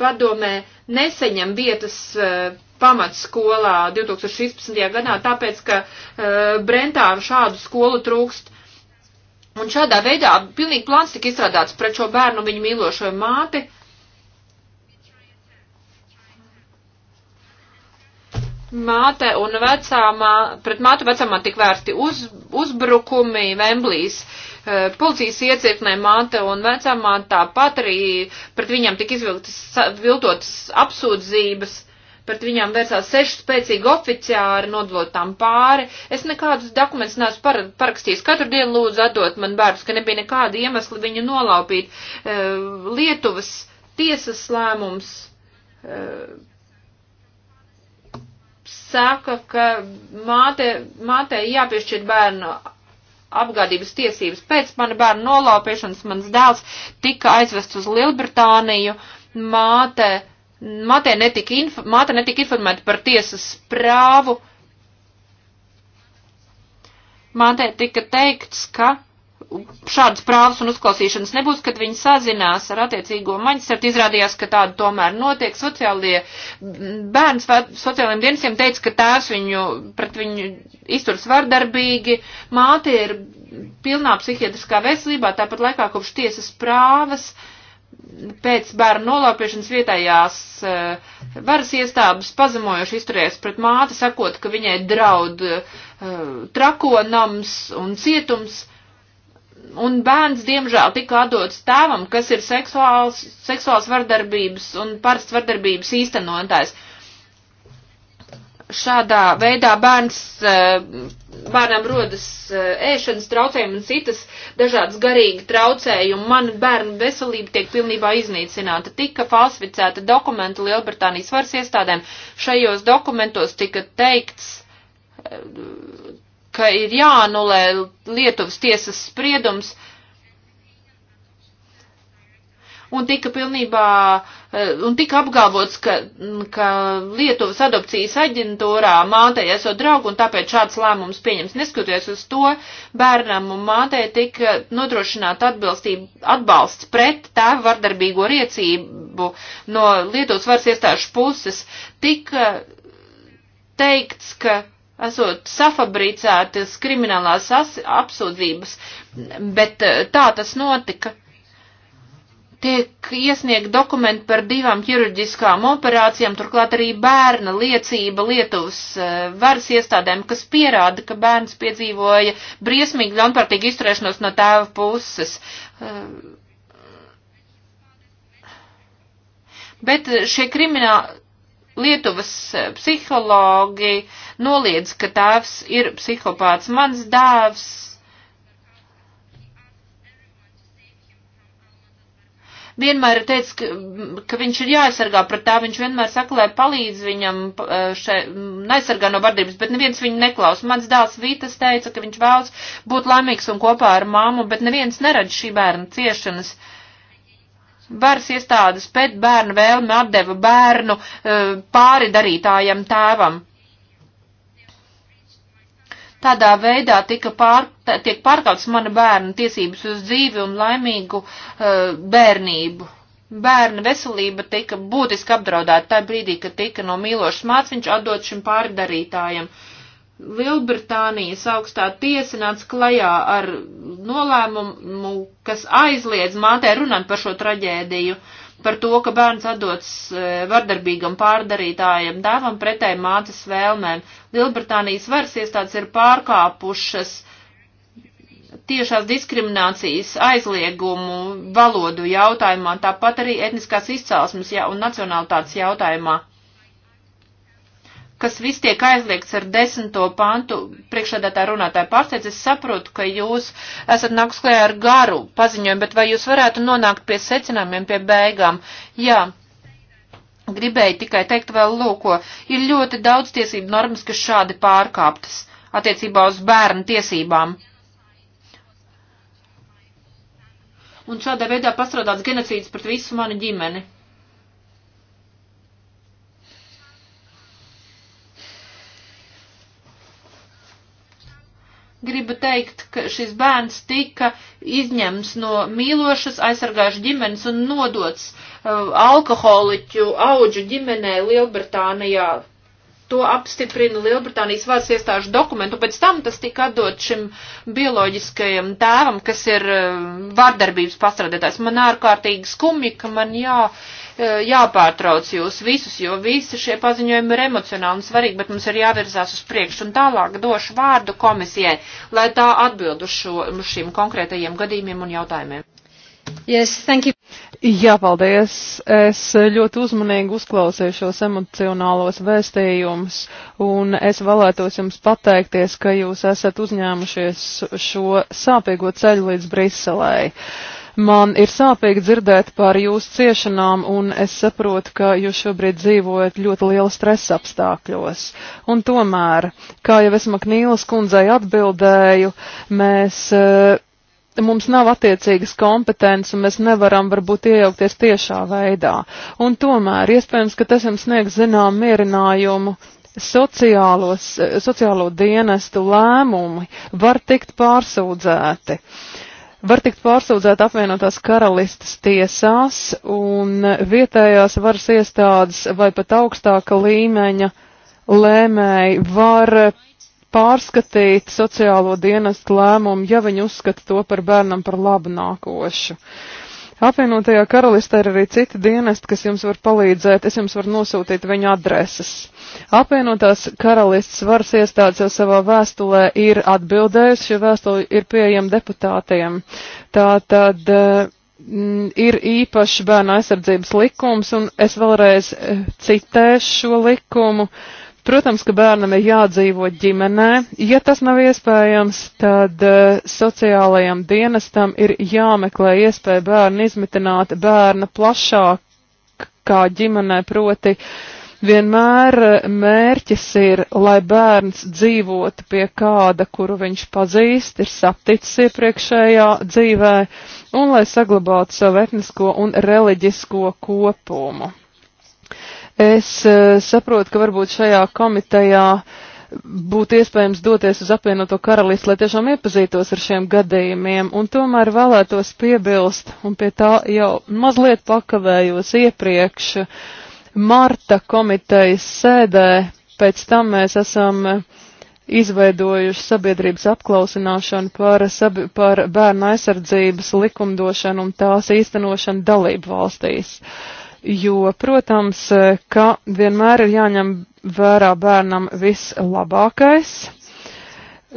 padomē neseņem vietas e, pamatskolā 2016. gadā, tāpēc, ka e, Brentā šādu skolu trūkst. Un šādā veidā pilnīgi plāns tika izstrādāts pret šo bērnu viņu mīlošo māti. Uh, Māte un vecāmā, pret mātu vecāmā tik vērsti uz, uzbrukumi Vemblīs. E, policijas iecirknē māte un vecāmā tāpat arī pret viņam tik izvilktas viltotas apsūdzības pret viņām vērsās seši spēcīgi oficiāri, nodalot tām pāri. Es nekādus dokumentus neesmu par, parakstījis. Katru dienu lūdzu atdot man bērnus, ka nebija nekāda iemesla viņu nolaupīt. E, Lietuvas tiesas lēmums e, saka, ka māte, mātei jāpiešķir bērnu apgādības tiesības. Pēc mana bērna nolaupiešanas mans dēls tika aizvests uz Lielbritāniju. Māte, māte, netika, inf, māte netika informēta par tiesas prāvu. Mātei tika teikts, ka šādas prāvas un uzklausīšanas nebūs, kad viņi sazinās ar attiecīgo maģistrātu. Izrādījās, ka tāda tomēr notiek. Sociālie bērns sociālajiem dienestiem teica, ka tēvs viņu, pret viņu izturs vardarbīgi, māte ir pilnā psihiatriskā veselībā, tāpat laikā kopš tiesas prāvas pēc bērnu nolaupīšanas vietējās uh, varas iestādes pazemojuši izturējās pret māti, sakot, ka viņai draud uh, trakonams un cietums. Uh, un bērns, diemžēl, tika atdots tēvam, kas ir seksuāls, seksuāls vardarbības un parasts vardarbības īstenotājs. Šādā veidā bērns, eh, bērnam rodas eh, ēšanas traucējumi un citas dažādas garīgi traucējumi. Man bērnu veselība tiek pilnībā iznīcināta. Tika falsificēta dokumenta Lielbritānijas varas iestādēm. Šajos dokumentos tika teikts, eh, ka ir jāanulē Lietuvas tiesas spriedums. Un tika pilnībā, eh, un tika apgalvots, ka, ka Lietuvas adopcijas aģentūrā mātei esot draugu un tāpēc šāds lēmums pieņems. Neskatoties uz to, bērnam un mātei tika nodrošināta atbalsts pret tēvu vardarbīgo riecību no Lietuvas varas iestāžu puses. Tika teikts, ka esot safabricētas kriminālās apsūdzības, bet eh, tā tas notika. Tiek iesniegt dokumenti par divām ķirurģiskām operācijām, turklāt arī bērna liecība Lietuvas eh, varas iestādēm, kas pierāda, ka bērns piedzīvoja briesmīgi ļaunprātīgu izturēšanos no tēva puses. Eh, bet šie krimināli Lietuvas eh, psihologi noliedz, ka tēvs ir psihopāts. Mans dēvs vienmēr ir teicis, ka, ka viņš ir jāaizsargā pret tā, viņš vienmēr saka, lai palīdz viņam eh, šai, aizsargā no vardības, bet neviens viņu neklaus. Mans dēls Vītas teica, ka viņš vēlas būt laimīgs un kopā ar māmu, bet neviens neredz šī bērna ciešanas. Uh, Varas iestādes pēc bērnu vēlme atdeva bērnu e, pāri darītājam tēvam. Tādā veidā tika pār, tiek pārkauts mana bērna tiesības uz dzīvi un laimīgu uh, bērnību. Bērna veselība tika būtiski apdraudēta tajā brīdī, kad tika no mīlošas māciņš atdot šim pārdarītājam. Uh, Lielbritānijas augstā tiesa nāca klajā ar nolēmumu, kas aizliedz mātē runāt par šo traģēdiju, par to, ka bērns atdots e, vardarbīgam pārdarītājam dēvam pretēji mātes vēlmēm. Lielbritānijas varas iestādes ir pārkāpušas tiešās diskriminācijas aizliegumu valodu jautājumā, tāpat arī etniskās izcelsmes un nacionālitātes jautājumā kas viss tiek aizliegts ar desmito pantu priekšādātā runātāja pārsteidz, es saprotu, ka jūs esat nāks klajā ar garu paziņojumu, bet vai jūs varētu nonākt pie secinājumiem, pie beigām? Jā. Gribēju tikai teikt vēl lūko, ir ļoti daudz tiesību normas, kas šādi pārkāptas attiecībā uz bērnu tiesībām. Un šādā veidā pastrādāts genocīds pret visu manu ģimeni. gribu teikt, ka šis bērns tika izņemts no mīlošas, aizsargājušas ģimenes un nodots uh, alkoholiķu auģu ģimenē Lielbritānijā. To apstiprina Lielbritānijas varas iestāžu dokumentu, pēc tam tas tika atdot šim bioloģiskajam tēvam, kas ir uh, vārdarbības pastrādētājs. Man ārkārtīgi skumji, ka man jā. Uh, E, jāpārtrauc jūs visus, jo visi šie paziņojumi ir emocionāli un svarīgi, bet mums ir jāvirzās uz priekšu un tālāk došu vārdu komisijai, lai tā atbild uz, šo, uz šīm konkrētajiem gadījumiem un jautājumiem. Yes, thank you. Jā, paldies. Es ļoti uzmanīgi uzklausīju šos emocionālos vēstījumus, un es vēlētos jums pateikties, ka jūs esat uzņēmušies šo sāpīgo ceļu līdz Briselē. Uh, Man ir sāpīgi dzirdēt par jūsu ciešanām, un es saprotu, ka jūs šobrīd dzīvojat ļoti liela stresa apstākļos. Un tomēr, kā jau es Maknīlas kundzei atbildēju, mēs. Eh, mums nav attiecīgas kompetences, un mēs nevaram varbūt iejaukties tiešā veidā. Un tomēr, iespējams, ka tas jums sniegs zinām mierinājumu, sociālos, eh, sociālo dienestu lēmumi var tikt pārsūdzēti. Uh, var tikt pārsūdzēt apvienotās karalistas tiesās un vietējās varas iestādes vai pat augstāka līmeņa lēmēji var pārskatīt sociālo dienestu lēmumu, ja viņi uzskata to par bērnam par labu nākošu. Uh, Apvienotajā karalistē ir arī citi dienesti, kas jums var palīdzēt, es jums varu nosūtīt viņu adreses. Apvienotās karalists varas iestādes jau savā vēstulē ir atbildējusi, šī vēstule ir pieejama deputātiem. Tā tad eh, m, ir īpašs bērnu aizsardzības likums, un es vēlreiz eh, citēšu šo likumu. Uh, Protams, ka bērnam ir jādzīvo ģimenē. Ja tas nav iespējams, tad uh, sociālajam dienestam ir jāmeklē iespēja bērnu izmitināt bērna plašāk kā ģimenē, proti vienmēr eh, mērķis ir, lai bērns dzīvotu pie kāda, kuru viņš pazīst, ir saticis iepriekšējā dzīvē, un lai saglabātu savu etnisko un reliģisko kopumu. Es eh, saprotu, ka varbūt šajā komitejā būtu iespējams doties uz apvienoto karalisti, lai tiešām iepazītos ar šiem gadījumiem, un tomēr vēlētos piebilst, un pie tā jau mazliet pakavējos iepriekš, Marta komitejas sēdē, pēc tam mēs esam izveidojuši sabiedrības apklausināšanu par, sabi par bērnu aizsardzības likumdošanu un tās īstenošanu dalību valstīs. Uh, jo, protams, ka vienmēr ir jāņem vērā bērnam vislabākais.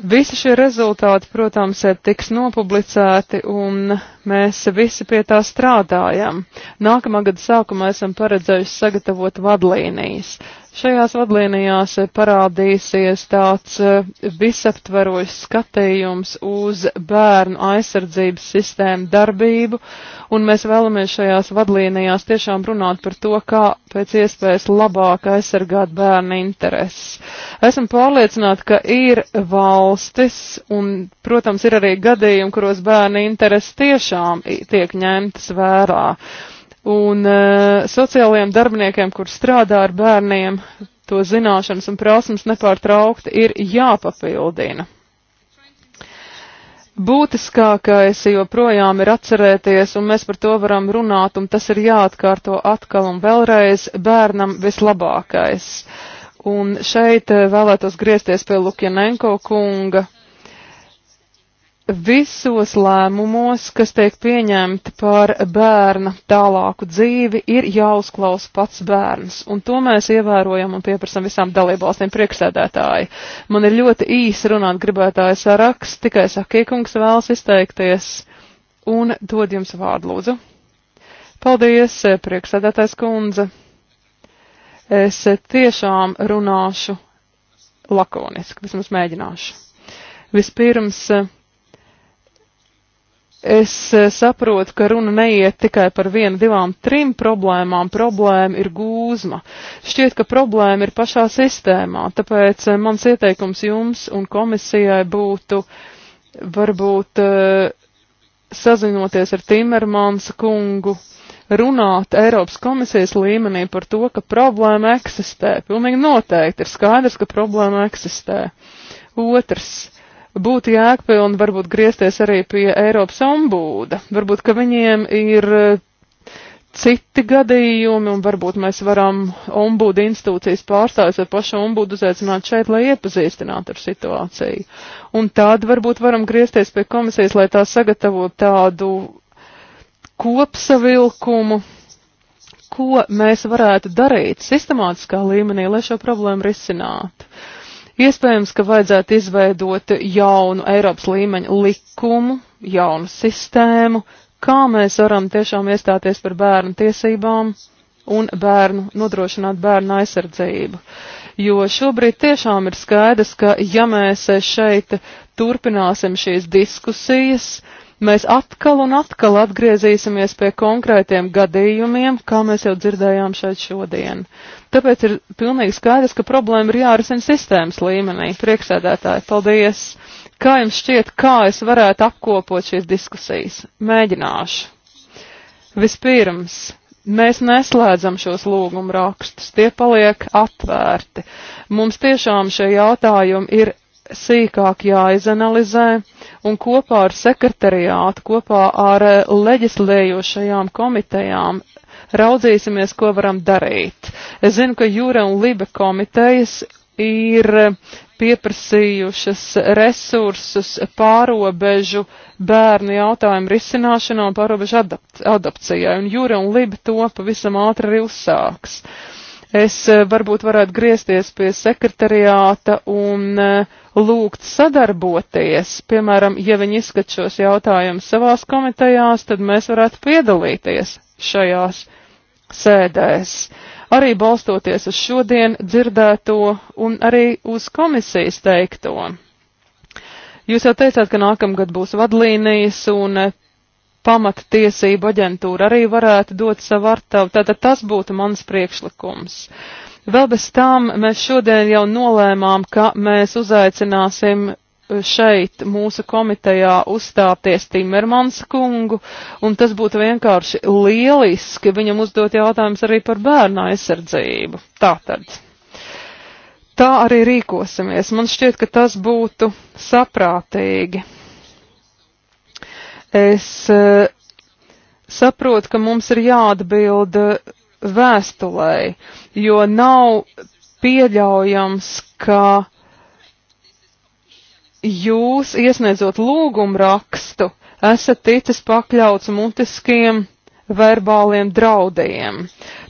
Visi šie rezultāti, protams, tiks nopublicēti un mēs visi pie tā strādājam. Nākamā gada sākumā esam paredzējuši sagatavot vadlīnijas. Šajās vadlīnijās parādīsies tāds eh, visaptverošs skatījums uz bērnu aizsardzības sistēmu darbību, un mēs vēlamies šajās vadlīnijās tiešām runāt par to, kā pēc iespējas labāk aizsargāt bērnu intereses. Esmu pārliecināta, ka ir valstis, un, protams, ir arī gadījumi, kuros bērnu intereses tiešām tiek ņemtas vērā. Un uh, sociālajiem darbiniekiem, kur strādā ar bērniem, to zināšanas un prasmes nepārtraukti ir jāpapildina. Būtiskākais joprojām ir atcerēties, un mēs par to varam runāt, un tas ir jāatkārto atkal un vēlreiz bērnam vislabākais. Un šeit eh, vēlētos griezties pie Lukjanenko kunga visos lēmumos, kas tiek pieņemti par bērna tālāku dzīvi, ir jāuzklaus pats bērns. Un to mēs ievērojam un pieprasam visām dalībvalstīm priekšsēdētāji. Man ir ļoti īsi runāt gribētāju saraksts, tikai Sakiekungs vēlas izteikties un dod jums vārdu lūdzu. Paldies, priekšsēdētājs kundze. Es tiešām runāšu lakoniski, vismaz mēģināšu. Vispirms, Es eh, saprotu, ka runa neiet tikai par vienu, divām, trim problēmām. Problēma ir gūzma. Šķiet, ka problēma ir pašā sistēmā. Tāpēc eh, mans ieteikums jums un komisijai būtu varbūt eh, sazinoties ar Timermans kungu, runāt Eiropas komisijas līmenī par to, ka problēma eksistē. Pilnīgi noteikti ir skaidrs, ka problēma eksistē. Otrs būtu jēgpilni varbūt griezties arī pie Eiropas ombūda. Varbūt, ka viņiem ir eh, citi gadījumi, un varbūt mēs varam ombudu institūcijas pārstāvis vai pašu ombudu uzaicināt šeit, lai iepazīstinātu ar situāciju. Un tad varbūt varam griezties pie komisijas, lai tā sagatavo tādu kopsavilkumu, ko mēs varētu darīt sistemātiskā līmenī, lai šo problēmu risinātu. Iespējams, ka vajadzētu izveidot jaunu Eiropas līmeņu likumu, jaunu sistēmu, kā mēs varam tiešām iestāties par bērnu tiesībām un bērnu, nodrošināt bērnu aizsardzību. Jo šobrīd tiešām ir skaidrs, ka ja mēs šeit turpināsim šīs diskusijas, mēs atkal un atkal atgriezīsimies pie konkrētiem gadījumiem, kā mēs jau dzirdējām šeit šodien. Tāpēc ir pilnīgi skaidrs, ka problēma ir jārisina sistēmas līmenī. Priekšsēdētāji, paldies! Kā jums šķiet, kā es varētu apkopot šīs diskusijas? Mēģināšu. Vispirms, mēs neslēdzam šos lūgumu rakstus, tie paliek atvērti. Mums tiešām šie jautājumi ir sīkāk jāizanalizē, un kopā ar sekretariātu, kopā ar leģislējošajām komitejām raudzīsimies, ko varam darīt. Es zinu, ka Jūra un Libe komitejas ir pieprasījušas resursus pārobežu bērnu jautājumu risināšanā un pārobežu adapt adapcijai, un Jūra un Liba to pavisam ātri arī uzsāks. Es eh, varbūt varētu griezties pie sekretariāta un eh, lūgt sadarboties, piemēram, ja viņi izskat šos jautājumus savās komitejās, tad mēs varētu piedalīties šajās sēdēs. Arī balstoties uz šodien dzirdēto un arī uz komisijas teikto. Jūs jau teicāt, ka nākamgad būs vadlīnijas un eh, pamattiesība aģentūra arī varētu dot savu artavu. Tātad tas būtu mans priekšlikums. Vēl bez tām mēs šodien jau nolēmām, ka mēs uzaicināsim šeit mūsu komitejā uzstāties Timermans kungu, un tas būtu vienkārši lieliski viņam uzdot jautājums arī par bērnu aizsardzību. Tātad. Tā arī rīkosimies. Man šķiet, ka tas būtu saprātīgi. Es e, saprotu, ka mums ir jāatbild vēstulē, jo nav pieļaujams, ka jūs iesniedzot lūgumu rakstu, esat ticis pakļauts mutiskiem verbāliem draudiem.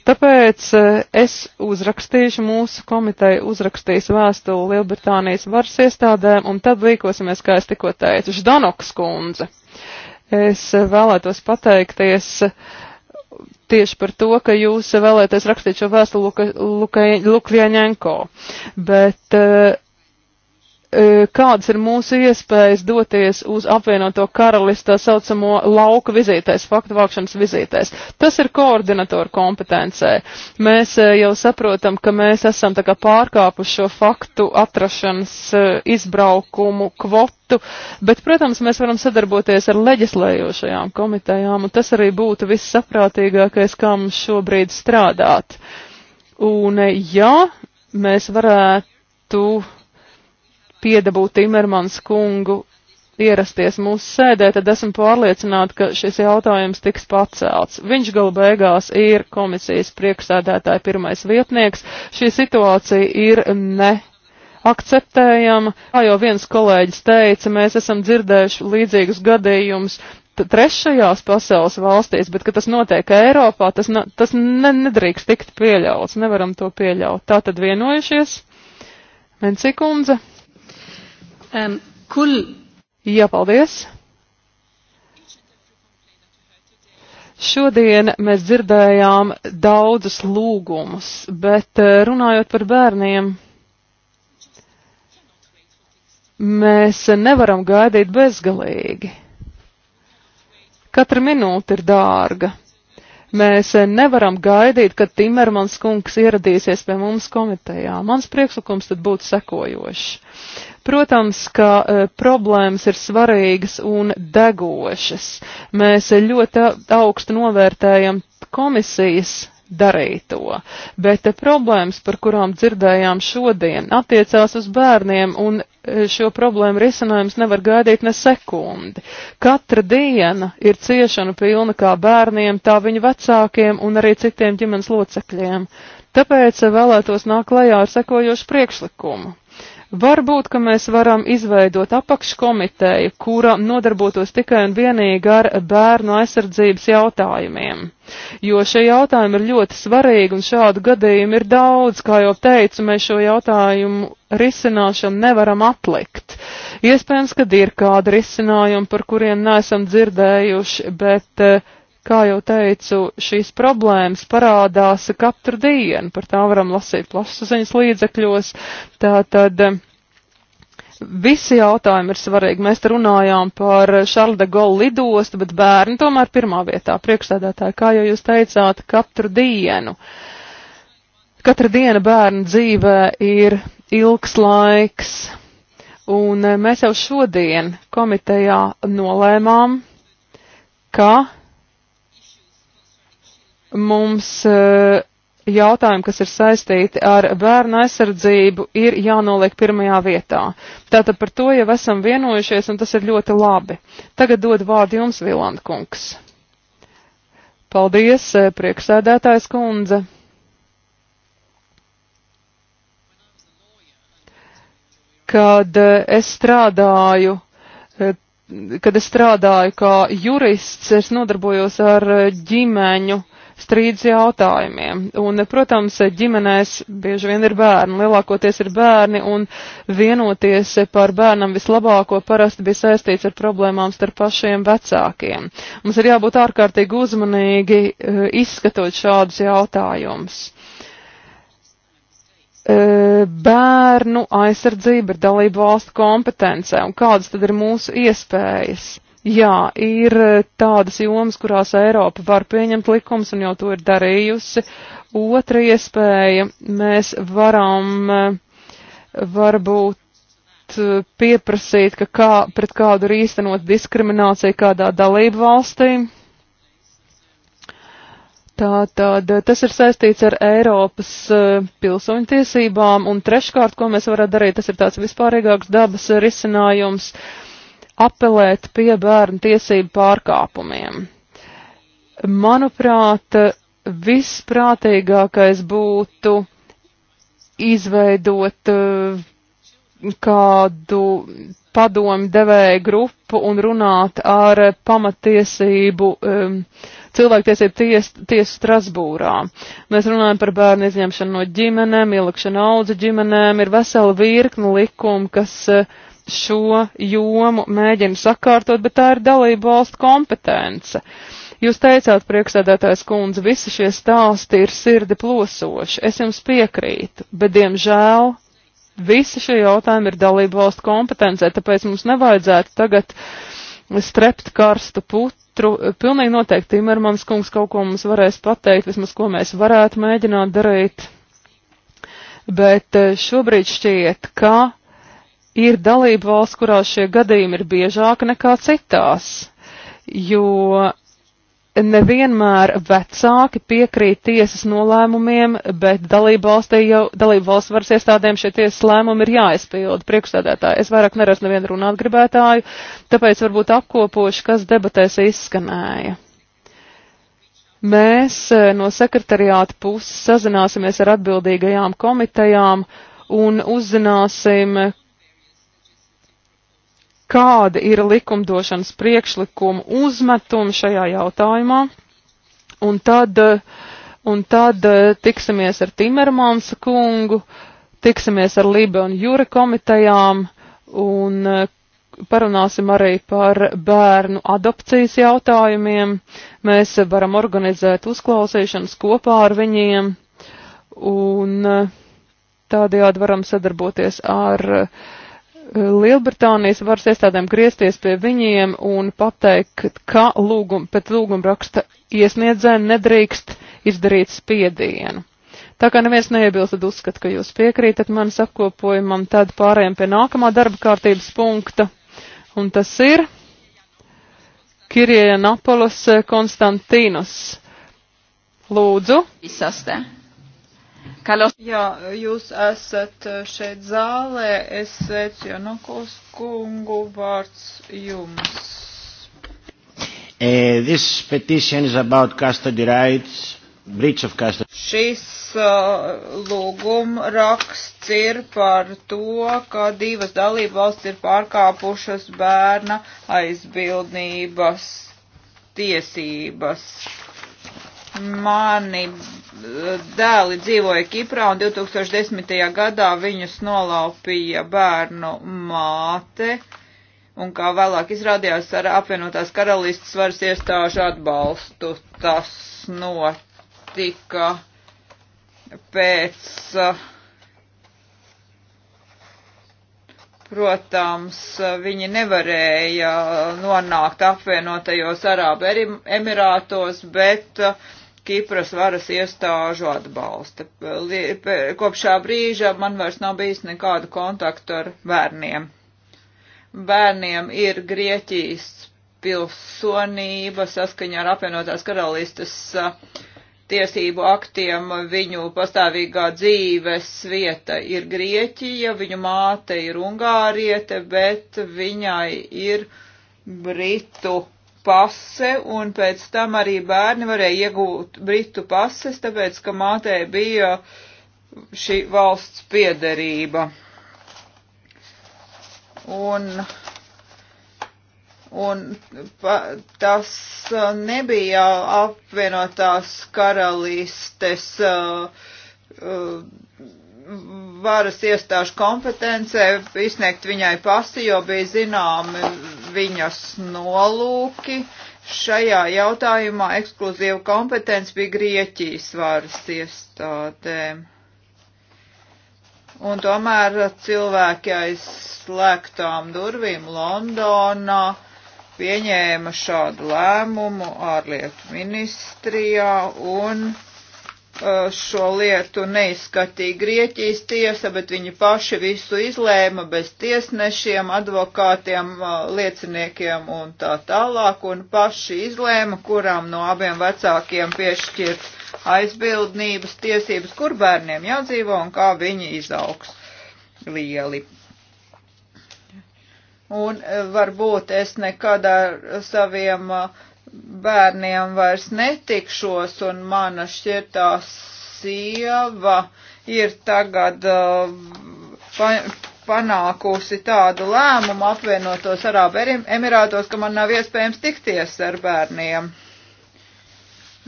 Tāpēc eh, es uzrakstīšu mūsu komiteju, uzrakstīšu vēstuli Lielbritānijas varas iestādēm, un tad rīkosimies, kā es tikko teicu, Ždanoks kundze. Es vēlētos pateikties tieši par to, ka jūs vēlēties rakstīt šo vēstuli Luka, Luka, Lukļaņenko, bet uh, E, kādas ir mūsu iespējas doties uz apvienoto karalistu tā saucamo lauka vizītēs, faktu vākšanas vizītēs. Tas ir koordinatoru kompetencē. Mēs e, jau saprotam, ka mēs esam tā kā pārkāpuši šo faktu atrašanas e, izbraukumu kvotu, bet, protams, mēs varam sadarboties ar leģislējošajām komitejām, un tas arī būtu vissaprātīgākais, kā mums šobrīd strādāt. Un ja mēs varētu piedabūt Timermans kungu ierasties mūsu sēdē, tad esmu pārliecināta, ka šis jautājums tiks pacelts. Viņš galu beigās ir komisijas priekšsēdētāja pirmais vietnieks. Šī situācija ir ne. Akceptējama, kā jau viens kolēģis teica, mēs esam dzirdējuši līdzīgus gadījumus trešajās pasaules valstīs, bet, ka tas notiek Eiropā, tas, ne, tas ne, nedrīkst tikt pieļauts, nevaram to pieļaut. Tā tad vienojušies. Mencikundze. Um, kul... Jā, paldies. Šodien mēs dzirdējām daudzus lūgumus, bet uh, runājot par bērniem, mēs nevaram gaidīt bezgalīgi. Katra minūte ir dārga. Mēs nevaram gaidīt, kad Timermans kungs ieradīsies pie mums komitejā. Mans priekšlikums tad būtu sekojošs. Protams, ka e, problēmas ir svarīgas un degošas. Mēs ļoti augstu novērtējam komisijas darīto, bet e, problēmas, par kurām dzirdējām šodien, attiecās uz bērniem un e, šo problēmu risinājums nevar gaidīt ne sekundi. Katra diena ir ciešana pilna kā bērniem, tā viņu vecākiem un arī citiem ģimenes locekļiem. Tāpēc e, vēlētos nāk klajā ar sekojošu priekšlikumu. Varbūt, ka mēs varam izveidot apakškomiteju, kura nodarbotos tikai un vienīgi ar bērnu aizsardzības jautājumiem. Jo šie jautājumi ir ļoti svarīgi un šādu gadījumu ir daudz, kā jau teicu, mēs šo jautājumu risināšanu nevaram atlikt. Iespējams, ka ir kādi risinājumi, par kuriem neesam dzirdējuši, bet uh, Kā jau teicu, šīs problēmas parādās katru dienu, par tām varam lasīt plašsaziņas līdzekļos. Tātad visi jautājumi ir svarīgi. Mēs runājām par Šarla de Gaulle lidostu, bet bērni tomēr pirmā vietā priekšstādātāji, kā jau jūs teicāt, katru dienu. Katra diena bērnu dzīvē ir ilgs laiks, un mēs jau šodien komitejā nolēmām, ka mums eh, jautājumi, kas ir saistīti ar bērnu aizsardzību, ir jānoliek pirmajā vietā. Tātad par to jau esam vienojušies, un tas ir ļoti labi. Tagad dod vārdu jums, Vilanda kungs. Paldies, eh, priekšsēdētājs kundze. Kad eh, es strādāju kad es strādāju kā jurists, es nodarbojos ar ģimeņu strīdus jautājumiem. Un, protams, ģimenēs bieži vien ir bērni, lielākoties ir bērni, un vienoties par bērnam vislabāko parasti bija saistīts ar problēmām starp pašiem vecākiem. Mums ir jābūt ārkārtīgi uzmanīgi eh, izskatot šādus jautājumus eh, bērnu aizsardzība ir dalību valstu kompetencē un kādas tad ir mūsu iespējas. Jā, ir eh, tādas jomas, kurās Eiropa var pieņemt likums un jau to ir darījusi. Otra iespēja, mēs varam eh, varbūt eh, pieprasīt, ka kā, pret kādu ir īstenot diskrimināciju kādā dalību valstī. Tātad tas ir saistīts ar Eiropas pilsoņtiesībām, un treškārt, ko mēs varētu darīt, tas ir tāds vispārīgāks dabas risinājums. Uh, apelēt pie bērnu tiesību pārkāpumiem. Manuprāt, visprātīgākais būtu izveidot eh, kādu padomu devēju grupu un runāt ar pamatiesību, um, cilvēktiesību tiesu ties Strasbūrā. Mēs runājam par bērnu izņemšanu no ģimenēm, ielikšanu audzu ģimenēm, ir vesela virkni likumu, kas uh, šo jomu mēģina sakārtot, bet tā ir dalību valstu kompetence. Jūs teicāt, priekšsēdētājs kundze, visi šie stāsti ir sirdi plosoši. Es jums piekrītu, bet diemžēl visi šie jautājumi ir dalību valstu kompetencē, tāpēc mums nevajadzētu tagad strept karstu putru. Pilnīgi noteikti Timermans kungs kaut ko mums varēs pateikt, vismaz ko mēs varētu mēģināt darīt. Bet eh, šobrīd šķiet, ka ir dalība valsts, kurās šie gadījumi ir biežāk nekā citās, jo nevienmēr vecāki piekrīt tiesas nolēmumiem, bet dalību valstī jau, dalību valsts varas iestādēm šie tiesas lēmumi ir jāizpilda priekšstādētāji. Es vairāk neredzu nevienu runāt gribētāju, tāpēc varbūt apkopoši, kas debatēs izskanēja. Mēs e, no sekretariāta puses sazināsimies ar atbildīgajām komitejām un uzzināsim, kāda ir likumdošanas priekšlikuma uzmetuma šajā jautājumā. Un tad, un tad tiksimies ar Timermansa kungu, tiksimies ar Libe un Jūra komitejām un parunāsim arī par bērnu adopcijas jautājumiem. Mēs varam organizēt uzklausīšanas kopā ar viņiem un tādējādi varam sadarboties ar uh, Lielbritānijas varas iestādēm griezties pie viņiem un pateikt, ka lūgum, pēc lūgumraksta iesniedzēni nedrīkst izdarīt spiedienu. Tā kā neviens neiebilst, tad uzskat, ka jūs piekrītat manas apkopojumam, tad pārējiem pie nākamā darba kārtības punkta, un tas ir Kirija Napolos Konstantīnus. Lūdzu. Visastē. Kalos. Jā, jūs esat šeit zālē, es sveicu Janukos kungu, vārds jums. Uh, this petition is about custody rights, breach of custody. Šis uh, lūguma raksts ir par to, ka divas dalība valsts ir pārkāpušas bērna aizbildnības tiesības Mani eh, dēli dzīvoja Kiprā un 2010. gadā viņus nolaupīja bērnu māte un kā vēlāk izrādījās ar apvienotās karalistas varas iestāžu atbalstu. Tas notika pēc, protams, viņi nevarēja nonākt apvienotajos Arābu Emirātos, bet uh, Kipras varas iestāžu atbalsta. Kopš šā brīža man vairs nav bijis nekādu kontaktu ar bērniem. Bērniem ir Grieķijas pilsonība saskaņā ar apvienotās karalistas tiesību aktiem. Viņu pastāvīgā dzīves vieta ir Grieķija, viņu māte ir Ungāriete, bet viņai ir Britu pase, un pēc tam arī bērni varēja iegūt britu pases, tāpēc, ka mātē bija šī valsts piederība. Un, un pa, tas uh, nebija apvienotās karalistes uh, uh, varas iestāžu kompetencē izsniegt viņai pasi, jo bija zināmi viņas nolūki. Šajā jautājumā ekskluzīva kompetence bija Grieķijas varas iestādēm. Un tomēr cilvēki aiz slēgtām durvīm Londonā pieņēma šādu lēmumu ārlietu ministrijā un Uh, šo lietu neizskatīja Grieķijas tiesa, bet viņi paši visu izlēma bez tiesnešiem, advokātiem, uh, lieciniekiem un tā tālāk, un paši izlēma, kurām no abiem vecākiem piešķirt aizbildnības tiesības, kur bērniem jādzīvo un kā viņi izaugs lieli. Un uh, varbūt es nekad ar saviem uh, bērniem vairs netikšos un mana šķirtā sieva ir tagad uh, pa, panākusi tādu lēmumu apvienotos Arābu Emirātos, ka man nav iespējams tikties ar bērniem.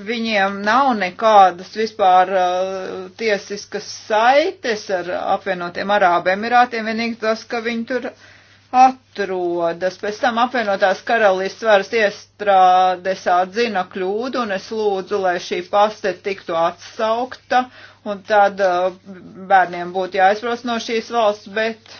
Viņiem nav nekādas vispār uh, tiesiskas saites ar apvienotiem Arābu Emirātiem, vienīgi tas, ka viņi tur uh, atrodas. Pēc tam apvienotās karalists varas iestrādes atzina kļūdu un es lūdzu, lai šī paste tiktu atsaukta un tad uh, bērniem būtu jāizprost no šīs valsts, bet.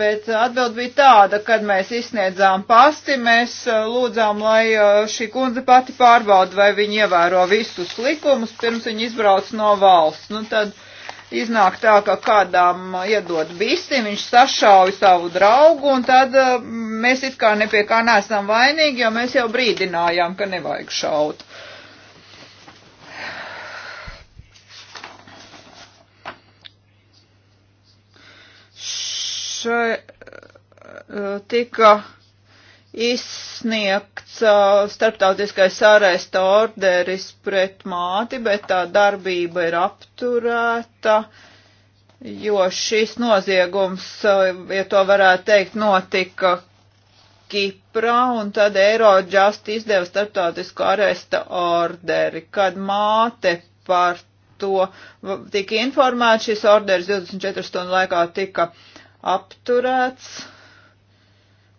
Bet atbild bija tāda, kad mēs izsniedzām pasti, mēs uh, lūdzām, lai uh, šī kundze pati pārbauda, vai viņi ievēro visus likumus, pirms viņi izbrauc no valsts. Nu, tad, uh, iznāk tā, ka kādām uh, iedod visi, viņš sašauja savu draugu, un tad uh, mēs it kā ne pie kā neesam vainīgi, jo mēs jau brīdinājām, ka nevajag šaut. Še, uh, tika izsniegts uh, starptautiskais ārēsta orderis pret māti, bet tā darbība ir apturēta, jo šis noziegums, uh, ja to varētu teikt, notika Kiprā, un tad Eirodžast izdeva starptautisko aresta orderi, kad māte par to tika informēta, šis orders 24 stundu laikā tika apturēts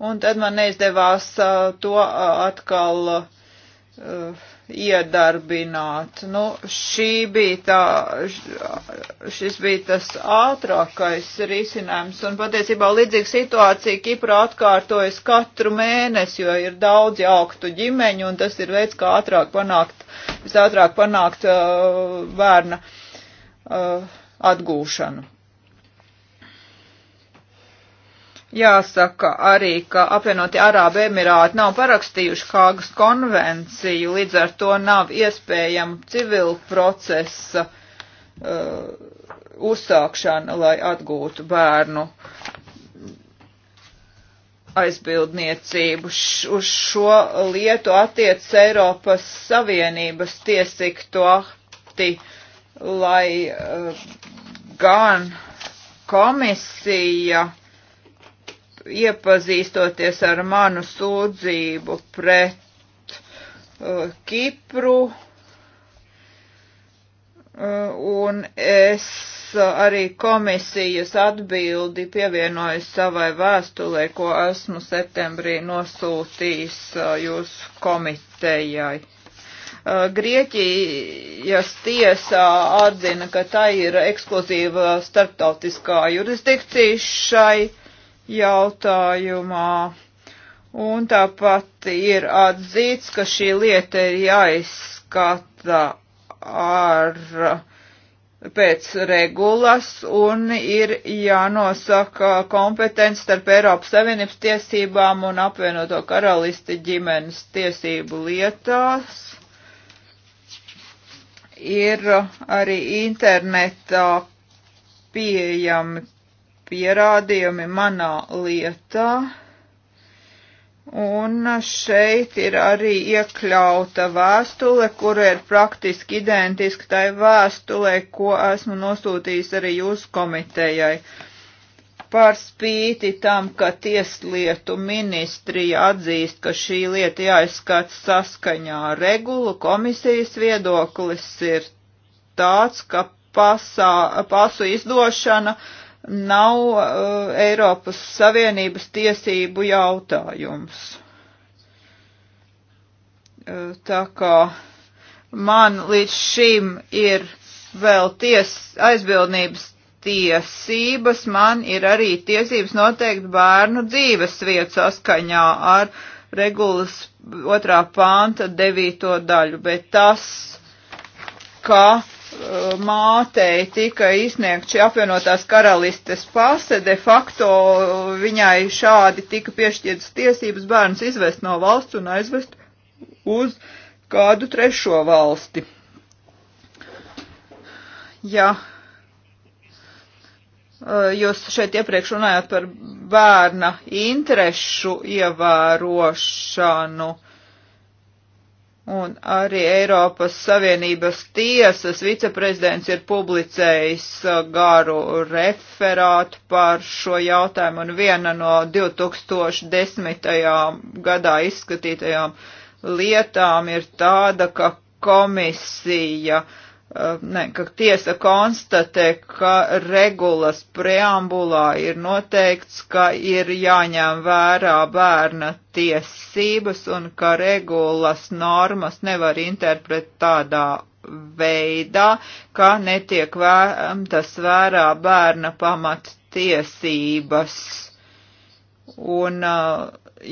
un tad man neizdevās uh, to uh, atkal uh, iedarbināt. Nu, šī bija tā, šis bija tas ātrākais risinājums, un patiesībā līdzīga situācija Kiprā atkārtojas katru mēnesi, jo ir daudz jauktu ģimeņu, un tas ir veids, kā ātrāk panākt, visātrāk panākt uh, bērna uh, atgūšanu. Jāsaka arī, ka apvienotie Arābu Emirāti nav parakstījuši Hāgas konvenciju, līdz ar to nav iespējama civila procesa uh, uzsākšana, lai atgūtu bērnu aizbildniecību. Š uz šo lietu attiec Eiropas Savienības tiesīgto akti, lai uh, gan komisija iepazīstoties ar manu sūdzību pret uh, Kipru, uh, un es uh, arī komisijas atbildi pievienoju savai vēstulē, ko esmu septembrī nosūtījis uh, jūsu komitejai. Uh, Grieķijas tiesā atzina, ka tā ir ekskluzīva starptautiskā jurisdikcija šai uh, jautājumā. Un tāpat ir atzīts, ka šī lieta ir jāizskata ar pēc regulas un ir jānosaka kompetence starp Eiropas Savienības tiesībām un apvienoto karalisti ģimenes tiesību lietās. Ir arī internetā pieejami pierādījumi manā lietā. Un šeit ir arī iekļauta vēstule, kura ir praktiski identiska tai vēstulē, ko esmu nosūtījis arī jūsu komitejai. Par spīti tam, ka tieslietu ministrija atzīst, ka šī lieta jāizskata saskaņā regulu, komisijas viedoklis ir tāds, ka pasā, pasu izdošana uh, nav uh, Eiropas Savienības tiesību jautājums. Uh, tā kā man līdz šim ir vēl ties, aizbildnības tiesības, man ir arī tiesības noteikt bērnu dzīves vietu saskaņā ar regulas otrā panta devīto daļu, bet tas, ka mātei tika izsniegt šī apvienotās karalistes pase, de facto viņai šādi tika piešķirtas tiesības bērns izvest no valsts un aizvest uz kādu trešo valsti. Ja eh, jūs šeit iepriekš runājāt par bērna interešu ievērošanu, uh, Un arī Eiropas Savienības tiesas viceprezidents ir publicējis uh, garu referātu par šo jautājumu un viena no 2010. gadā izskatītajām lietām ir tāda, ka komisija uh, Uh, ne, ka tiesa konstatē, ka regulas preambulā ir noteikts, ka ir jāņem vērā bērna tiesības un ka regulas normas nevar interpretēt tādā veidā, ka netiek vērtas vērā bērna pamat tiesības. Un uh,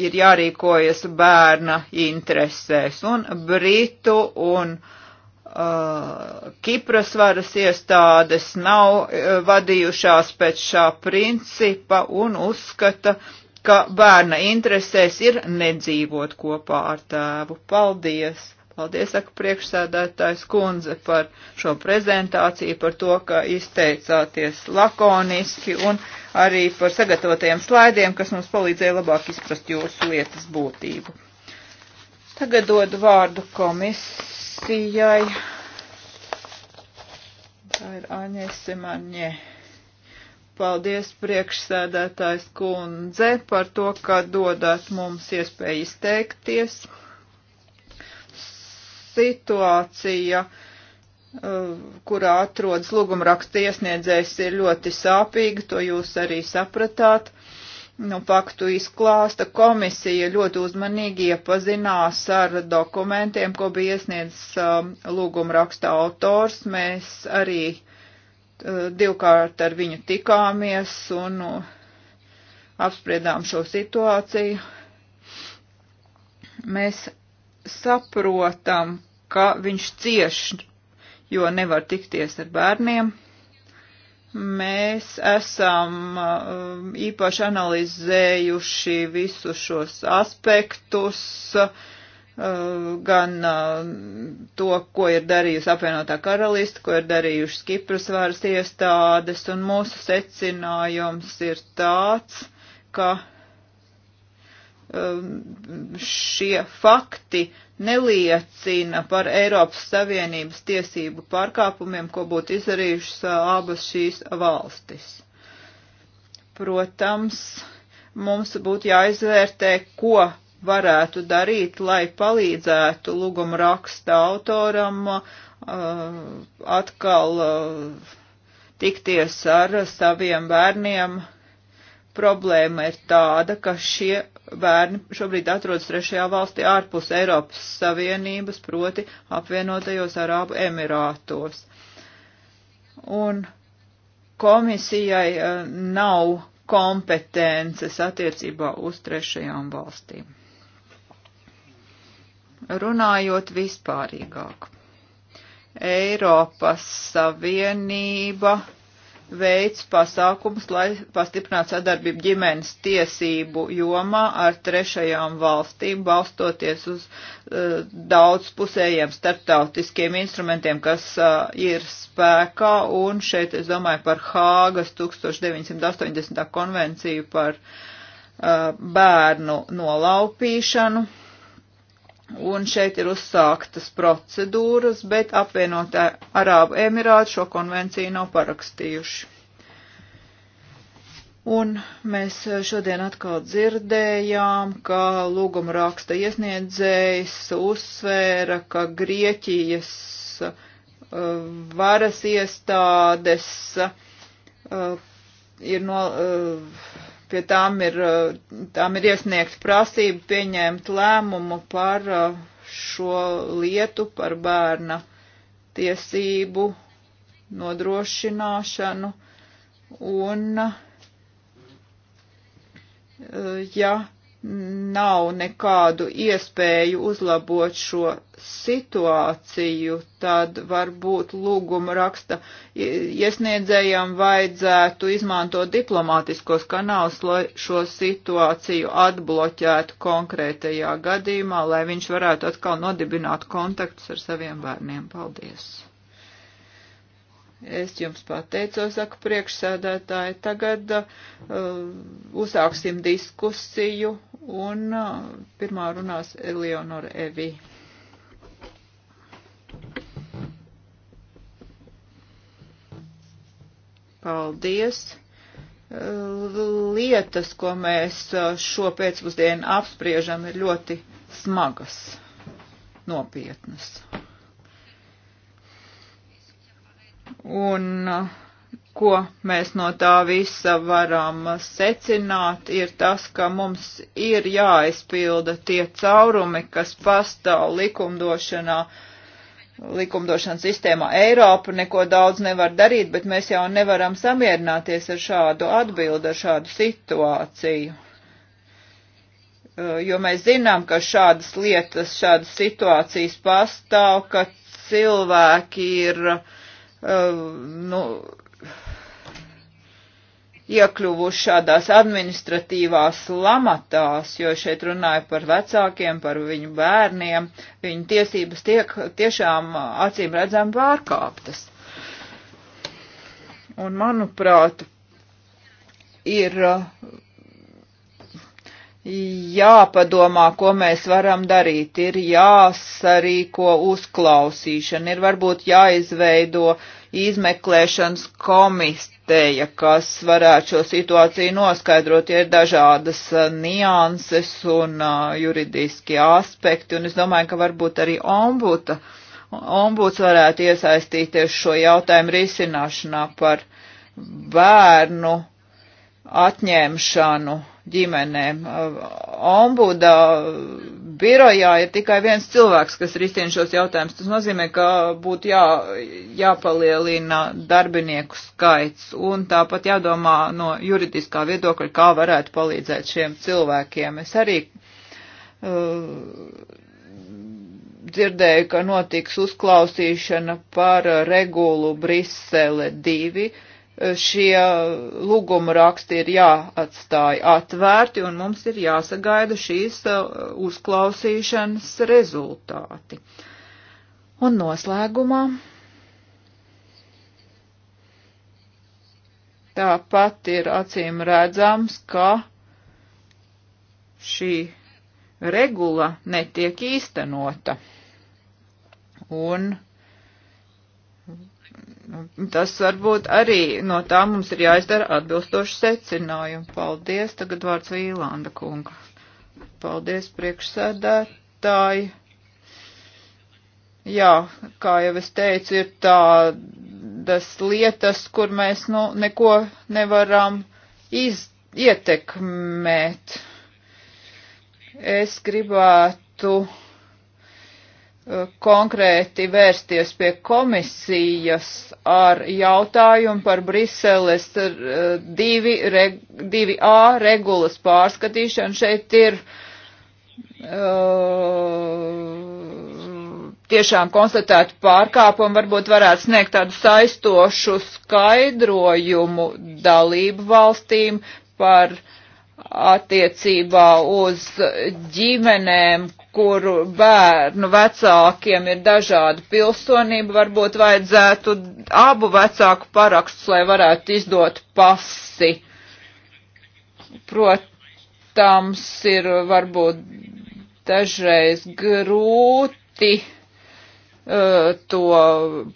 ir jārīkojas bērna interesēs. Un Britu un uh, Uh, Kipras varas iestādes nav uh, vadījušās pēc šā principa un uzskata, ka bērna interesēs ir nedzīvot kopā ar tēvu. Paldies! Paldies, saka priekšsēdētājs kundze, par šo prezentāciju, par to, ka izteicāties lakoniski un arī par sagatavotajiem slaidiem, kas mums palīdzēja labāk izprast jūsu lietas būtību. Tagad dodu vārdu komisijai komisijai. Tā ir Aņese Marņē. Paldies priekšsēdētājs kundze par to, ka dodat mums iespēju izteikties. Situācija, uh, kurā atrodas lūgumraksta iesniedzējs, ir ļoti sāpīga, to jūs arī sapratāt nu, faktu izklāsta. Komisija ļoti uzmanīgi iepazinās ar dokumentiem, ko bija iesniedzis um, lūguma raksta autors. Mēs arī uh, divkārt ar viņu tikāmies un uh, apspriedām šo situāciju. Mēs saprotam, ka viņš cieš, jo nevar tikties ar bērniem. Mēs esam um, īpaši analizējuši visus šos aspektus, uh, gan um, to, ko ir darījusi apvienotā karalista, ko ir darījušas Kipras varas iestādes, un mūsu secinājums ir tāds, ka Um, šie fakti neliecina par Eiropas Savienības tiesību pārkāpumiem, ko būtu izdarījušas uh, abas šīs valstis. Protams, mums būtu jāizvērtē, ko varētu darīt, lai palīdzētu lūguma raksta autoram uh, atkal uh, tikties ar saviem bērniem. Problēma ir tāda, ka šie bērni šobrīd atrodas trešajā valstī ārpus Eiropas Savienības, proti apvienotajos Arābu Emirātos. Un komisijai e, nav kompetences attiecībā uz trešajām valstīm. Runājot vispārīgāk, Eiropas Savienība veids pasākums, lai pastiprinātu sadarbību ģimenes tiesību jomā ar trešajām valstīm, balstoties uz uh, daudzpusējiem starptautiskiem instrumentiem, kas uh, ir spēkā, un šeit es domāju par Hāgas 1980. konvenciju par uh, bērnu nolaupīšanu un šeit ir uzsāktas procedūras, bet apvienotā Arābu Emirāti šo konvenciju nav parakstījuši. Un mēs šodien atkal dzirdējām, ka lūguma raksta iesniedzējs uzsvēra, ka Grieķijas uh, varas iestādes uh, ir no, uh, pie tām ir, uh, tām ir iesniegta prasība pieņemt lēmumu par uh, šo lietu, par bērna tiesību nodrošināšanu. Un, uh, ja nav nekādu iespēju uzlabot šo situāciju, tad varbūt lūguma raksta iesniedzējiem vajadzētu izmantot diplomātiskos kanālus, lai šo situāciju atbloķētu konkrētajā gadījumā, lai viņš varētu atkal nodibināt kontaktus ar saviem bērniem. Paldies! Es jums pateicos, saka priekšsēdētāji, tagad uh, uzsāksim diskusiju un uh, pirmā runās Eleonora Evi. Paldies! Uh, lietas, ko mēs uh, šo pēcpusdienu apspriežam, ir ļoti smagas, nopietnas. Un ko mēs no tā visa varam secināt, ir tas, ka mums ir jāizpilda tie caurumi, kas pastāv likumdošanā likumdošanas sistēmā Eiropa neko daudz nevar darīt, bet mēs jau nevaram samierināties ar šādu atbildi, ar šādu situāciju. Jo mēs zinām, ka šādas lietas, šādas situācijas pastāv, ka cilvēki ir uh, Uh, nu, iekļuvuši šādās administratīvās lamatās, jo šeit runāja par vecākiem, par viņu bērniem, viņu tiesības tiek tiešām uh, acīm redzam pārkāptas. Un manuprāt, ir uh, jāpadomā, ko mēs varam darīt, ir jāsarīko uzklausīšana, ir varbūt jāizveido izmeklēšanas komisteja, kas varētu šo situāciju noskaidrot, ja ir dažādas eh, nianses un uh, juridiski aspekti, un es domāju, ka varbūt arī ombuta, ombuds varētu iesaistīties šo jautājumu risināšanā par bērnu atņemšanu ģimenēm. Ombuda birojā ir tikai viens cilvēks, kas risina šos jautājumus. Tas nozīmē, ka būtu jā, jāpalielina darbinieku skaits un tāpat jādomā no juridiskā viedokļa, kā varētu palīdzēt šiem cilvēkiem. Es arī uh, dzirdēju, ka notiks uzklausīšana par regulu Brisele 2 šie lūguma raksti ir jāatstāj atvērti un mums ir jāsagaida šīs uh, uzklausīšanas rezultāti. Un noslēgumā tāpat ir acīm redzams, ka šī regula netiek īstenota. Un Tas varbūt arī no tā mums ir jāizdara atbilstoši secinājumi. Paldies, tagad vārds Vīlanda kunga. Paldies, priekšsēdētāji. Jā, kā jau es teicu, ir tādas lietas, kur mēs nu, neko nevaram iz, ietekmēt. Es gribētu konkrēti vērsties pie komisijas ar jautājumu par Briseles 2A eh, regulas pārskatīšanu. Šeit ir uh, tiešām konstatēti pārkāpumi, varbūt varētu sniegt tādu saistošu skaidrojumu dalību valstīm par uh, attiecībā uz ģimenēm, kuru bērnu vecākiem ir dažāda pilsonība, varbūt vajadzētu abu vecāku parakstus, lai varētu izdot pasi. Protams, ir varbūt dažreiz grūti uh, to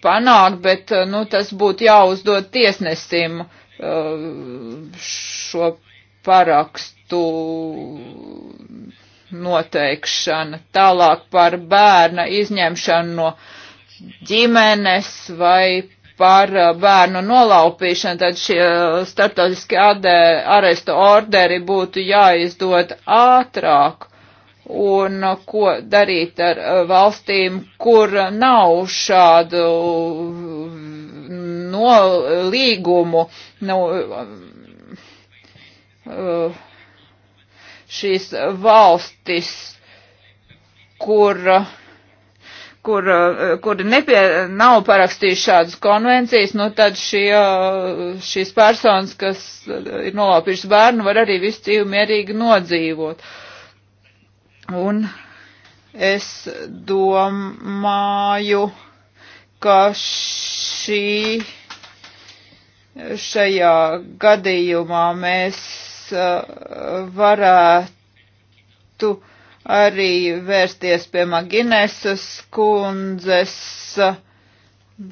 panākt, bet, uh, nu, tas būtu jāuzdod tiesnesim uh, šo parakstu noteikšana, tālāk par bērna izņemšanu no ģimenes vai par uh, bērnu nolaupīšanu, tad šie starptautiskie arestu orderi būtu jāizdod ātrāk. Un uh, ko darīt ar uh, valstīm, kur nav šādu mm, no līgumu, nu, Uh, šīs valstis, kur, kur, uh, kur nepie, nav parakstījuši šādas konvencijas, nu tad šie, uh, šīs personas, kas ir nolaupījušas bērnu, var arī visu dzīvi mierīgi nodzīvot. Un es domāju, ka šī, šajā gadījumā mēs Uh, varētu arī vērsties pie Magineses kundzes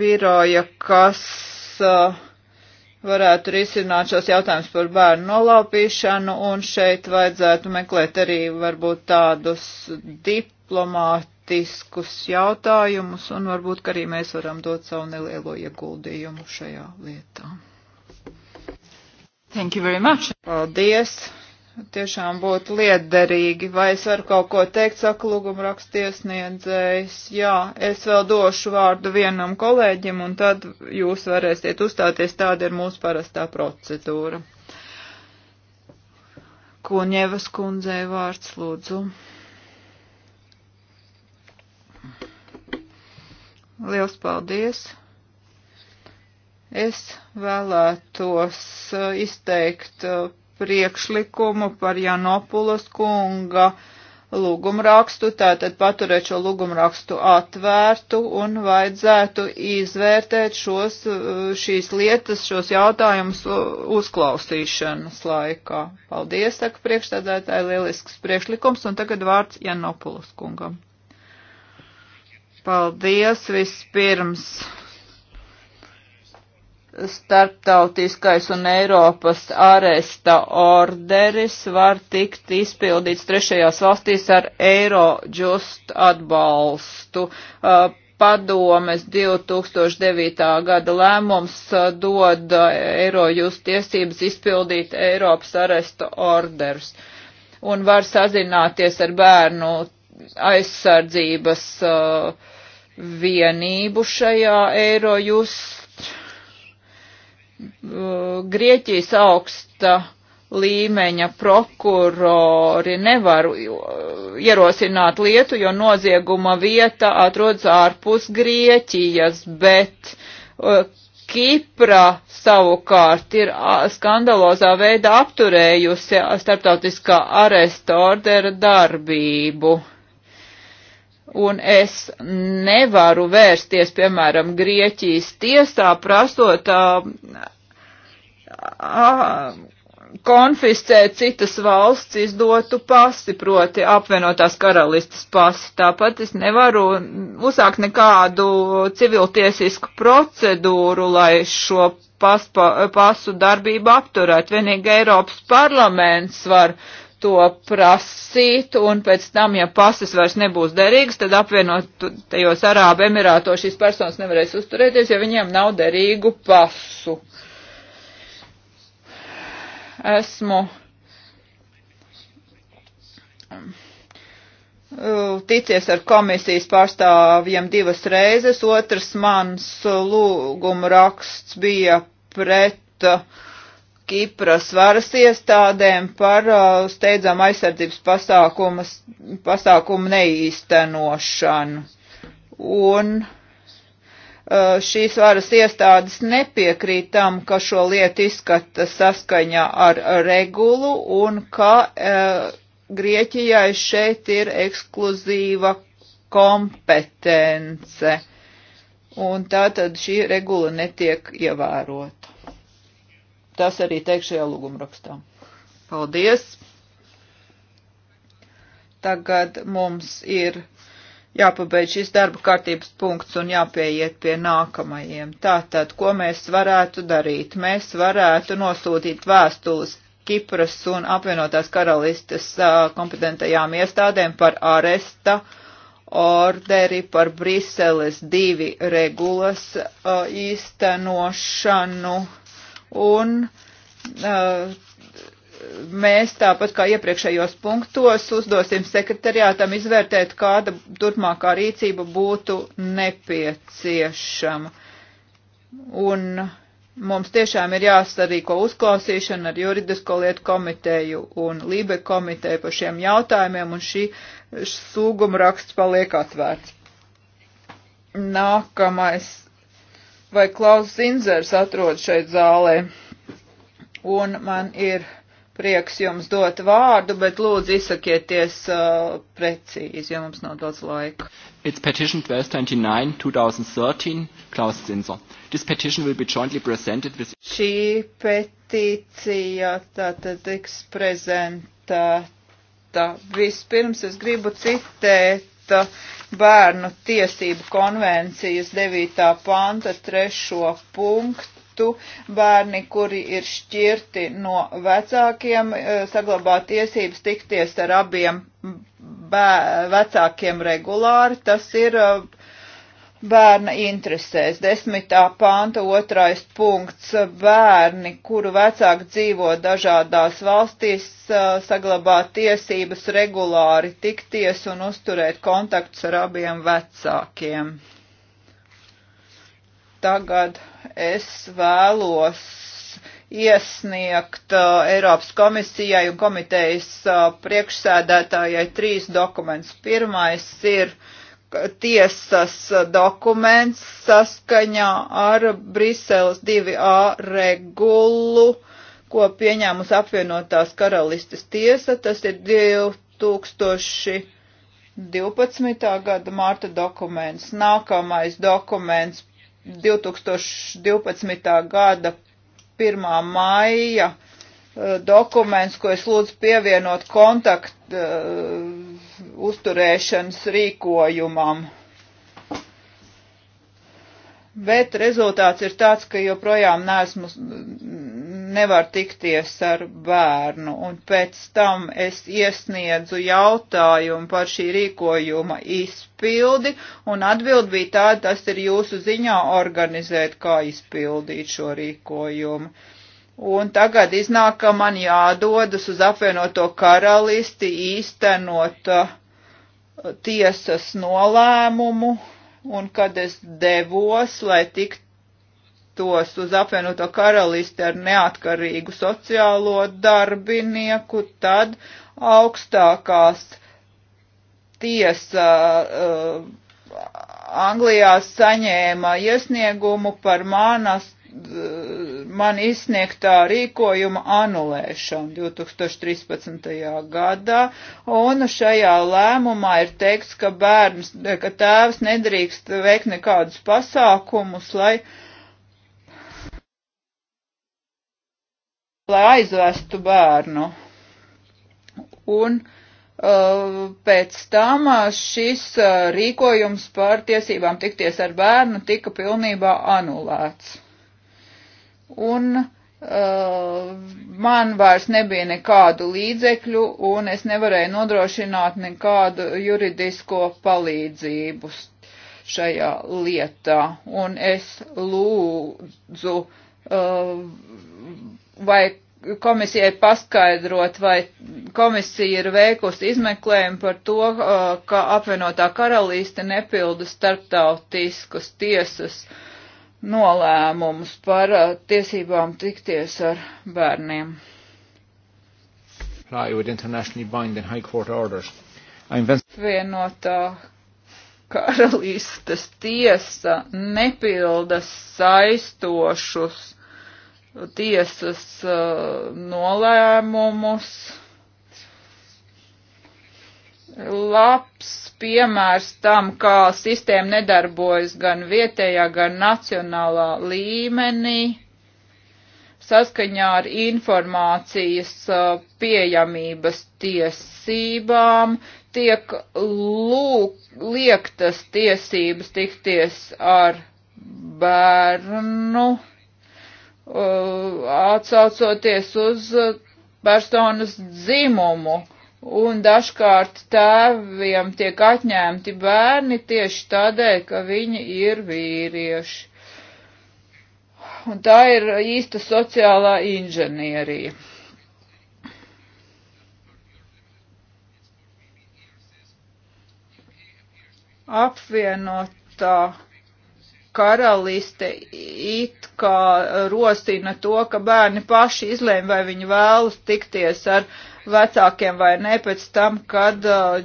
biroja, kas uh, varētu risināt šos jautājumus par bērnu nolaupīšanu, un šeit vajadzētu meklēt arī varbūt tādus diplomātiskus jautājumus, un varbūt, ka arī mēs varam dot savu nelielo ieguldījumu šajā lietā. Thank you very much. Paldies. Tiešām būtu liederīgi. Vai es varu kaut ko teikt, saka lūguma rakstiesniedzējs? Jā, es vēl došu vārdu vienam kolēģim, un tad jūs varēsiet uzstāties. Tāda ir mūsu parastā procedūra. Kuņevas kundzei vārds lūdzu. Liels paldies! Es vēlētos uh, izteikt uh, priekšlikumu par Janopulas kunga lūgumrakstu, tātad paturēt šo lūgumrakstu atvērtu un vajadzētu izvērtēt šos, uh, šīs lietas, šos jautājumus uzklausīšanas laikā. Paldies, saka priekšstādētāji, lielisks priekšlikums, un tagad vārds Janopulas kungam. Paldies vispirms starptautiskais un Eiropas aresta orderis var tikt izpildīts trešajās valstīs ar Eirojust atbalstu. Uh, padomes 2009. gada lēmums uh, dod uh, Eirojust tiesības izpildīt Eiropas aresta orderus un var sazināties ar bērnu aizsardzības vienību šajā Eirojust Grieķijas augsta līmeņa prokurori nevar ierosināt lietu, jo nozieguma vieta atrodas ārpus Grieķijas, bet uh, Kipra savukārt ir skandalozā veidā apturējusi starptautiskā aresta ordera darbību. Un es nevaru vērsties, piemēram, Grieķijas tiesā prasot uh, uh, konfiscēt citas valsts izdotu pasi, proti apvienotās karalistas pasi. Tāpat es nevaru uzsākt nekādu civiltiesisku procedūru, lai šo paspa, pasu darbību apturētu. Vienīgi Eiropas parlaments var uh, to prasīt, un pēc tam, ja pasas vairs nebūs derīgas, tad apvienot tajos Arābu Emirātos šīs personas nevarēs uzturēties, ja viņiem nav derīgu pasu. Esmu um, ticies ar komisijas pārstāvjiem divas reizes, otrs mans lūguma raksts bija pret uh, Kipras varas iestādēm par uh, steidzām aizsardzības pasākumu neīstenošanu. Un uh, šīs varas iestādes nepiekrīt tam, ka šo lietu izskata saskaņā ar regulu un ka e, Grieķijai šeit ir ekskluzīva kompetence. Un tā tad šī regula netiek ievērota. Tas arī teikšu šajā lūgumrakstā. Paldies! Tagad mums ir jāpabeidz šis darba kārtības punkts un jāpieiet pie nākamajiem. Tātad, ko mēs varētu darīt? Mēs varētu nosūtīt vēstules Kipras un apvienotās karalistes kompetentajām iestādēm par aresta orderi par Briseles divi regulas īstenošanu un uh, mēs tāpat kā iepriekšējos punktos uzdosim sekretariātam izvērtēt, kāda turpmākā rīcība būtu nepieciešama. Un mums tiešām ir jāsarīko uzklausīšana ar juridisko lietu komiteju un lībe komiteju par šiem jautājumiem, un šī sūguma raksts paliek atvērts. Nākamais vai Klaus Zinzers atrod šeit zālē. Un man ir prieks jums dot vārdu, bet lūdzu izsakieties uh, precīzi, jo mums nav daudz laika. It's petition 1229, 2013, Klaus Zinzer. This petition will be jointly presented with... Šī petīcija tātad tiks prezentēta. Vispirms es gribu citēt bērnu tiesību konvencijas 9. panta 3. punktu. Bērni, kuri ir šķirti no vecākiem, eh, saglabā tiesības tikties ar abiem bē, vecākiem regulāri. Tas ir uh, bērna interesēs. Desmitā panta otrais punkts - bērni, kuru vecāki dzīvo dažādās valstīs, saglabā tiesības regulāri tikties un uzturēt kontaktus ar abiem vecākiem. Tagad es vēlos iesniegt uh, Eiropas komisijai un komitejas uh, priekšsēdētājai trīs dokumentus. Pirmais ir uh, tiesas dokuments saskaņā ar Briseles 2A regulu, ko pieņēmus apvienotās karalistes tiesa. Tas ir 2012. gada mārta dokuments. Nākamais dokuments 2012. gada 1. maija Eh, dokuments, ko es lūdzu pievienot kontakt uh, uzturēšanas rīkojumam. Bet rezultāts ir tāds, ka joprojām neesmu, nevar tikties ar bērnu, un pēc tam es iesniedzu jautājumu par šī rīkojuma izpildi, un atbild bija tāda, tas ir jūsu ziņā organizēt, kā izpildīt šo rīkojumu. Uh, Un tagad iznāk, ka man jādodas uz apvienoto karalisti īstenot uh, tiesas nolēmumu, un kad es devos, lai tiktos uz apvienoto karalisti ar neatkarīgu sociālo darbinieku, tad augstākās tiesa uh, Anglijā saņēma iesniegumu par manas man izsniegtā rīkojuma anulēšanu 2013. gadā, un šajā lēmumā ir teikts, ka bērns, ka tēvs nedrīkst veikt nekādus pasākumus, lai, lai aizvestu bērnu. Un, uh, pēc tam uh, šis uh, rīkojums par tiesībām tikties ar bērnu tika pilnībā anulēts un uh, man vairs nebija nekādu līdzekļu, un es nevarēju nodrošināt nekādu juridisko palīdzību šajā lietā. Un es lūdzu, uh, vai komisijai paskaidrot, vai komisija ir veikusi izmeklējumu par to, uh, ka apvienotā karalīste nepilda starptautiskus tiesas uh, nolēmumus par uh, tiesībām tikties ar bērniem. Vienotā karalistas tiesa nepilda saistošus tiesas uh, nolēmumus labs piemērs tam, kā sistēma nedarbojas gan vietējā, gan nacionālā līmenī saskaņā ar informācijas pieejamības tiesībām tiek lūk, liektas tiesības tikties ar bērnu, atsaucoties uz personas dzimumu un dažkārt tēviem tiek atņemti bērni tieši tādēļ, ka viņi ir vīrieši. Un tā ir īsta sociālā inženierija. Apvienotā karaliste it kā rosina to, ka bērni paši izlēma, vai viņi vēlas tikties ar uh, vecākiem vai ne pēc tam, kad uh,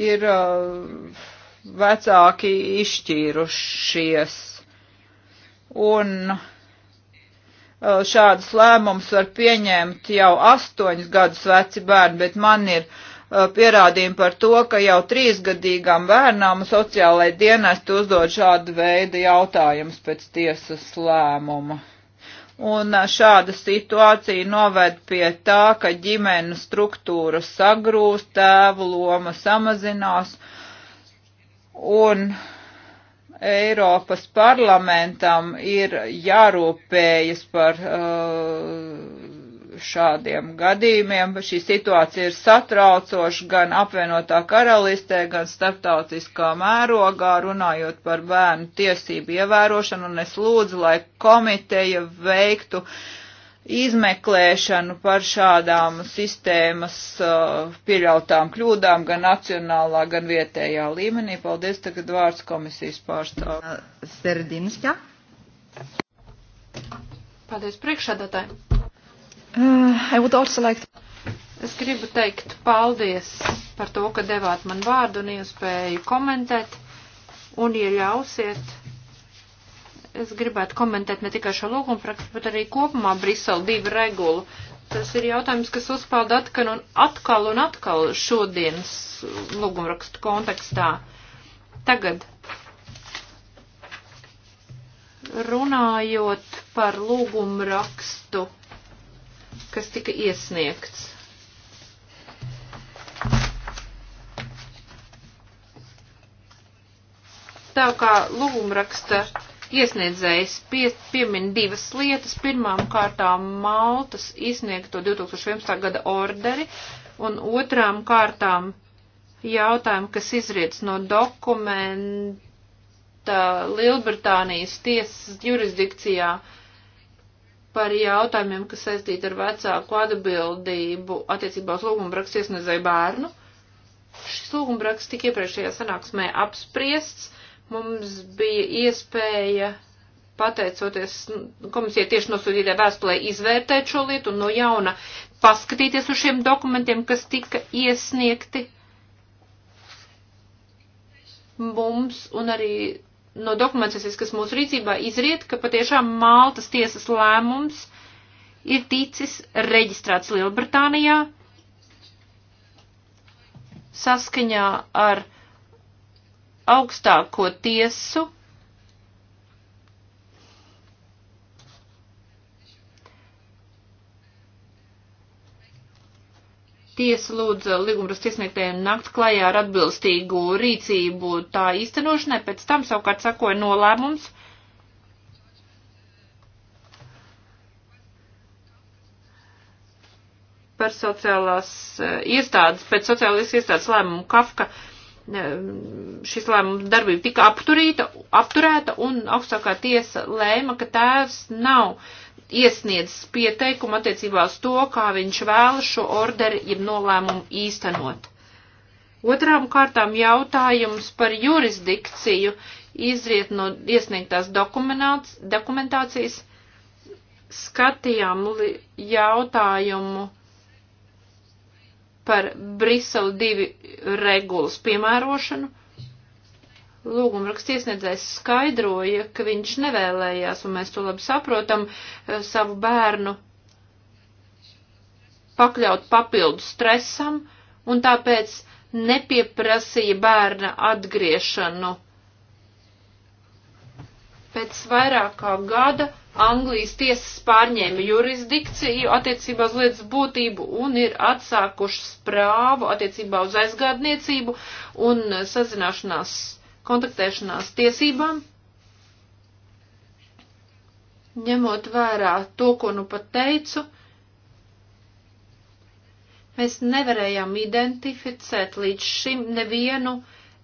ir uh, vecāki izšķīrušies. Un uh, šādus lēmumus var pieņemt jau astoņus gadus veci bērni, bet man ir uh, pierādījumi par to, ka jau trīsgadīgam bērnam sociālai dienesti uzdod šādu veidu jautājumus pēc tiesas lēmuma. Un šāda situācija noved pie tā, ka ģimenu struktūra sagrūst, tēvu loma samazinās, un Eiropas parlamentam ir jārūpējas par uh, šādiem gadījumiem. Šī situācija ir satraucoša gan apvienotā karalistē, gan starptautiskā mērogā, runājot par bērnu tiesību ievērošanu, un es lūdzu, lai komiteja veiktu izmeklēšanu par šādām sistēmas uh, pieļautām kļūdām gan nacionālā, gan vietējā līmenī. Paldies, tagad vārds komisijas pārstāvja. Sterdinska. Paldies priekšsēdētāji. Uh, like to... Es gribu teikt paldies par to, ka devāt man vārdu un iespēju komentēt. Un, ja ļausiet, es gribētu komentēt ne tikai šo lūgumu praktiku, bet arī kopumā Brisele divu regulu. Tas ir jautājums, kas uzpeld atkal un atkal un atkal šodienas lūgumrakstu kontekstā. Tagad runājot par lūgumrakstu kas tika iesniegts. Tā kā lūgumraksta iesniedzējs pie, piemin divas lietas. Pirmām kārtām Maltas izsniegto 2011. gada orderi un otrām kārtām jautājumu, kas izriec no dokumenta Lielbritānijas tiesas jurisdikcijā uh, par jautājumiem, kas saistīti ar vecāku atbildību attiecībā uz lūgumbrakstu iesniedzēju bērnu. Šis lūgumbraksts tika iepriekšējā sanāksmē apspriests. Mums bija iespēja, pateicoties komisijai tieši nosūtītē vēstulē, izvērtēt šo lietu un no jauna paskatīties uz šiem dokumentiem, kas tika iesniegti mums un arī no dokumentācijas, kas mūsu rīcībā izriet, ka patiešām Maltas tiesas lēmums ir ticis reģistrēts Lielbritānijā saskaņā ar augstāko tiesu Tiesa lūdza līgumras tiesniegtējiem nakt klajā ar atbilstīgu rīcību tā īstenošanai, pēc tam savukārt sakoja nolēmums. par sociālās eh, iestādes, pēc sociālās iestādes lēmumu Kafka eh, šis lēmums darbība tika apturīta, apturēta un augstākā tiesa lēma, ka tēvs nav uh, iesniedzis pieteikumu attiecībā uz to, kā viņš vēlas šo orderi, jeb nolēmumu īstenot. Otrām kārtām jautājums par jurisdikciju izriet no iesniegtās dokumentācijas. Skatījām jautājumu par Brisele 2 regulas piemērošanu lūguma rakstiesniedzējs skaidroja, ka viņš nevēlējās, un mēs to labi saprotam, eh, savu bērnu pakļaut papildu stresam, un tāpēc nepieprasīja bērna atgriešanu. Pēc vairākā gada Anglijas tiesas pārņēma jurisdikciju attiecībā uz lietas būtību un ir atsākušas prāvu attiecībā uz aizgādniecību un sazināšanās kontaktēšanās tiesībām, ņemot vērā to, ko nu pat teicu, mēs nevarējām identificēt līdz šim nevienu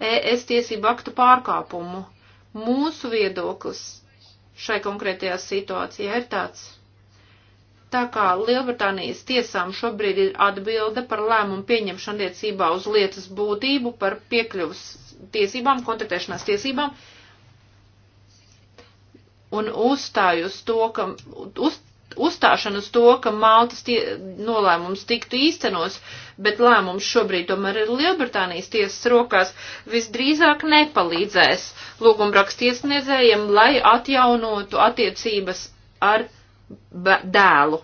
ES tiesību aktu pārkāpumu. Mūsu viedoklis šai konkrētajā situācijā ir tāds. Tā kā Lielbritānijas tiesām šobrīd ir atbilde par lēmumu pieņemšanu attiecībā uz lietas būtību par piekļuvas tiesībām, kontaktēšanās tiesībām, un uzstāju uz to, ka, uz, uzstāšanu uz to, ka Maltas tie, nolēmums tiktu īstenos, bet lēmums šobrīd tomēr ir Lielbritānijas tiesas rokās, visdrīzāk nepalīdzēs lūgumrakstiesniedzējiem, lai atjaunotu attiecības ar dēlu.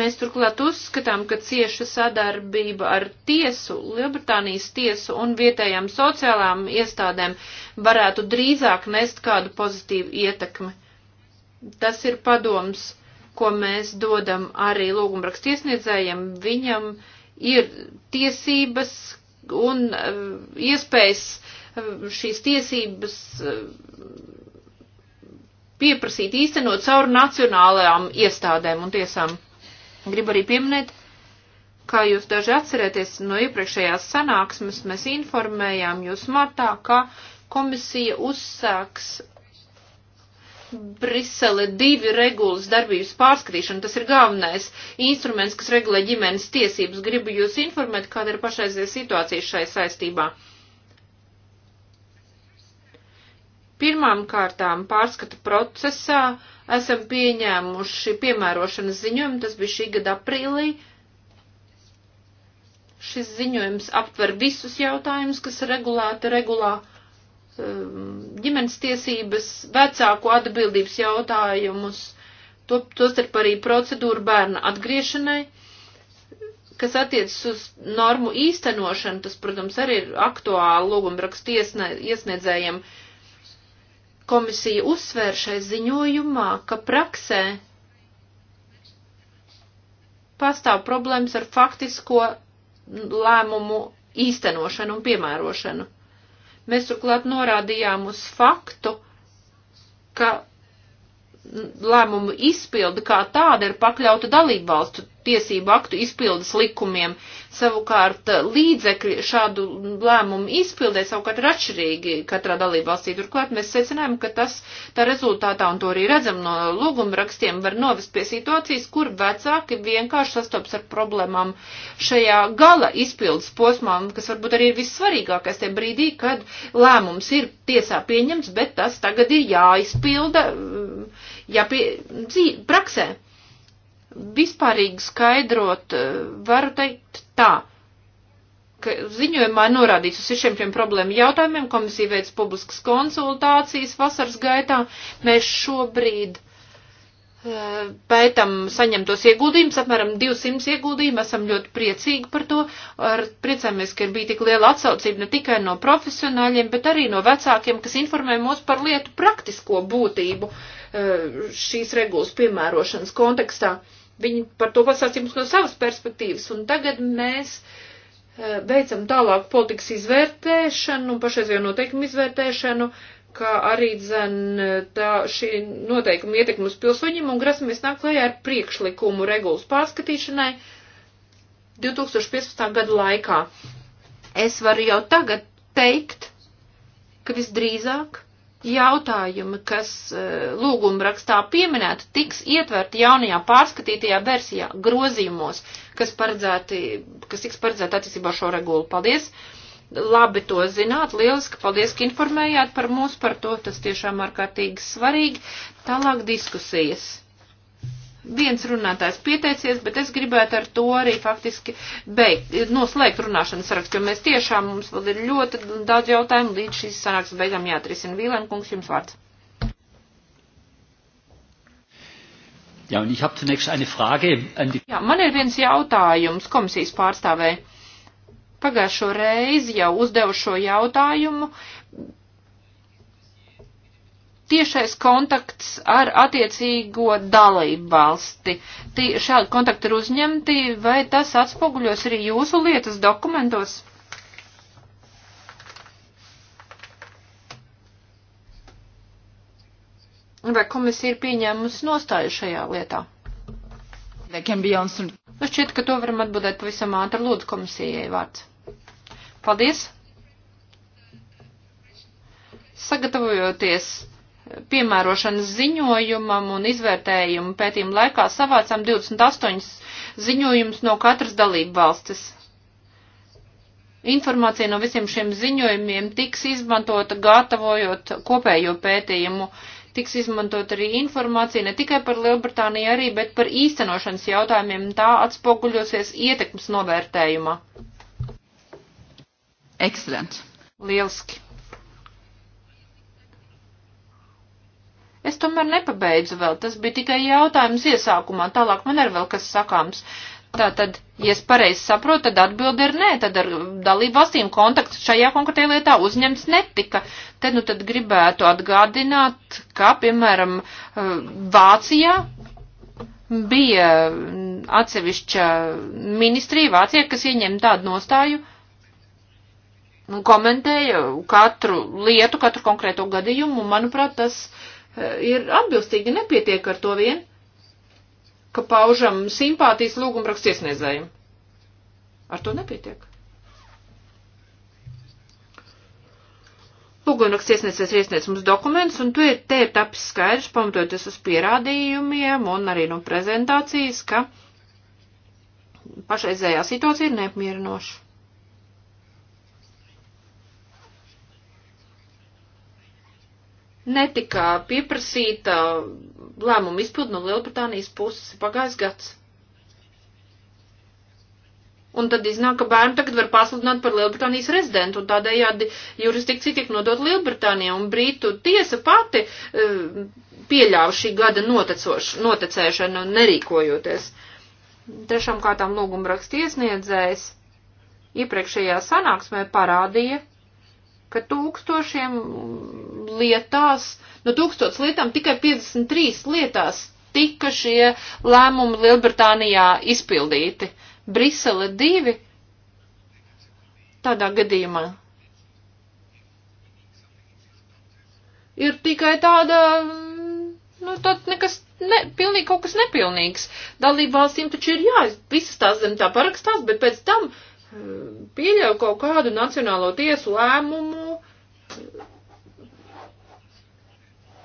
Mēs turklāt uzskatām, ka cieša sadarbība ar tiesu, Lielbritānijas tiesu un vietējām sociālām iestādēm varētu drīzāk nest kādu pozitīvu ietekmi. Tas ir padoms, ko mēs dodam arī lūgumrakstu iesniedzējiem. Viņam ir tiesības un uh, iespējas uh, šīs tiesības. Uh, pieprasīt īstenot caur nacionālajām iestādēm un tiesām. Gribu arī pieminēt, kā jūs daži atcerēties no iepriekšējās sanāksmes, mēs informējām jūs martā, ka komisija uzsāks Brisele divi regulas darbības pārskatīšana. Tas ir galvenais instruments, kas regulē ģimenes tiesības. Gribu jūs informēt, kāda ir pašreizējā situācija šai saistībā. Pirmām kārtām pārskata procesā esam pieņēmuši piemērošanas ziņojumu, tas bija šī gada aprīlī. Šis ziņojums aptver visus jautājumus, kas regulēta regulā um, ģimenes tiesības, vecāku atbildības jautājumus, to, tostarp arī procedūru bērna atgriešanai, kas attiecas uz normu īstenošanu, tas, protams, arī ir aktuāli lūgumrakstu iesniedzējiem. Iesne, Komisija uzsvēr šai ziņojumā, ka praksē pastāv problēmas ar faktisko lēmumu īstenošanu un piemērošanu. Mēs turklāt norādījām uz faktu, ka lēmumu izpildi kā tāda ir pakļauta dalību valstu tiesību aktu izpildes likumiem. Savukārt eh, līdzekļi šādu lēmumu izpildē savukārt ir atšķirīgi katrā dalībvalstī. Turklāt mēs secinājām, ka tas tā rezultātā, un to arī redzam no lūguma rakstiem, var novest pie situācijas, kur vecāki vienkārši sastops ar problēmām šajā gala izpildes posmā, kas varbūt arī ir vissvarīgākais tie brīdī, kad lēmums ir tiesā pieņemts, bet tas tagad ir jāizpilda mm, jāpie, dzīv, praksē vispārīgi skaidrot, eh, varu teikt tā ka ziņojumā norādīts uz šiem tiem problēmu jautājumiem, komisija veic publiskas konsultācijas vasaras gaitā. Mēs šobrīd eh, pētam e, saņemtos ieguldījumus, apmēram 200 ieguldījumu, esam ļoti priecīgi par to, ar priecāmies, ka ir bija tik liela atsaucība ne tikai no profesionāļiem, bet arī no vecākiem, kas informē mūs par lietu praktisko būtību e, šīs regulas piemērošanas kontekstā. Uh, Viņi par to pasāstīja mums no savas perspektīvas, un tagad mēs eh, veicam tālāk politikas izvērtēšanu, pašreizējo noteikumu izvērtēšanu, kā arī dzen tā šī noteikuma ietekme uz pilsoņiem un grasamies nāk klajā ar priekšlikumu regulas pārskatīšanai 2015. gada laikā. Es varu jau tagad teikt, ka visdrīzāk jautājumi, kas e, lūguma rakstā pieminēti, tiks ietverti jaunajā pārskatītajā versijā grozījumos, kas, paredzēti, kas tiks paredzēti attiecībā šo regulu. Paldies! Labi to zināt, lieliski, paldies, ka informējāt par mūs par to, tas tiešām ārkārtīgi svarīgi. Tālāk diskusijas viens runātājs pieteicies, bet es gribētu ar to arī faktiski beigt, noslēgt runāšanas sarakstu, jo mēs tiešām mums vēl ir ļoti daudz jautājumu līdz šīs sanāksmes beigām jāatrisina. Vīlēn kungs, jums vārds. Jā, un ich habe zunächst eine Frage an die... Jā, man ir viens jautājums komisijas pārstāvē. Pagājušo reizi jau uzdevu šo jautājumu tiešais kontakts ar attiecīgo dalību valsti. Tī, šādi kontakti ir uzņemti, vai tas atspoguļos arī jūsu lietas dokumentos? Vai komisija ir pieņēmusi nostāju šajā lietā? Nu šķiet, ka to varam atbildēt pavisam ātri. Lūdzu, komisijai vārds. Paldies! Sagatavojoties piemērošanas ziņojumam un izvērtējumu pētījumu laikā savācām 28 ziņojumus no katras dalību valstis. Informācija no visiem šiem ziņojumiem tiks izmantota gatavojot kopējo pētījumu. Tiks izmantot arī informācija ne tikai par Lielbritāniju arī, bet par īstenošanas jautājumiem. Tā atspoguļosies ietekmes novērtējumā. Excellent. Lieliski. Es tomēr nepabeidzu vēl, tas bija tikai jautājums iesākumā, tālāk man ir vēl kas sakāms. Tātad, ja es pareizi saprotu, tad atbildi ir nē, tad ar dalību valstīm kontakts šajā konkrētajā lietā uzņemts netika. Te nu tad gribētu atgādināt, kā piemēram eh, Vācijā bija atsevišķa ministrija Vācijā, kas ieņem tādu nostāju, komentēja katru lietu, katru konkrēto gadījumu, un manuprāt, tas Eh, ir atbilstīgi, nepietiek ar to vien, ka paužam simpātijas lūgumraksts iesniedzējiem. Ar to nepietiek. Lūgumraksts iesniedzējs iesniedz mums dokumentus, un tu ir, te ir tapis skaidrs, pamatojoties uz pierādījumiem un arī no prezentācijas, ka pašreizējā situācija ir neapmierinoša. netika pieprasīta lēmuma izpildu no Lielbritānijas puses pagājis gads. Un tad iznāk, ka bērnu tagad var pasludināt par Lielbritānijas rezidentu, un tādējādi jurisdikcija tiek nodot Lielbritānijā, un Brītu tiesa pati uh, pieļāva šī gada notecēšanu, nerīkojoties. Trešām kārtām lūguma rakstiesniedzējs iepriekšējā sanāksmē parādīja, ka tūkstošiem lietās, no tūkstots lietām tikai 53 lietās tika šie lēmumi Lielbritānijā izpildīti. Brisele 2 tādā gadījumā ir tikai tāda, mm, nu, tad nekas, ne, pilnīgi kaut kas nepilnīgs. Dalību valstīm taču ir jā, visas tās zem tā parakstās, bet pēc tam mm, pieļauj kaut kādu nacionālo tiesu lēmumu,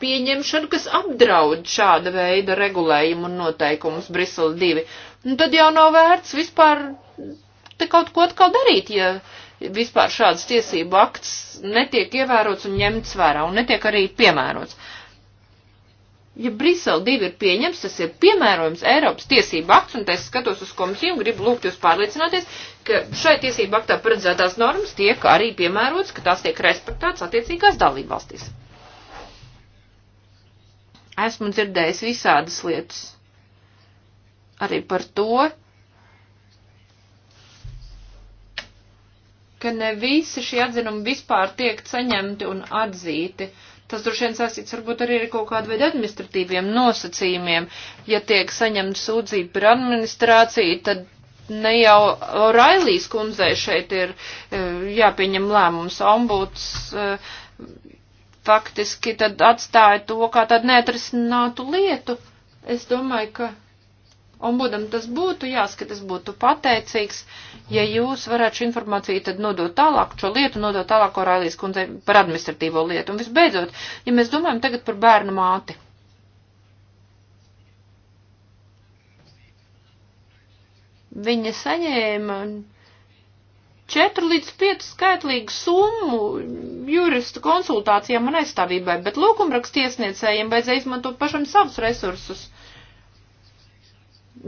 pieņemšanu, kas apdraud šāda veida regulējumu un noteikumus Brisele 2. Un nu, tad jau nav vērts vispār te kaut ko atkal darīt, ja vispār šāds tiesību akts netiek ievērots un ņemts vērā un netiek arī piemērots. Ja Brisele 2 ir pieņems, tas ir piemērojums Eiropas tiesību akts, un es skatos uz komisiju un gribu lūgt jūs pārliecināties, ka šai tiesību aktā paredzētās normas tiek arī piemērotas, ka tās tiek respektētas attiecīgās dalībvalstīs. Esmu dzirdējis visādas lietas. Arī par to, ka ne visi šie atzinumi vispār tiek saņemti un atzīti. Tas droši vien sasīts varbūt arī ar kaut kādu veidu administratīviem nosacījumiem. Ja tiek saņemta sūdzība par administrāciju, tad ne jau Railijas kundzei šeit ir eh, jāpieņem lēmums. Ombuds eh, faktiski tad atstāja to kā tādu neatrisinātu lietu. Es domāju, ka ombudam tas būtu jāskat, es būtu pateicīgs, ja jūs varētu šo informāciju tad nodot tālāk, šo lietu nodot tālāk Orālijas kundzei par administratīvo lietu. Un visbeidzot, ja mēs domājam tagad par bērnu māti. Viņa saņēma 4 līdz 5 skaitlīgu summu juristu konsultācijām un aizstāvībai, bet lūgumrakstiesniecējiem vajadzēja izmantot pašam savus resursus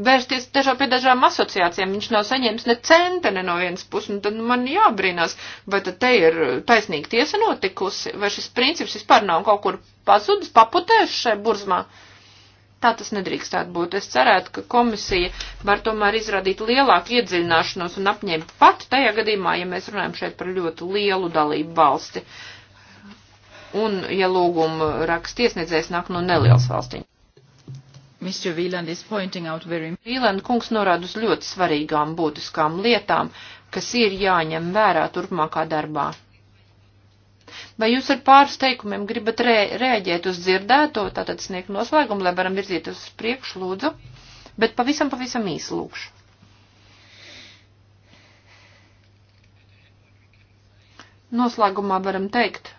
vērsties dažā pie dažām asociācijām, viņš nav saņēmis ne centa ne no vienas puses, un tad man jābrīnās, vai tad te ir taisnīga tiesa notikusi, vai šis princips vispār nav kaut kur pazudis, paputējis šai burzmā. Uh, Tā tas nedrīkstētu būt. Es cerētu, ka komisija var tomēr izrādīt lielāku iedziļināšanos un apņēmu pat tajā gadījumā, ja mēs runājam šeit par ļoti lielu dalību valsti. Un, ja lūguma raksts iesniedzējs nāk no nelielas valstiņa. Very... Vīlanda kungs norāda uz ļoti svarīgām būtiskām lietām, kas ir jāņem vērā turpmākā darbā. Vai jūs ar pāris teikumiem gribat rē, rēģēt uz dzirdēto, tātad sniegt noslēgumu, lai varam virzīt uz priekšu, lūdzu, bet pavisam, pavisam īsi lūkšu. Noslēgumā varam teikt,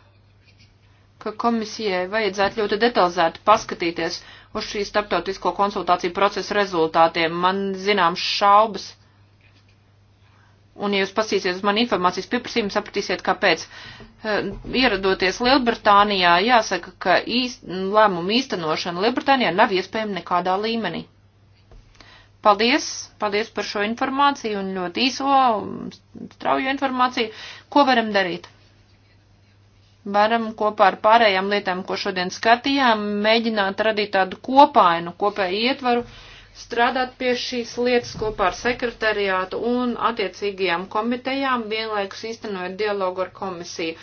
ka komisijai vajadzētu ļoti detalizēti paskatīties uz šīs starptautisko konsultāciju procesu rezultātiem. Man zināms šaubas Un, ja jūs pasīsiet uz mani informācijas pieprasījumu, sapratīsiet, kāpēc. Eh, ieradoties Lielbritānijā, jāsaka, ka īst, lēmumu īstenošana Lielbritānijā nav iespējama nekādā līmenī. Paldies, paldies par šo informāciju un ļoti īso, straujo informāciju. Ko varam darīt? Varam kopā ar pārējām lietām, ko šodien skatījām, mēģināt radīt tādu kopainu, kopēju ietvaru strādāt pie šīs lietas kopā ar sekretariātu un attiecīgajām komitejām, vienlaikus īstenojot dialogu ar komisiju.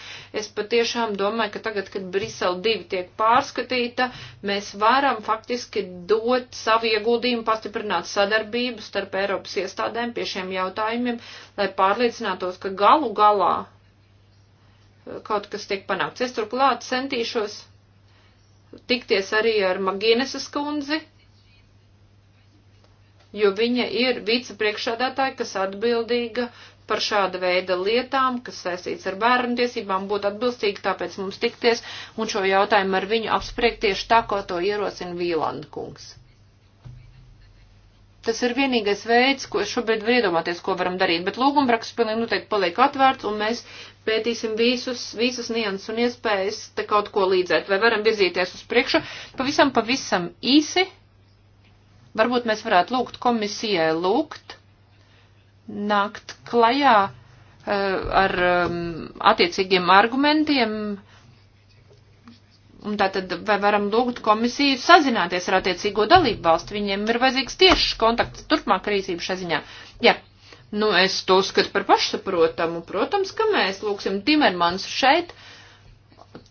Es patiešām domāju, ka tagad, kad Brisele 2 tiek pārskatīta, mēs varam faktiski dot savu ieguldījumu, pastiprināt sadarbību starp Eiropas iestādēm pie šiem jautājumiem, lai pārliecinātos, ka galu galā eh, kaut kas tiek panākts. Es turklāt centīšos tikties arī ar Magīneses kundzi jo viņa ir vicepriekšādātāja, kas atbildīga par šāda veida lietām, kas saistīts ar bērnu tiesībām, būtu atbilstīgi tāpēc mums tikties un šo jautājumu ar viņu apspriekt tieši tā, ko to ierosina Vīlanda kungs. Tas ir vienīgais veids, ko šobrīd var iedomāties, ko varam darīt, bet lūgumraksts pilnīgi noteikti paliek atvērts, un mēs pētīsim visus, visas nianses un iespējas te kaut ko līdzēt, vai varam virzīties uz priekšu pavisam, pavisam īsi. Varbūt mēs varētu lūgt komisijai lūgt nākt klajā eh, ar um, attiecīgiem argumentiem. Un tātad vai varam lūgt komisiju sazināties ar attiecīgo dalību valstu. Viņiem ir vajadzīgs tieši kontakts turpmāk rīcību šai ziņā. Jā, nu es to uzskatu par pašsaprotamu. Protams, ka mēs lūgsim Timermans šeit. Uh,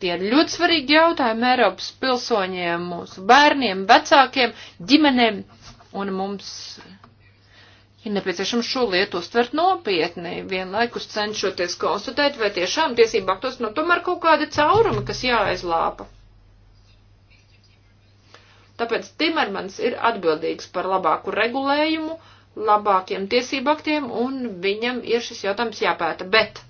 Tie ir ļoti svarīgi jautājumi Eiropas pilsoņiem, mūsu bērniem, vecākiem, ģimenēm, un mums ir nepieciešams šo lietu uztvert nopietni, vienlaikus cenšoties konstatēt, vai tiešām tiesību aktos nav no tomēr kaut kāda cauruma, kas jāaizlāpa. Tāpēc Timermans ir atbildīgs par labāku regulējumu, labākiem tiesību aktiem, un viņam ir šis jautājums jāpēta. Bet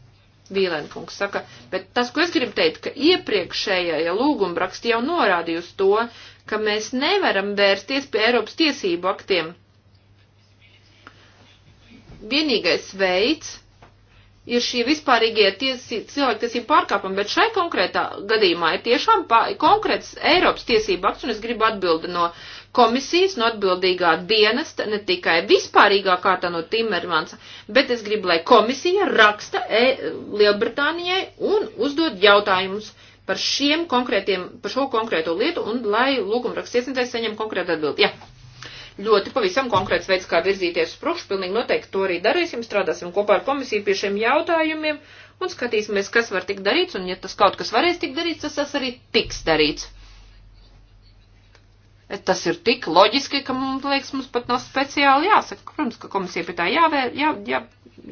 Vīlēnkungs saka, bet tas, ko es gribu teikt, ka iepriekšējā lūgumraksti jau norādīja uz to, ka mēs nevaram vērsties pie Eiropas tiesību aktiem. Vienīgais veids ir šie vispārīgie tiesi, cilvēktiesību pārkāpumi, bet šai konkrētā gadījumā ir tiešām pā, konkrēts Eiropas tiesību akts, un es gribu atbildi no uh, komisijas, no atbildīgā dienesta, ne tikai vispārīgā kārtā no Timermansa, bet es gribu, lai komisija raksta e Lielbritānijai un uzdod jautājumus par šiem konkrētiem, par šo konkrēto lietu un lai lūgumraksts iesniedzējs saņem konkrētu atbildi. Jā. Ļoti pavisam konkrēts veids, kā virzīties uz priekšu, pilnīgi noteikti to arī darīsim, strādāsim kopā ar komisiju pie šiem jautājumiem un skatīsimies, kas var tikt darīts, un ja tas kaut kas varēs tikt darīts, tas, tas arī tiks darīts. Tas ir tik loģiski, ka mums liekas, mums pat nav speciāli jāsaka. Protams, ka komisija pie tā jāvē, jā, jā,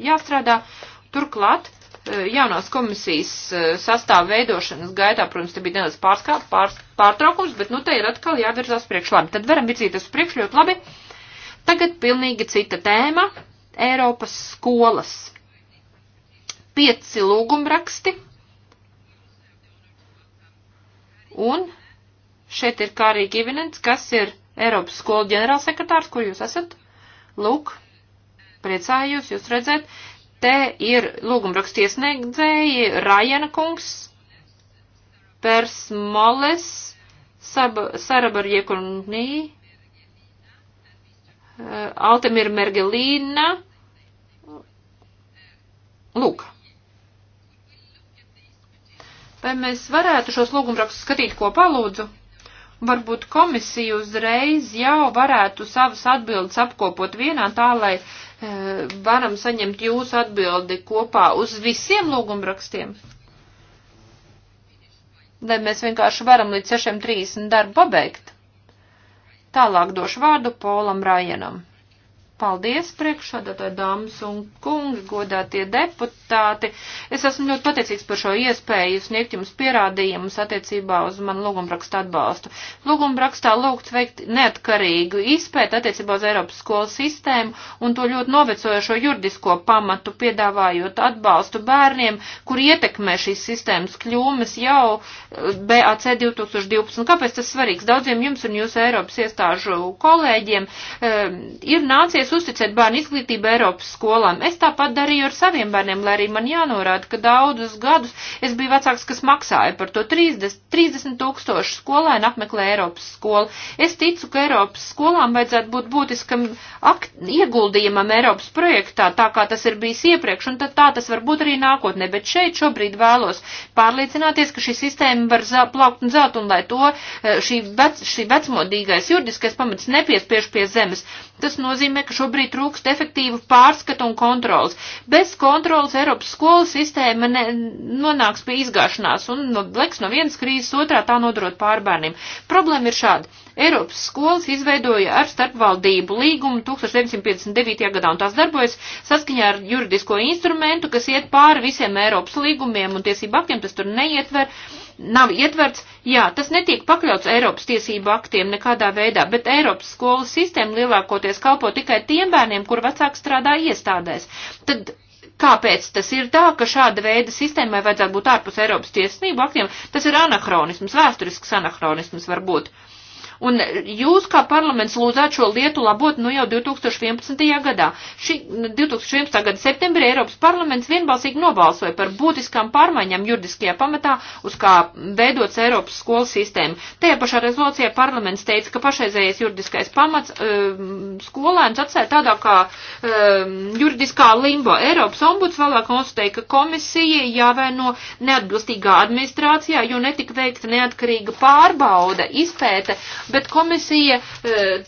jāstrādā. Turklāt e, jaunās komisijas e, sastāvu veidošanas gaitā, protams, te bija nedaudz pārskā, pār, pārtraukums, bet nu te ir atkal jāvirzās priekš labi. Tad varam virzīties uz priekšu ļoti labi. Tagad pilnīgi cita tēma - Eiropas skolas. Pieci lūgumraksti un Šeit ir Kārī Kivinens, kas ir Eiropas skolu ģenerālsekretārs, kur jūs esat. Lūk, priecājos jūs redzēt. Te ir lūgumrakstu iesniegdzēji Rajana kungs, Pers Moles, Sarabar Jekunī, eh, Altamir Mergelīna. Lūk. Vai mēs varētu šos lūgumrakstus skatīt kopā, lūdzu? varbūt komisija uzreiz jau varētu savas atbildes apkopot vienā tā, lai e, varam saņemt jūsu atbildi kopā uz visiem lūgumrakstiem. Lai mēs vienkārši varam līdz 6.30 darbu pabeigt. Tālāk došu vārdu Polam Rajanam. Paldies, priekšsādātāji, dāmas un kungi, godātie deputāti. Es esmu ļoti pateicīgs par šo iespēju sniegt jums pierādījumus attiecībā uz manu lūgumrakstu atbalstu. Lūgumrakstā lūgts veikt neatkarīgu izpēt attiecībā uz Eiropas skolas sistēmu un to ļoti novecojošo juridisko pamatu, piedāvājot atbalstu bērniem, kur ietekmē šīs sistēmas kļūmes jau eh, BAC 2012. Kāpēc tas svarīgs? Daudziem jums un jūsu Eiropas iestāžu kolēģiem um, ir nācies uzticēt bērnu izglītību Eiropas skolām. Es tāpat darīju ar saviem bērniem, lai arī man jānorāda, ka daudzus gadus es biju vecāks, kas maksāja par to 30, 30 tūkstošu skolēnu apmeklē Eiropas skolu. Es ticu, ka Eiropas skolām vajadzētu būt būtiskam ieguldījumam Eiropas projektā, tā kā tas ir bijis iepriekš, un tad tā tas var būt arī nākotnē. Bet šeit šobrīd vēlos pārliecināties, ka šī sistēma var plaukt un zelt, un lai to eh, šī, vec, šī vecmodīgais juridiskais pamats nepiespiež pie zemes. Tas nozīmē, ka šobrīd trūkst efektīvu pārskatu un kontrols. Bez kontrols Eiropas skolu sistēma ne, nonāks pie izgāšanās un no, leks no vienas krīzes otrā tā nodrot pārbērniem. Problēma ir šāda. Eiropas skolas izveidoja ar starpvaldību līgumu 1959. gadā, un tās darbojas saskaņā ar juridisko instrumentu, kas iet pāri visiem Eiropas līgumiem un tiesību aktiem, tas tur neietver, nav ietverts, jā, tas netiek pakļauts Eiropas tiesību aktiem nekādā veidā, bet Eiropas skolas sistēma lielākoties kalpo tikai tiem bērniem, kur vecāki strādā iestādēs. Tad kāpēc tas ir tā, ka šāda veida sistēmai vajadzētu būt ārpus Eiropas tiesību aktiem, tas ir anahronisms, vēsturisks anahronisms varbūt. Un jūs kā parlaments lūdzāt šo lietu labot nu jau 2011. gadā. Šī 2011. Nu, gada septembrī Eiropas parlaments vienbalsīgi nobalsoja par būtiskām pārmaiņām juridiskajā pamatā, uz kā veidots Eiropas skolas sistēma. Tajā pašā rezolūcijā parlaments teica, ka pašreizējais juridiskais pamats um, skolēns atstāja tādā kā um, juridiskā limbo. Eiropas ombuds vēlāk konstatēja, ka komisija jāvēno neatbilstīgā administrācijā, jo netika veikta neatkarīga pārbauda, izpēte bet komisija eh,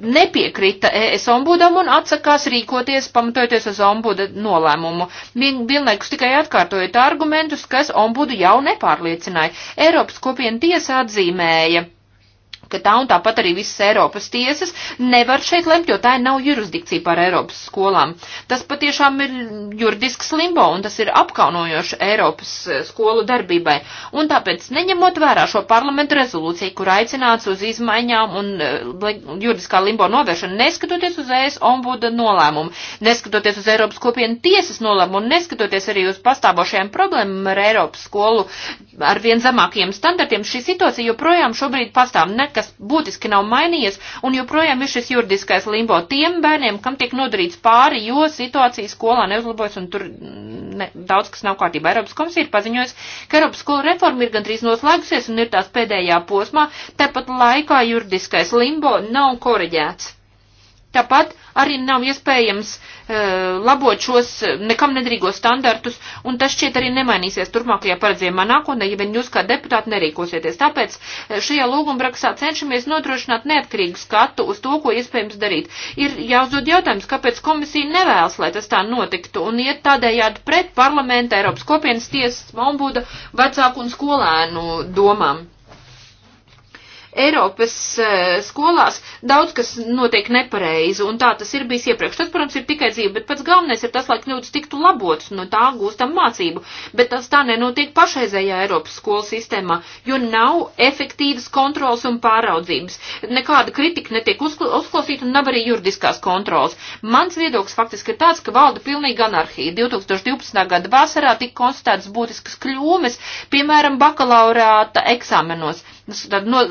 nepiekrita ES ombudam un atsakās rīkoties pamatojoties uz ombuda nolēmumu. Vienlaikus tikai atkārtojot argumentus, kas ombudu jau nepārliecināja. Eiropas kopiena tiesa atzīmēja ka tā un tāpat arī visas Eiropas tiesas nevar šeit lemt, jo tā nav jurisdikcija par Eiropas skolām. Tas patiešām ir juridisks limbo un tas ir apkaunojoši Eiropas eh, skolu darbībai. Un tāpēc, neņemot vērā šo parlamentu rezolūciju, kur aicināts uz izmaiņām un eh, juridiskā limbo novēršanu, neskatoties uz ES ombuda nolēmumu, neskatoties uz Eiropas kopienu tiesas nolēmumu un neskatoties arī uz pastāvošajām problēmām ar Eiropas skolu ar vien zemākajiem standartiem, šī situācija joprojām šobrīd pastāv. Nekas nekas būtiski nav mainījies, un joprojām ir šis juridiskais limbo tiem bērniem, kam tiek nodarīts pāri, jo situācija skolā neuzlabojas, un tur mm, ne, daudz kas nav kārtībā. Eiropas komisija ir paziņojusi, ka Eiropas skolu reforma ir gandrīz noslēgusies un ir tās pēdējā posmā, tāpat laikā juridiskais limbo nav koreģēts. Tāpat arī nav iespējams uh, labot šos nekam nedrīgo standartus, un tas šķiet arī nemainīsies turpmākajā paredzējumā nākotnē, ja vien jūs kā deputāti nerīkosieties. Tāpēc e, šajā lūgumrakstā cenšamies nodrošināt neatkarīgu skatu uz to, ko iespējams darīt. Ir jāuzdod jautājums, kāpēc komisija nevēlas, lai tas tā notiktu, un iet tādējādi pret parlamenta, Eiropas kopienas tiesas, ombuda, vecāku un skolēnu domām. Eiropas eh, skolās daudz kas notiek nepareizi, un tā tas ir bijis iepriekš. Tas, protams, ir tikai dzīve, bet pats galvenais ir tas, lai kļūdas tiktu labotas, no tā gūstam mācību. Bet tas tā nenotiek pašreizējā Eiropas skolu sistēmā, jo nav efektīvas kontrolas un pāraudzības. Nekāda kritika netiek uzklausīta un nav arī juridiskās kontrolas. Mans viedoklis faktiski ir tāds, ka valda pilnīga anarhija. 2012. gada vasarā tika konstatētas būtiskas kļūmes, piemēram, bakalaurāta eksāmenos tad no,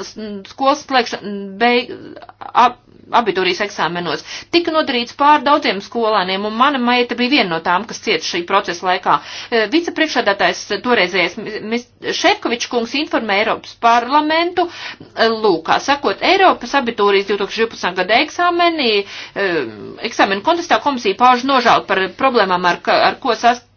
skolas slēgs beig, ab, abitūrijas eksāmenos. Tika nodarīts pār daudziem skolāniem, un mana maita bija viena no tām, kas cieta šī procesa laikā. E, Vicepriekšādātājs toreizējais Šefkovičs kungs informē Eiropas parlamentu, e, lūkā, sakot, Eiropas abitūrijas 2012. gada eksāmenī, e, eksāmenu kontestā komisija pauž nožēlu par problēmām, ar, ar ko sast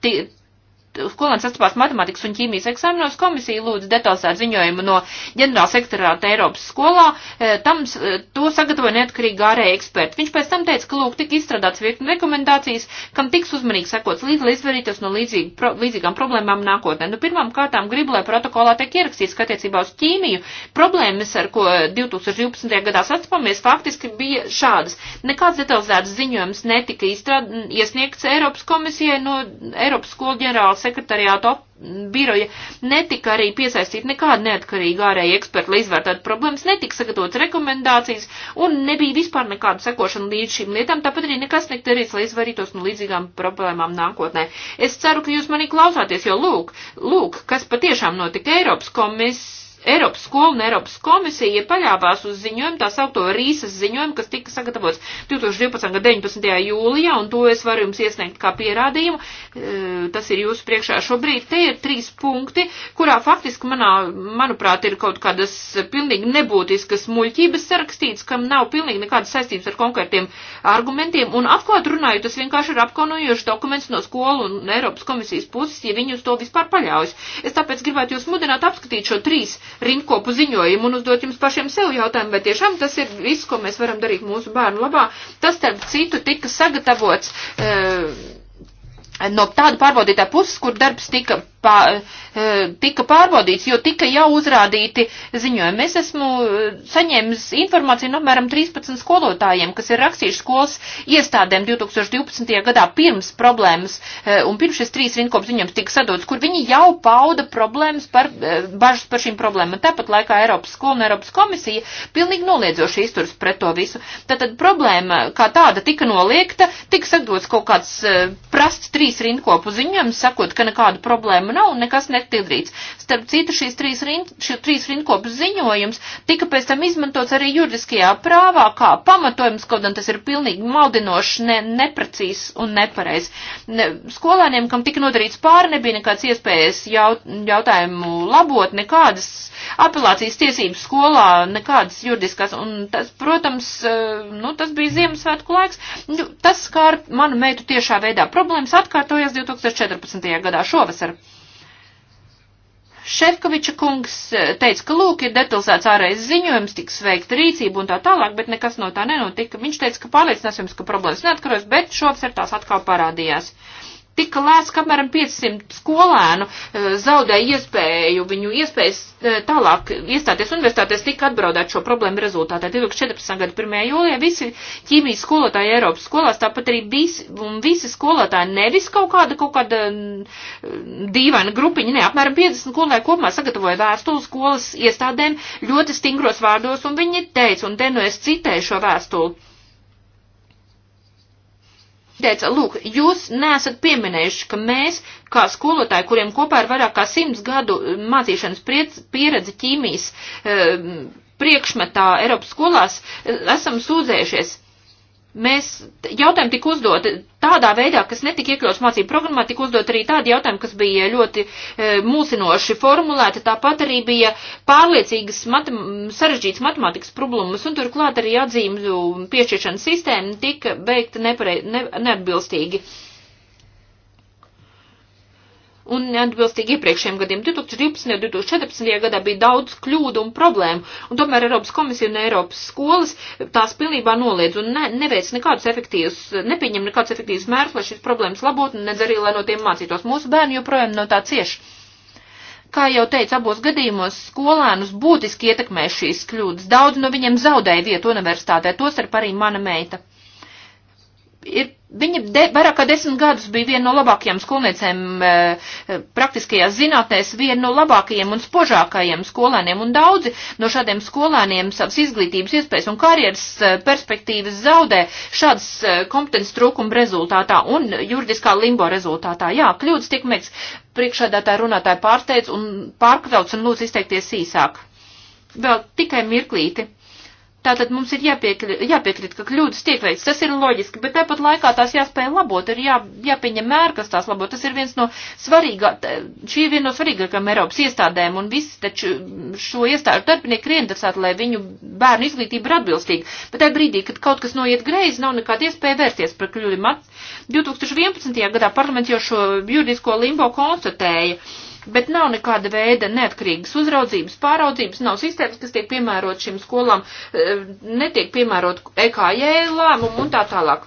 skolēns sastapās matemātikas un ķīmijas eksāmenos, komisija lūdz detalizētu ziņojumu no ģenerāla sektorāta Eiropas skolā, eh, tam eh, to sagatavoja neatkarīgi ārēji eksperti. Viņš pēc tam teica, ka lūk, tik izstrādāts virkni rekomendācijas, kam tiks uzmanīgi sekots līdz, lai izvarītos no līdzīgi, pro, līdzīgām problēmām nākotnē. Nu, pirmām kārtām gribu, lai protokolā tiek ierakstīts, ka attiecībā uz ķīmiju problēmas, ar ko 2012. gadā sastapamies, faktiski bija šādas. Nekāds detalizēts ziņojums netika izstrād, iesniegts Eiropas komisijai no Eiropas skolu ģenerāla sekretariāta biroja netika arī piesaistīt nekāda neatkarīga ārēja eksperta, lai izvērtētu problēmas, netika sagatavotas rekomendācijas un nebija vispār nekāda sekošana līdz šīm lietām, tāpat arī nekas netika darīts, lai izvairītos no līdzīgām problēmām nākotnē. Es ceru, ka jūs mani klausāties, jo lūk, lūk, kas patiešām notika Eiropas komisija Eiropas skola un Eiropas komisija paļāvās uz ziņojumu, tā saukto Rīsas ziņojumu, kas tika sagatavots 2012. gada 19. jūlijā, un to es varu jums iesniegt kā pierādījumu. E, tas ir jūsu priekšā šobrīd. Te ir trīs punkti, kurā faktiski, manā, manuprāt, ir kaut kādas pilnīgi nebūtiskas muļķības sarakstīts, kam nav pilnīgi nekādas saistības ar konkrētiem argumentiem, un atklāt runājot, tas vienkārši ir apkaunojošs dokuments no skolu un Eiropas komisijas puses, ja viņi uz to vispār paļaujas. Es tāpēc gribētu jūs mudināt apskatīt šo trīs rindkopu ziņojumu un uzdot jums pašiem sev jautājumu, vai tiešām tas ir viss, ko mēs varam darīt mūsu bērnu labā. Tas, starp citu, tika sagatavots. Uh, no tāda pārbaudītā puses, kur darbs tika pā, eh, tika pārbaudīts, jo tika jau uzrādīti ziņojumi. Es esmu eh, saņēmis informāciju no apmēram 13 skolotājiem, kas ir rakstījuši skolas iestādēm 2012. gadā pirms problēmas eh, un pirms šis trīs rinkops ziņojums tika sadots, kur viņi jau pauda problēmas par, bažas par šīm problēmām. Tāpat laikā Eiropas skola un Eiropas komisija pilnīgi noliedzoši izturs pret to visu. Tātad problēma kā tāda tika noliekta, tika sadots kaut kāds prasts trīs rinkopu ziņojums, sakot, ka nekādu problēmu problēma nav un nekas netiek darīts. Starp citu, šīs trīs, rind, šī trīs rindkopas ziņojums tika pēc tam izmantots arī juridiskajā prāvā kā pamatojums, kaut gan tas ir pilnīgi maldinoši, ne, neprecīzs un nepareiz. Ne, skolēniem, kam tika nodarīts pāri, nebija nekāds iespējas jaut, jautājumu labot, nekādas apelācijas tiesības skolā, nekādas juridiskās. Un tas, protams, eh, nu, tas bija Ziemassvētku laiks. Nu, tas skār manu meitu tiešā veidā. Problēmas atkārtojās 2014. gadā šovasar. Šefkoviča kungs eh, teica, ka lūk, ir detalizēts ārējais ziņojums, tiks veikta rīcība un tā tālāk, bet nekas no tā nenotika. Viņš teica, ka pārliecināsim, ka problēmas neatkaros, bet šovs ir tās atkal parādījās. Uh, tika lēsts, ka apmēram 500 skolēnu e, zaudēja iespēju, viņu iespējas e, tālāk iestāties universitātēs tika atbraudēt šo problēmu rezultātā. 2014. gada 1. jūlijā visi ķīmijas skolotāji Eiropas skolās, tāpat arī visi, visi skolotāji, nevis kaut kāda, kaut kāda mm, dīvaina grupiņa, ne, apmēram 50 skolotāji kopumā sagatavoja vēstuli skolas iestādēm ļoti stingros vārdos, un viņi teica, un te nu es citēju šo vēstuli teica, lūk, jūs nesat pieminējuši, ka mēs, kā skolotāji, kuriem kopā ir vairāk kā simts gadu eh, mācīšanas pieredze ķīmijas eh, priekšmetā Eiropas skolās, eh, esam sūdzējušies Mēs jautājumi tika uzdot tādā veidā, kas netika iekļauts mācību programmā, tika uzdot arī tādi jautājumi, kas bija ļoti e, mūsinoši formulēti, tāpat arī bija pārliecīgas matem sarežģītas matemātikas problēmas, un turklāt arī atzīmju piešķiršanas sistēma tika beigta nepare... ne... neatbilstīgi. Ne Un neatbilstīgi iepriekšējiem gadiem, 2012. un 2014. gadā bija daudz kļūdu un problēmu, un tomēr Eiropas komisija un Eiropas skolas tās pilnībā noliedz un ne, neveic nekādus efektīvus, nepieņem nekādus efektīvus mērus, lai šīs problēmas labotu un nedz arī, lai no tiem mācītos. Mūsu bērni joprojām no tā cieši. Kā jau teicu, abos gadījumos skolēnus būtiski ietekmē šīs kļūdas. Daudz no viņiem zaudēja vietu universitātē, tostarp arī mana meita. Ir Viņa de, vairāk kā desmit gadus bija viena no labākajām skolniecēm e, e, praktiskajās zinātnēs, viena no labākajiem un spožākajiem skolēniem, un daudzi no šādiem skolēniem savas izglītības iespējas un karjeras e, perspektīvas zaudē šādas e, kompetences trūkuma rezultātā un juridiskā limbo rezultātā. Jā, kļūdas tiek meiks priekšādātāja runātāja pārsteidz un pārkvelts un lūdzu izteikties īsāk. Vēl tikai mirklīti. Tātad mums ir jāpiekri, jāpiekrīt, ka kļūdas tiek veikts. Tas ir loģiski, bet tāpat laikā tās jāspēj labot, ir jā, jāpieņem mēr, kas tās labot. Tas ir viens no svarīgā, šī ir viena no svarīgākām Eiropas iestādēm, un visi taču šo iestāžu darbinieki ir interesēti, lai viņu bērnu izglītība ir atbilstīga. Bet tajā brīdī, kad kaut kas noiet greizi, nav nekāda iespēja vērsties par kļūdu. 2011. gadā parlaments jau šo juridisko limbo konstatēja bet nav nekāda veida neatkarīgas uzraudzības, pāraudzības, nav sistēmas, kas tiek piemērot šīm skolām, eh, netiek piemērot EKJ lēmumu un tā tālāk.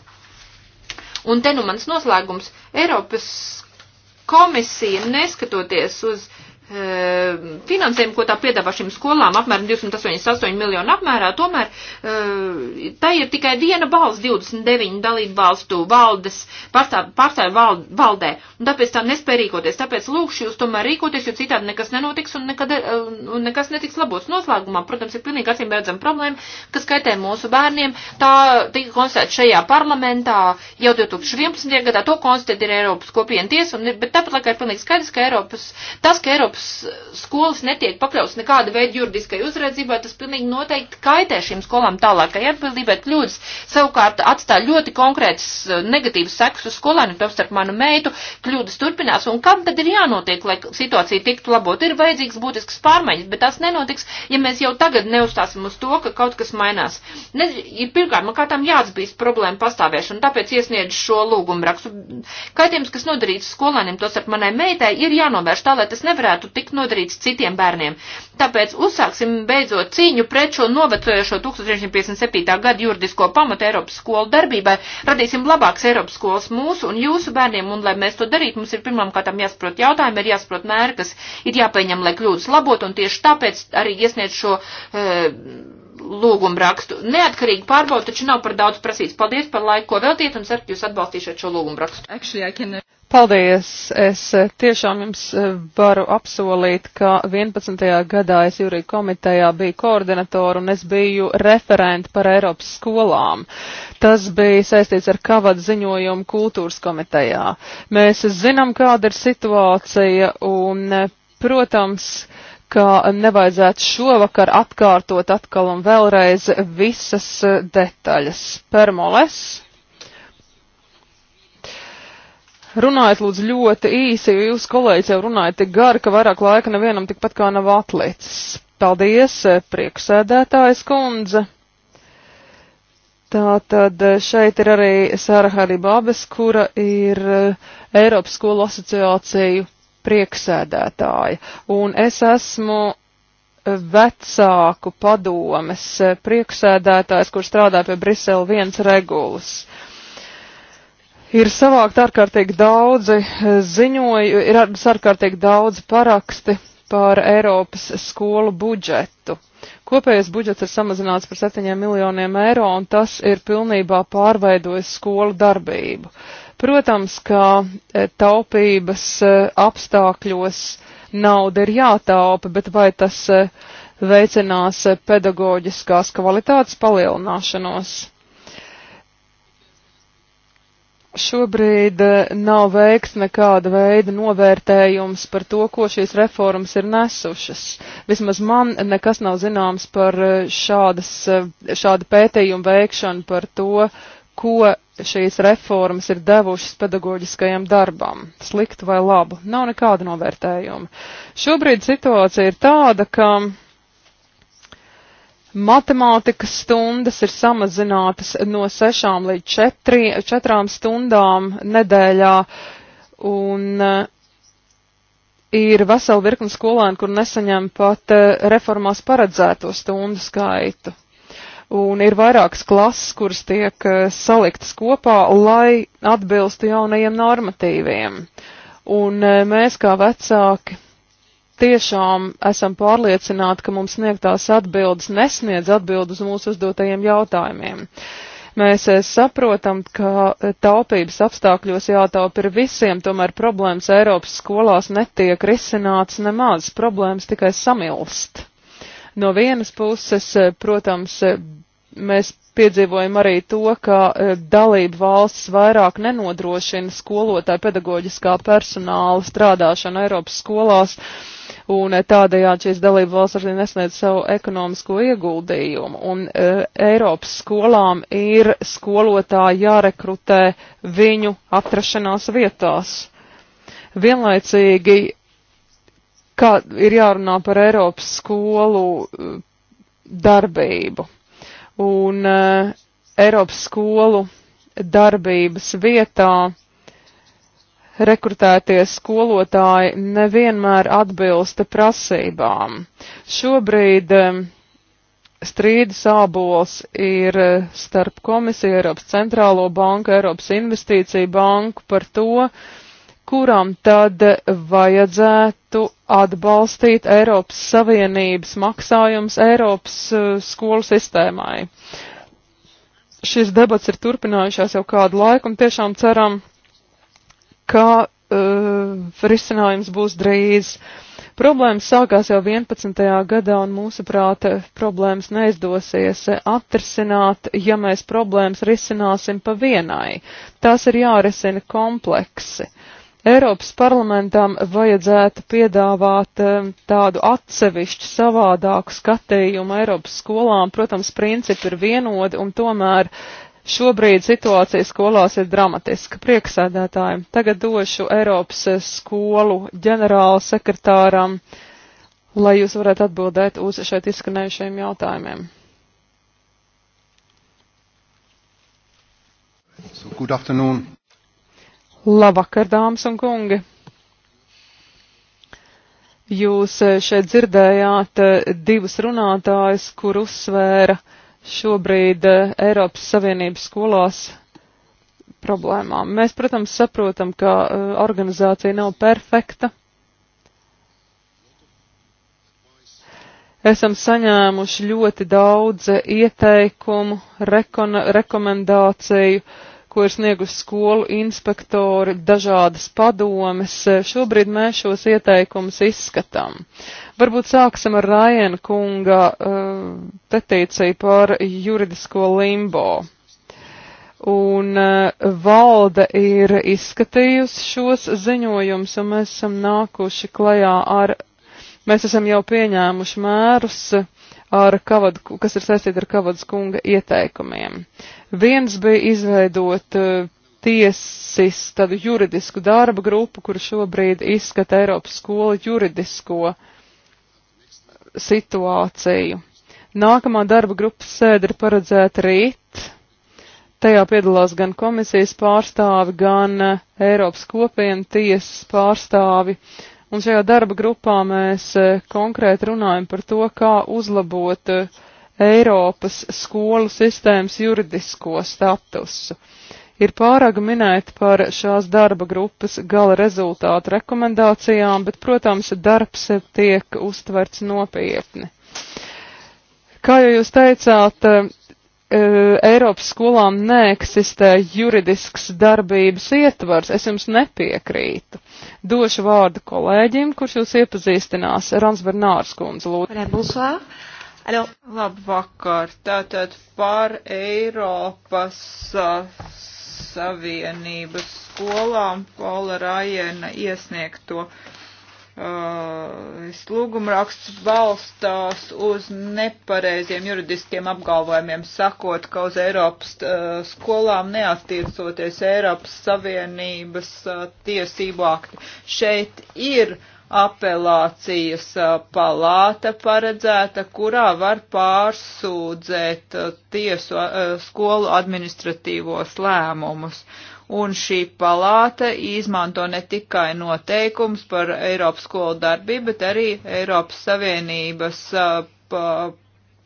Un te nu mans noslēgums. Eiropas komisija, neskatoties uz uh, E, finansējumu, ko tā piedāvā šīm skolām, apmēram 288 miljonu apmērā, tomēr e, tā ir tikai viena valsts, 29 dalību valstu valdes, pārstāvju vald, valdē, un tāpēc tā nespēja rīkoties. Tāpēc lūkšu jūs tomēr rīkoties, jo citādi nekas nenotiks un, nekad, e, un nekas netiks labots. Noslēgumā, protams, ir pilnīgi acīm redzama problēma, kas kaitē mūsu bērniem. Tā tika konstatēta šajā parlamentā jau 2011. gadā, to konstatēta ir Eiropas kopiena tiesa, un, bet tāpat laikā ir pilnīgi skaidrs, ka Eiropas, tas, ka Eiropas Eiropas eh, skolas netiek pakļauts nekāda veida juridiskai uzredzībai, tas pilnīgi noteikti kaitē šīm skolām tālākai atbildībai. Kļūdas savukārt atstāja ļoti konkrētas eh, negatīvas sekas uz skolēnu, topstarp manu meitu, kļūdas turpinās, un kam tad ir jānotiek, lai situācija tiktu labot? Ir vajadzīgs būtisks pārmaiņas, bet tas nenotiks, ja mēs jau tagad neuzstāsim uz to, ka kaut kas mainās. Ne, ir pirmkārt, man kā tam jāatzīst problēma pastāvēšana, tāpēc iesniedz šo lūgumu rakstu. Kaitījums, kas nodarīts skolēniem, tos ar manai meitai, ir jānovērš tā, lai tas nevarētu varētu tikt nodarīts citiem bērniem. Tāpēc uzsāksim beidzot cīņu pret šo novecojošo 1957. gadu juridisko pamatu Eiropas skolu darbībai, radīsim labāks Eiropas skolas mūsu un jūsu bērniem, un lai mēs to darītu, mums ir pirmām kārtām jāsaprot jautājumi, ir jāsaprot mērķi, kas ir jāpieņem, lai kļūdas labot, un tieši tāpēc arī iesniedz šo. Uh, lūgumu rakstu. Neatkarīgi pārbaudu, taču nav par daudz prasīts. Paldies par laiku, ko veltiet, un ceru, ka jūs atbalstīsiet šo lūgumu rakstu. Actually, can... Uh, Paldies! Es uh, tiešām jums uh, varu apsolīt, ka 11. gadā es jūriju komitejā biju koordinatora un es biju referenti par Eiropas skolām. Tas bija saistīts ar kavad ziņojumu kultūras komitejā. Mēs zinām, kāda ir situācija un, protams, ka nevajadzētu šovakar atkārtot atkal un vēlreiz visas e, detaļas. Permoles. Runājiet lūdzu ļoti īsi, jo jūs kolēģis jau runājat tik gari, ka vairāk laika nevienam tikpat kā nav atlicis. Paldies, e, prieksēdētājs kundze. Tātad e, šeit ir arī Sāra Haribabes, kura ir Eiropas skolu asociāciju prieksēdētāja, un es esmu vecāku padomes prieksēdētājs, kur strādā pie Brisele viens regulas. Ir savākt ārkārtīgi daudzi ziņoju, ir ārkārtīgi daudzi paraksti par Eiropas skolu budžetu. Kopējais budžets ir samazināts par 7 miljoniem eiro, un tas ir pilnībā pārveidojis skolu darbību. Uh, Protams, ka e, taupības e, apstākļos nauda ir jātaupa, bet vai tas e, veicinās pedagoģiskās kvalitātes palielināšanos? Šobrīd nav veikts nekāda veida novērtējums par to, ko šīs reformas ir nesušas. Vismaz man nekas nav zināms par šādas, šādu pētījumu veikšanu par to, ko šīs reformas ir devušas pedagoģiskajam darbam, sliktu vai labu, nav nekāda novērtējuma. Šobrīd situācija ir tāda, ka matemātikas stundas ir samazinātas no 6 līdz 4, 4 stundām nedēļā, un ir vesela virkni skolēni, kur nesaņem pat eh, reformās paredzēto stundu skaitu un ir vairākas klases, kuras tiek eh, saliktas kopā, lai atbilstu jaunajiem normatīviem. Un eh, mēs kā vecāki tiešām esam pārliecināti, ka mums sniegtās atbildes nesniedz atbildes uz mūsu uzdotajiem jautājumiem. Mēs eh, saprotam, ka taupības apstākļos jātaupa ir visiem, tomēr problēmas Eiropas skolās netiek risināts nemaz, problēmas tikai samilst. No vienas puses, protams, mēs piedzīvojam arī to, ka e, dalību valsts vairāk nenodrošina skolotāju pedagoģiskā personāla strādāšanu Eiropas skolās, un e, tādējādi šīs dalību valsts arī nesniedz savu ekonomisko ieguldījumu. Un e, Eiropas skolām ir skolotāji jārekrutē viņu atrašanās vietās. Vienlaicīgi, kā ir jārunā par Eiropas skolu e, darbību un uh, Eiropas skolu darbības vietā rekrutētie skolotāji nevienmēr atbilsta prasībām. Šobrīd eh, strīdus ābols ir eh, starp komisiju, Eiropas centrālo banku, Eiropas investīciju banku par to, kuram tad vajadzētu atbalstīt Eiropas Savienības maksājums Eiropas eh, skolu sistēmai. Šis debats ir turpinājušās jau kādu laiku un tiešām ceram, ka uh, risinājums būs drīz. Problēmas sākās jau 11. gadā un mūsuprāt eh, problēmas neizdosies atrisināt, ja mēs problēmas risināsim pa vienai. Tās ir jārisina kompleksi. Uh, Eiropas parlamentam vajadzētu piedāvāt eh, tādu atsevišķu savādāku skatījumu Eiropas skolām. Protams, principi ir vienodi un tomēr Šobrīd situācija skolās ir dramatiska. Prieksēdētājiem tagad došu Eiropas eh, skolu ģenerāla sekretāram, lai jūs varētu atbildēt uz šeit izskanējušajiem jautājumiem. So, good afternoon. Labvakar, dāmas un kungi! Jūs eh, šeit dzirdējāt eh, divus runātājus, kur uzsvēra šobrīd eh, Eiropas Savienības skolās problēmām. Mēs, protams, saprotam, ka organizācija nav perfekta. Esam saņēmuši ļoti daudz ieteikumu, rekona, rekomendāciju ko ir sniegusi skolu inspektori, dažādas padomes. Šobrīd mēs šos ieteikumus izskatām. Varbūt sāksim ar Rājena kunga uh, eh, tetīciju par juridisko limbo un eh, valde ir izskatījusi šos ziņojumus, un mēs esam nākuši klajā ar, mēs esam jau pieņēmuši mērus ar Kavad, kas ir saistīti ar Kavadas kunga ieteikumiem. Viens bija izveidot e, tiesis tādu juridisku darba grupu, kur šobrīd izskata Eiropas skola juridisko situāciju. Nākamā darba grupas sēde ir paredzēta rīt. Tajā piedalās gan komisijas pārstāvi, gan Eiropas kopienu tiesas pārstāvi. Uh, Un šajā darba grupā mēs e, konkrēti runājam par to, kā uzlabot e, Eiropas skolu sistēmas juridisko statusu. Ir pārāk minēt par šās darba grupas gala rezultātu rekomendācijām, bet, protams, darbs tiek uztverts nopietni. Kā jau jūs teicāt, e, Eiropas skolām neeksistē juridisks darbības ietvars, es jums nepiekrītu. Došu vārdu kolēģim, kurš jūs iepazīstinās, Rans Bernārs kundze, lūdzu. Labvakar, tātad par Eiropas Savienības skolām Paula Rajena iesniegto uh, lūgumraksts balstās uz nepareiziem juridiskiem apgalvojumiem, sakot, ka uz Eiropas uh, skolām neattiecoties Eiropas Savienības uh, tiesību akti. Šeit ir apelācijas uh, palāta paredzēta, kurā var pārsūdzēt uh, tiesu uh, skolu administratīvos lēmumus. Uh, un šī palāta izmanto ne tikai noteikums par Eiropas skolu darbību, bet arī Eiropas Savienības pa,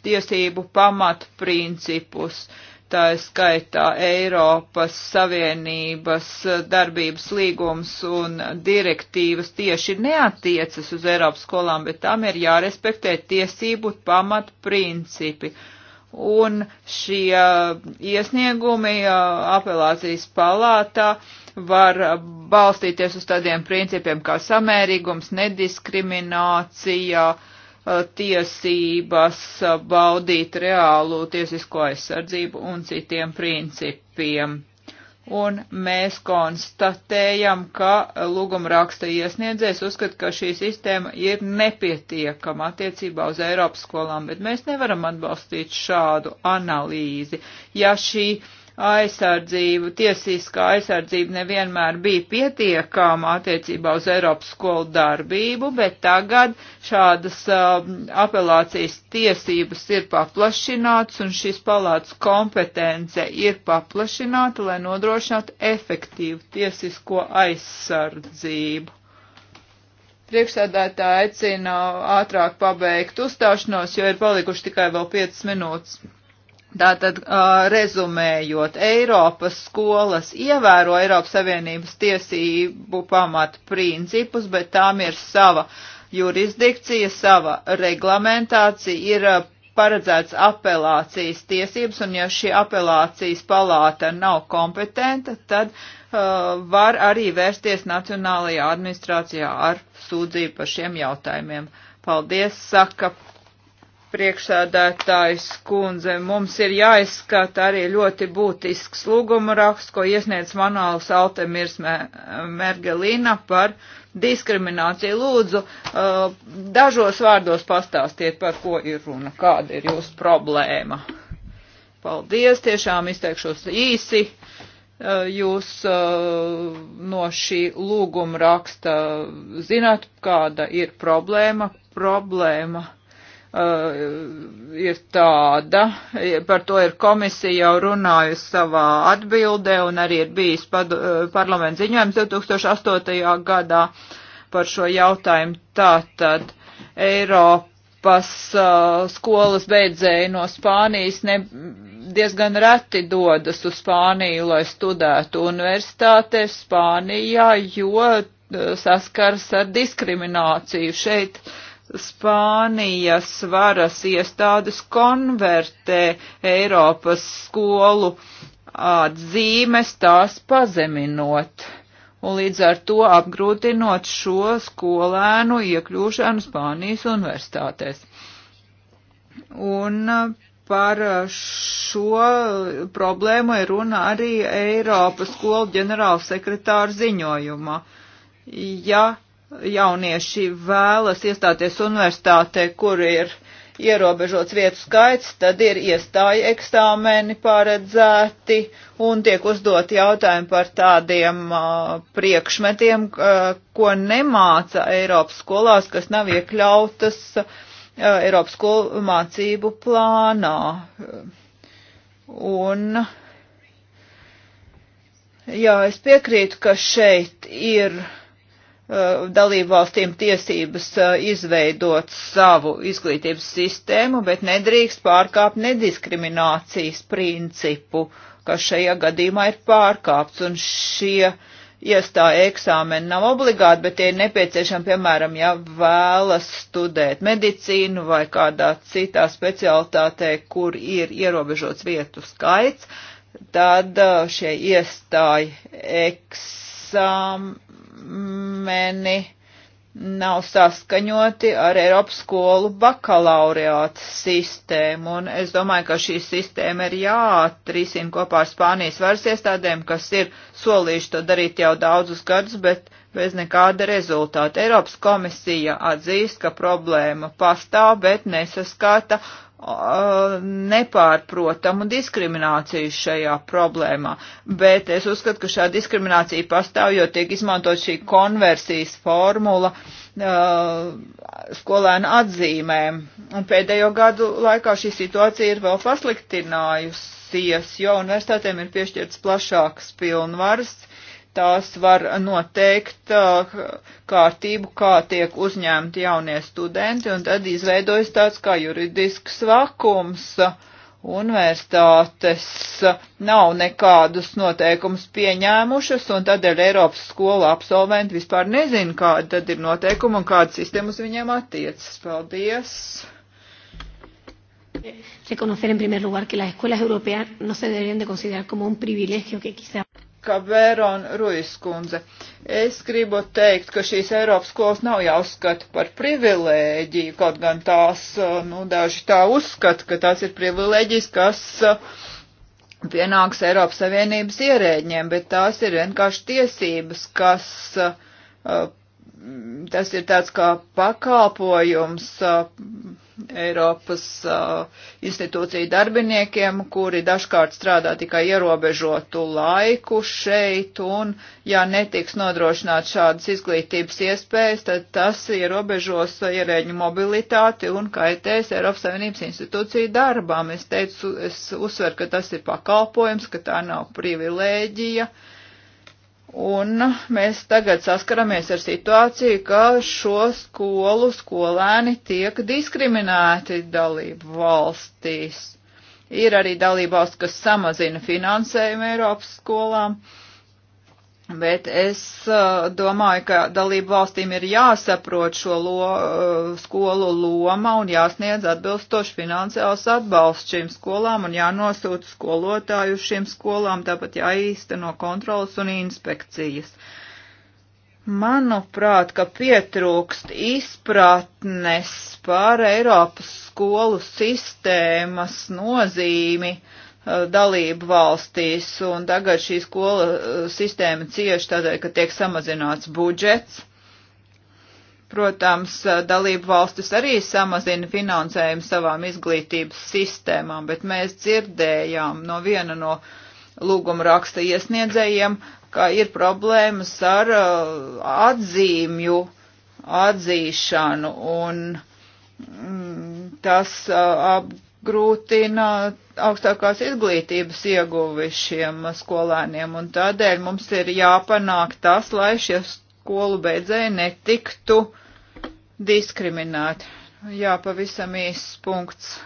tiesību pamatu principus. Tā ir skaitā Eiropas Savienības darbības līgums un direktīvas tieši neatiecas uz Eiropas skolām, bet tam ir jārespektē tiesību pamatu principi. Uh, un šie iesniegumi apelācijas palātā var balstīties uz tādiem principiem kā samērīgums, nediskriminācija, tiesības, baudīt reālu tiesisko aizsardzību un citiem principiem un mēs konstatējam, ka lūgumraksta iesniedzējs uzskata, ka šī sistēma ir nepietiekama attiecībā uz Eiropas skolām, bet mēs nevaram atbalstīt šādu analīzi. Ja šī uh, aizsardzību, tiesiskā aizsardzība nevienmēr bija pietiekama attiecībā uz Eiropas skolu darbību, bet tagad šādas um, apelācijas tiesības ir paplašināts un šis palāts kompetence ir paplašināta, lai nodrošinātu efektīvu tiesisko aizsardzību. Priekšsēdētāja aicina ātrāk pabeigt uzstāšanos, jo ir palikuši tikai vēl 5 minūtes. Tātad, rezumējot, Eiropas skolas ievēro Eiropas Savienības tiesību pamatu principus, bet tām ir sava jurisdikcija, sava reglamentācija, ir paredzēts apelācijas tiesības, un ja šī apelācijas palāta nav kompetenta, tad uh, var arī vērsties Nacionālajā administrācijā ar sūdzību par šiem jautājumiem. Paldies, saka priekšsēdētājs kundze, mums ir jāizskata arī ļoti būtisks lūguma raksts, ko iesniedz Manāls Altemirs Mergelina par diskrimināciju. Lūdzu, uh, dažos vārdos pastāstiet, par ko ir runa, kāda ir jūsu problēma. Paldies, tiešām izteikšos īsi. Uh, jūs uh, no šī lūguma raksta zināt, kāda ir problēma. Problēma Uh, ir tāda, par to ir komisija jau runājusi savā atbildē un arī ir bijis padu, eh, parlaments ziņojums 2008. gadā par šo jautājumu. Tātad Eiropas uh, skolas beidzēji no Spānijas ne, diezgan reti dodas uz Spāniju, lai studētu universitātē Spānijā, jo saskars ar diskrimināciju šeit. Uh, Spānijas varas iestādes konvertē Eiropas skolu atzīmes tās pazeminot un līdz ar to apgrūtinot šo skolēnu iekļūšanu Spānijas universitātēs. Un uh, par uh, šo problēmu ir runa arī Eiropas skolu ģenerāla sekretāra ziņojumā. Ja jaunieši vēlas iestāties universitātē, kur ir ierobežots vietu skaits, tad ir iestāja eksāmeni paredzēti un tiek uzdot jautājumi par tādiem uh, priekšmetiem, uh, ko nemāca Eiropas skolās, kas nav iekļautas uh, Eiropas skolu mācību plānā. Un, jā, es piekrītu, ka šeit ir uh, Uh, dalību valstīm tiesības uh, izveidot savu izglītības sistēmu, bet nedrīkst pārkāpt nediskriminācijas principu, kas šajā gadījumā ir pārkāpts. Un šie iestāja eksāmeni nav obligāti, bet tie ir nepieciešami, piemēram, ja vēlas studēt medicīnu vai kādā citā specialitātē, kur ir ierobežots vietu skaits, tad uh, šie iestāja eksāmeni līmeni nav saskaņoti ar Eiropas skolu bakalaureāta sistēmu, un es domāju, ka šī sistēma ir jāatrisina kopā ar Spānijas varas iestādēm, kas ir solījuši to darīt jau daudzus gadus, bet bez nekāda rezultāta. Eiropas komisija atzīst, ka problēma pastāv, bet nesaskata Uh, nepārprotamu diskrimināciju šajā problēmā, bet es uzskatu, ka šā diskriminācija pastāv, jo tiek izmantot šī konversijas formula uh, skolēnu atzīmēm. Un pēdējo gadu laikā šī situācija ir vēl pasliktinājusies, jo universitātēm ir piešķirts plašāks pilnvars tās var noteikt uh, kārtību, kā tiek uzņemti jaunie studenti, un tad izveidojas tāds kā juridisks vakums. Universitātes nav nekādus noteikumus pieņēmušas, un tādēļ Eiropas skola absolventi vispār nezina, kāda tad ir noteikuma un kāda sistēma uz viņiem attiecas. Paldies! reconocer en primer lugar que las escuelas europeas no se deberían de considerar como un privilegio que quizá saka Vērona Ruiskundze. Es gribu teikt, ka šīs Eiropas skolas nav jāuzskata par privilēģiju, kaut gan tās, uh, nu, daži tā uzskata, ka tās ir privilēģijas, kas uh, pienāks Eiropas Savienības ierēģiem, bet tās ir vienkārši tiesības, kas uh, tas ir tāds kā pakalpojums uh, Eiropas uh, institūciju darbiniekiem, kuri dažkārt strādā tikai ierobežotu laiku šeit, un ja netiks nodrošināt šādas izglītības iespējas, tad tas ierobežos ierēģu mobilitāti un kaitēs Eiropas Savienības institūciju darbām. Es teicu, es uzsveru, ka tas ir pakalpojums, ka tā nav privilēģija. Uh, Un mēs tagad saskaramies ar situāciju, ka šo skolu skolēni tiek diskriminēti dalību valstīs. Ir arī dalībās, kas samazina finansējumu Eiropas skolām. Uh, Bet es uh, domāju, ka dalību valstīm ir jāsaprot šo lo, uh, skolu loma un jāsniedz atbilstoši finansiāls atbalsts šīm skolām un jānosūta skolotāju šīm skolām, tāpat jāīsteno kontrolas un inspekcijas. Manuprāt, ka pietrūkst izpratnes par Eiropas skolu sistēmas nozīmi uh, Uh, dalību valstīs, un tagad šī skola uh, sistēma cieši tādēļ, ka tiek samazināts budžets. Protams, uh, dalību valstis arī samazina finansējumu savām izglītības sistēmām, bet mēs dzirdējām no viena no lūguma raksta iesniedzējiem, ka ir problēmas ar atzīmju atzīšanu, un mm, tas ap grūtina augstākās izglītības ieguvi šiem skolēniem, un tādēļ mums ir jāpanāk tas, lai šie skolu beidzēji netiktu diskriminēti. Jā, pavisam īsts punkts.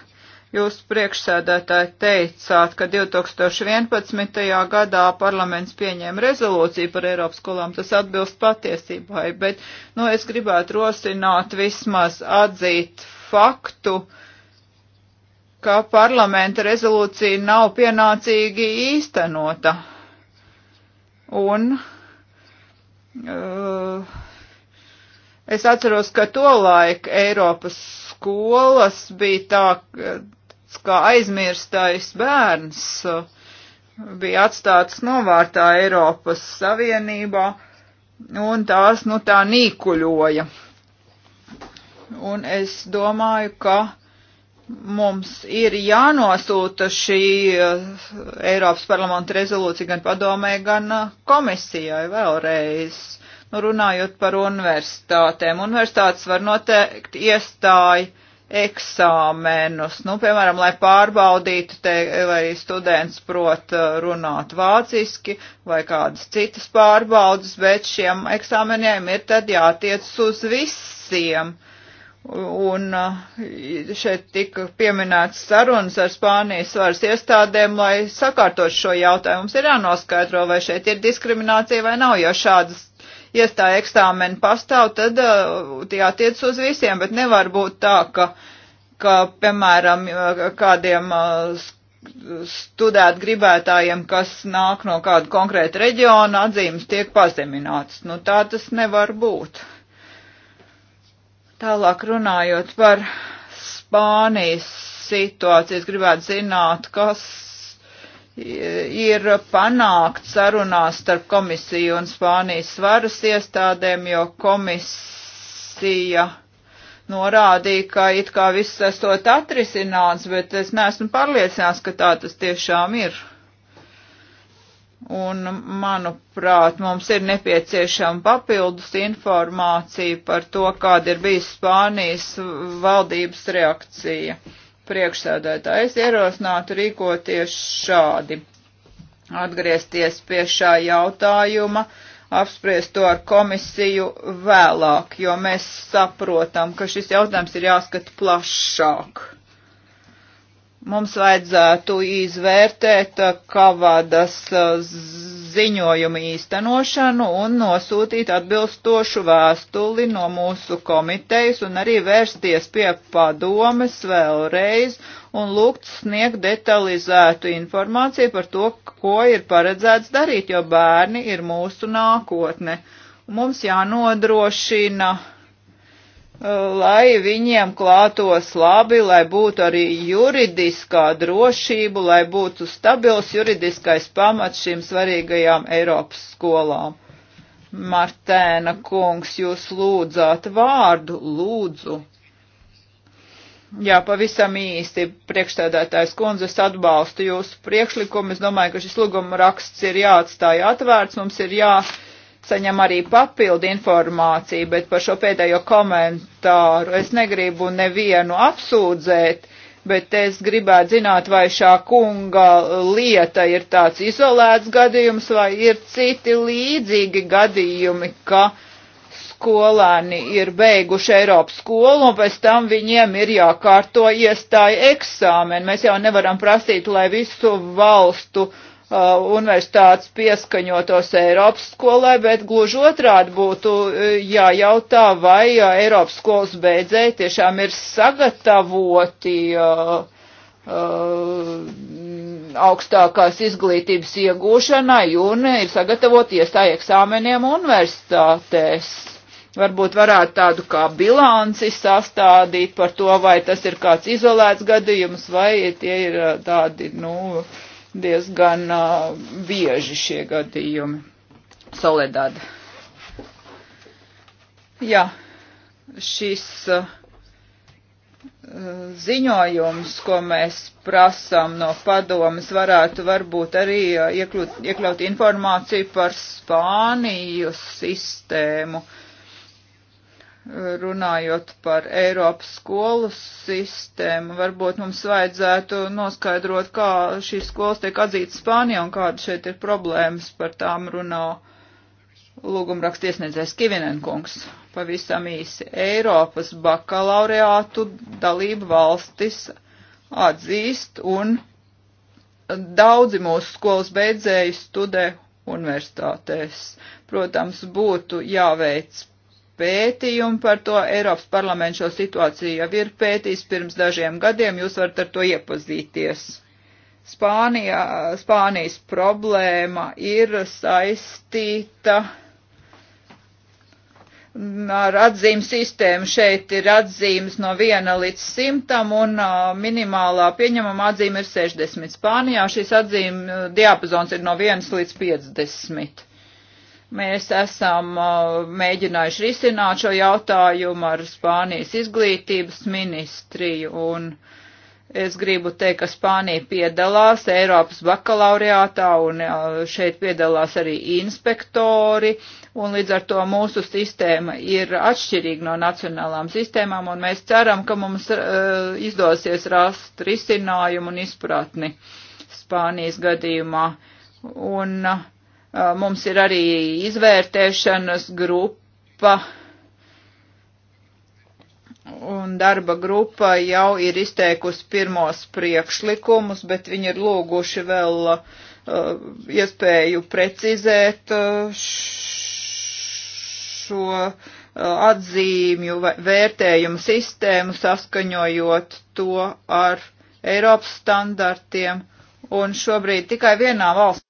Jūs priekšsēdētāji teicāt, ka 2011. gadā parlaments pieņēma rezolūciju par Eiropas skolām. Tas atbilst patiesībai, bet, nu, es gribētu rosināt vismaz atzīt faktu, uh, ka parlamenta rezolūcija nav pienācīgi īstenota. Un uh, es atceros, ka tolaik Eiropas skolas bija tā, kā aizmirstais bērns, uh, bija atstāts novārtā Eiropas Savienībā, un tās, nu, tā nīkuļoja. Un es domāju, ka Mums ir jānosūta šī eh, Eiropas parlamenta rezolūcija gan padomē, gan eh, komisijai vēlreiz. Nu, runājot par universitātēm, universitātes var noteikt iestāju eksāmenus, nu, piemēram, lai pārbaudītu, te, vai students prot eh, runāt vāciski vai kādas citas pārbaudas, bet šiem eksāmeniem ir tad jātiec uz visiem. Uh, Un eh, šeit tika pieminēts sarunas ar Spānijas varas iestādēm, lai sakārtot šo jautājumu. Mums ir jānoskaidro, vai šeit ir diskriminācija vai nav, jo šādas iestāja eksāmeni pastāv, tad eh, tie attiec uz visiem, bet nevar būt tā, ka, ka piemēram, kādiem eh, studēt gribētājiem, kas nāk no kāda konkrēta reģiona, atzīmes tiek pazeminātas. Nu, tā tas nevar būt. Tālāk runājot par Spānijas situāciju, es gribētu zināt, kas ir panākt sarunās starp komisiju un Spānijas varas iestādēm, jo komisija norādīja, ka it kā viss esot atrisināts, bet es neesmu pārliecināts, ka tā tas tiešām ir. Un, manuprāt, mums ir nepieciešama papildus informācija par to, kāda ir bijis Spānijas valdības reakcija priekšsēdētāja. Es ierosinātu rīkoties šādi. Atgriezties pie šā jautājuma, apspriest to ar komisiju vēlāk, jo mēs saprotam, ka šis jautājums ir jāskata plašāk Mums vajadzētu izvērtēt uh, Kavadas uh, ziņojumu īstenošanu un nosūtīt atbilstošu vēstuli no mūsu komitejas un arī vērsties pie padomes vēlreiz un lūgt sniegt detalizētu informāciju par to, ko ir paredzēts darīt, jo bērni ir mūsu nākotne. Mums jānodrošina lai viņiem klātos labi, lai būtu arī juridiskā drošība, lai būtu stabils juridiskais pamats šīm svarīgajām Eiropas skolām. Martēna kungs, jūs lūdzāt vārdu, lūdzu. Jā, pavisam īsti, priekšstādātājs kundze, es atbalstu jūsu priekšlikumu. Es domāju, ka šis lūguma raksts ir jāatstāja atvērts, mums ir jā. Uh, saņem arī papildu informāciju, bet par šo pēdējo komentāru es negribu nevienu apsūdzēt, bet es gribētu zināt, vai šā kunga lieta ir tāds izolēts gadījums, vai ir citi līdzīgi gadījumi, ka skolēni ir beiguši Eiropas skolu un pēc tam viņiem ir jākārto iestāja eksāmeni. Mēs jau nevaram prasīt, lai visu valstu uh, Uh, universitātes pieskaņotos Eiropas skolai, bet gluži otrādi būtu uh, jājautā, vai uh, Eiropas skolas beidzēji tiešām ir sagatavoti uh, uh, augstākās izglītības iegūšanai un ir sagatavoti iestāju eksāmeniem universitātēs. Varbūt varētu tādu kā bilanci sastādīt par to, vai tas ir kāds izolēts gadījums, vai tie ir tādi, nu, uh, diezgan uh, bieži šie gadījumi. Soledad. Jā, šis uh, ziņojums, ko mēs prasām no padomas, varētu varbūt arī iekļūt, iekļaut informāciju par Spāniju sistēmu. Uh, runājot par Eiropas skolu sistēmu, varbūt mums vajadzētu noskaidrot, kā šīs skolas tiek atzītas Spānijā un kāda šeit ir problēmas par tām runā lūgumrakstiesniedzējs Kivinenkungs. Pavisam īsi Eiropas bakalaureātu dalību valstis atzīst un daudzi mūsu skolas beidzēji studē universitātēs. Protams, būtu jāveic pētījumu par to. Eiropas parlaments šo situāciju jau ir pētījis pirms dažiem gadiem, jūs varat ar to iepazīties. Spānijā, Spānijas problēma ir saistīta ar atzīmes sistēmu. Šeit ir atzīmes no 1 līdz 100 un minimālā pieņemama atzīme ir 60. Spānijā šis atzīme diapazons ir no 1 līdz 50. Mēs esam uh, mēģinājuši risināt šo jautājumu ar Spānijas izglītības ministriju un es gribu teikt, ka Spānija piedalās Eiropas bakalaureātā un uh, šeit piedalās arī inspektori un līdz ar to mūsu sistēma ir atšķirīga no nacionālām sistēmām un mēs ceram, ka mums uh, izdosies rast risinājumu un izpratni Spānijas gadījumā. Un, uh, Uh, mums ir arī izvērtēšanas grupa un darba grupa jau ir izteikusi pirmos priekšlikumus, bet viņi ir lūguši vēl uh, iespēju precizēt uh, šo uh, atzīmju vērtējumu sistēmu, saskaņojot to ar Eiropas standartiem. Un šobrīd tikai vienā valstī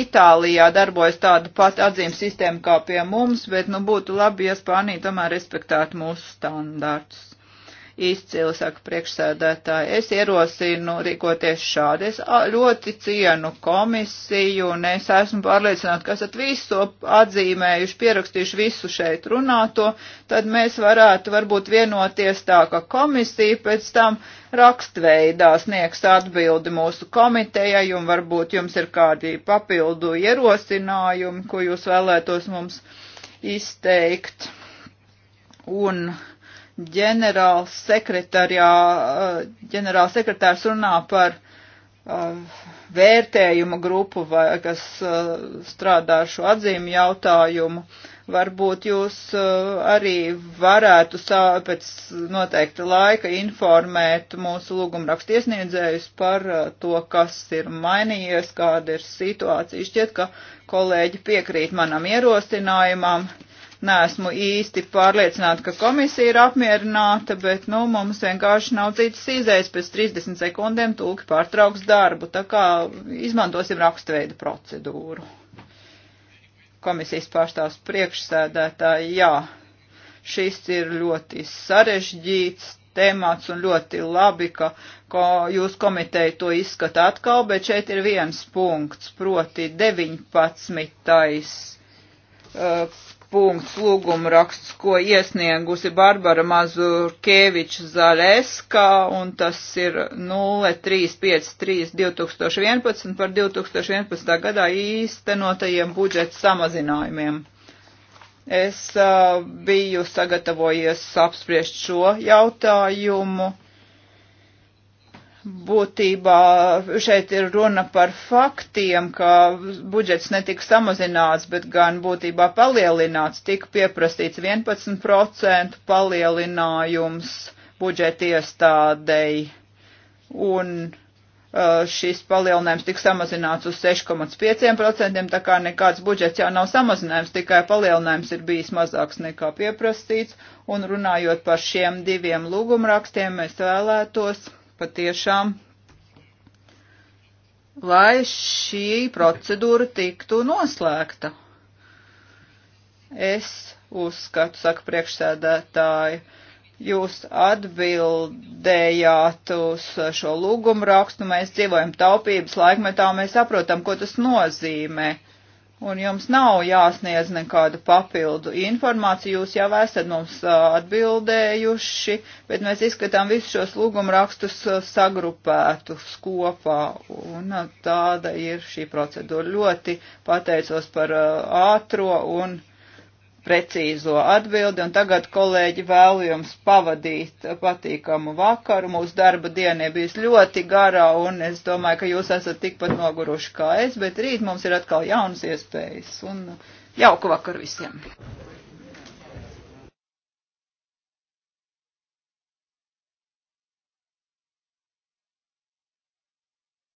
Itālijā darbojas tāda pati atzīme sistēma kā pie mums, bet nu būtu labi, ja Spānija tomēr respektētu mūsu standārtus. Izcili saka priekšsēdētāji, es ierosinu rīkoties šādi. Es ļoti cienu komisiju un es esmu pārliecināta, ka esat visu to atzīmējuši, pierakstījuši visu šeit runāto, tad mēs varētu varbūt vienoties tā, ka komisija pēc tam rakstveidā sniegs atbildi mūsu komitejai un varbūt jums ir kādi papildu ierosinājumi, ko jūs vēlētos mums izteikt. Un ģenerāls eh, sekretārs runā par eh, vērtējumu grupu, vai, kas eh, strādā ar šo atzīmi jautājumu. Varbūt jūs arī varētu sā, pēc noteikta laika informēt mūsu lūgumrakstu iesniedzējus par to, kas ir mainījies, kāda ir situācija. Šķiet, ka kolēģi piekrīt manam ierosinājumam. Uh, neesmu īsti pārliecināta, ka komisija ir apmierināta, bet, nu, mums vienkārši nav citas izējas, pēc 30 sekundēm tūki pārtrauks darbu, tā kā izmantosim rakstveida procedūru. Komisijas pārstāvs priekšsēdētāji, jā, šis ir ļoti sarežģīts temats un ļoti labi, ka ko jūs komiteja to izskata atkal, bet šeit ir viens punkts, proti 19. Uh, punkts lūguma raksts, ko iesniegusi Barbara Mazurkeviča Zareska, un tas ir 0353 2011 par 2011. gadā īstenotajiem budžeta samazinājumiem. Es uh, biju sagatavojies apspriest šo jautājumu būtībā šeit ir runa par faktiem, ka budžets netika samazināts, bet gan būtībā palielināts, tika pieprasīts 11% palielinājums budžeta iestādei, un uh, šis palielinājums tika samazināts uz 6,5%, tā kā nekāds budžets jau nav samazinājums, tikai palielinājums ir bijis mazāks nekā pieprasīts, un runājot par šiem diviem lūgumrakstiem, mēs vēlētos patiešām, lai šī procedūra tiktu noslēgta. Es uzskatu, saka priekšsēdētāji, jūs atbildējāt uz šo lūgumu rakstu, mēs dzīvojam taupības laikmetā, mēs saprotam, ko tas nozīmē. Uh, un jums nav jāsniedz nekādu papildu informāciju, jūs jau esat mums atbildējuši, bet mēs izskatām visus šos lūgumrakstus sagrupētus kopā, un tāda ir šī procedūra. Ļoti pateicos par ātro un precīzo atbildi, un tagad, kolēģi, vēlu jums pavadīt patīkamu vakaru. Mūsu darba diena ir bijusi ļoti gara, un es domāju, ka jūs esat tikpat noguruši kā es, bet rīt mums ir atkal jaunas iespējas, un jauku vakaru visiem!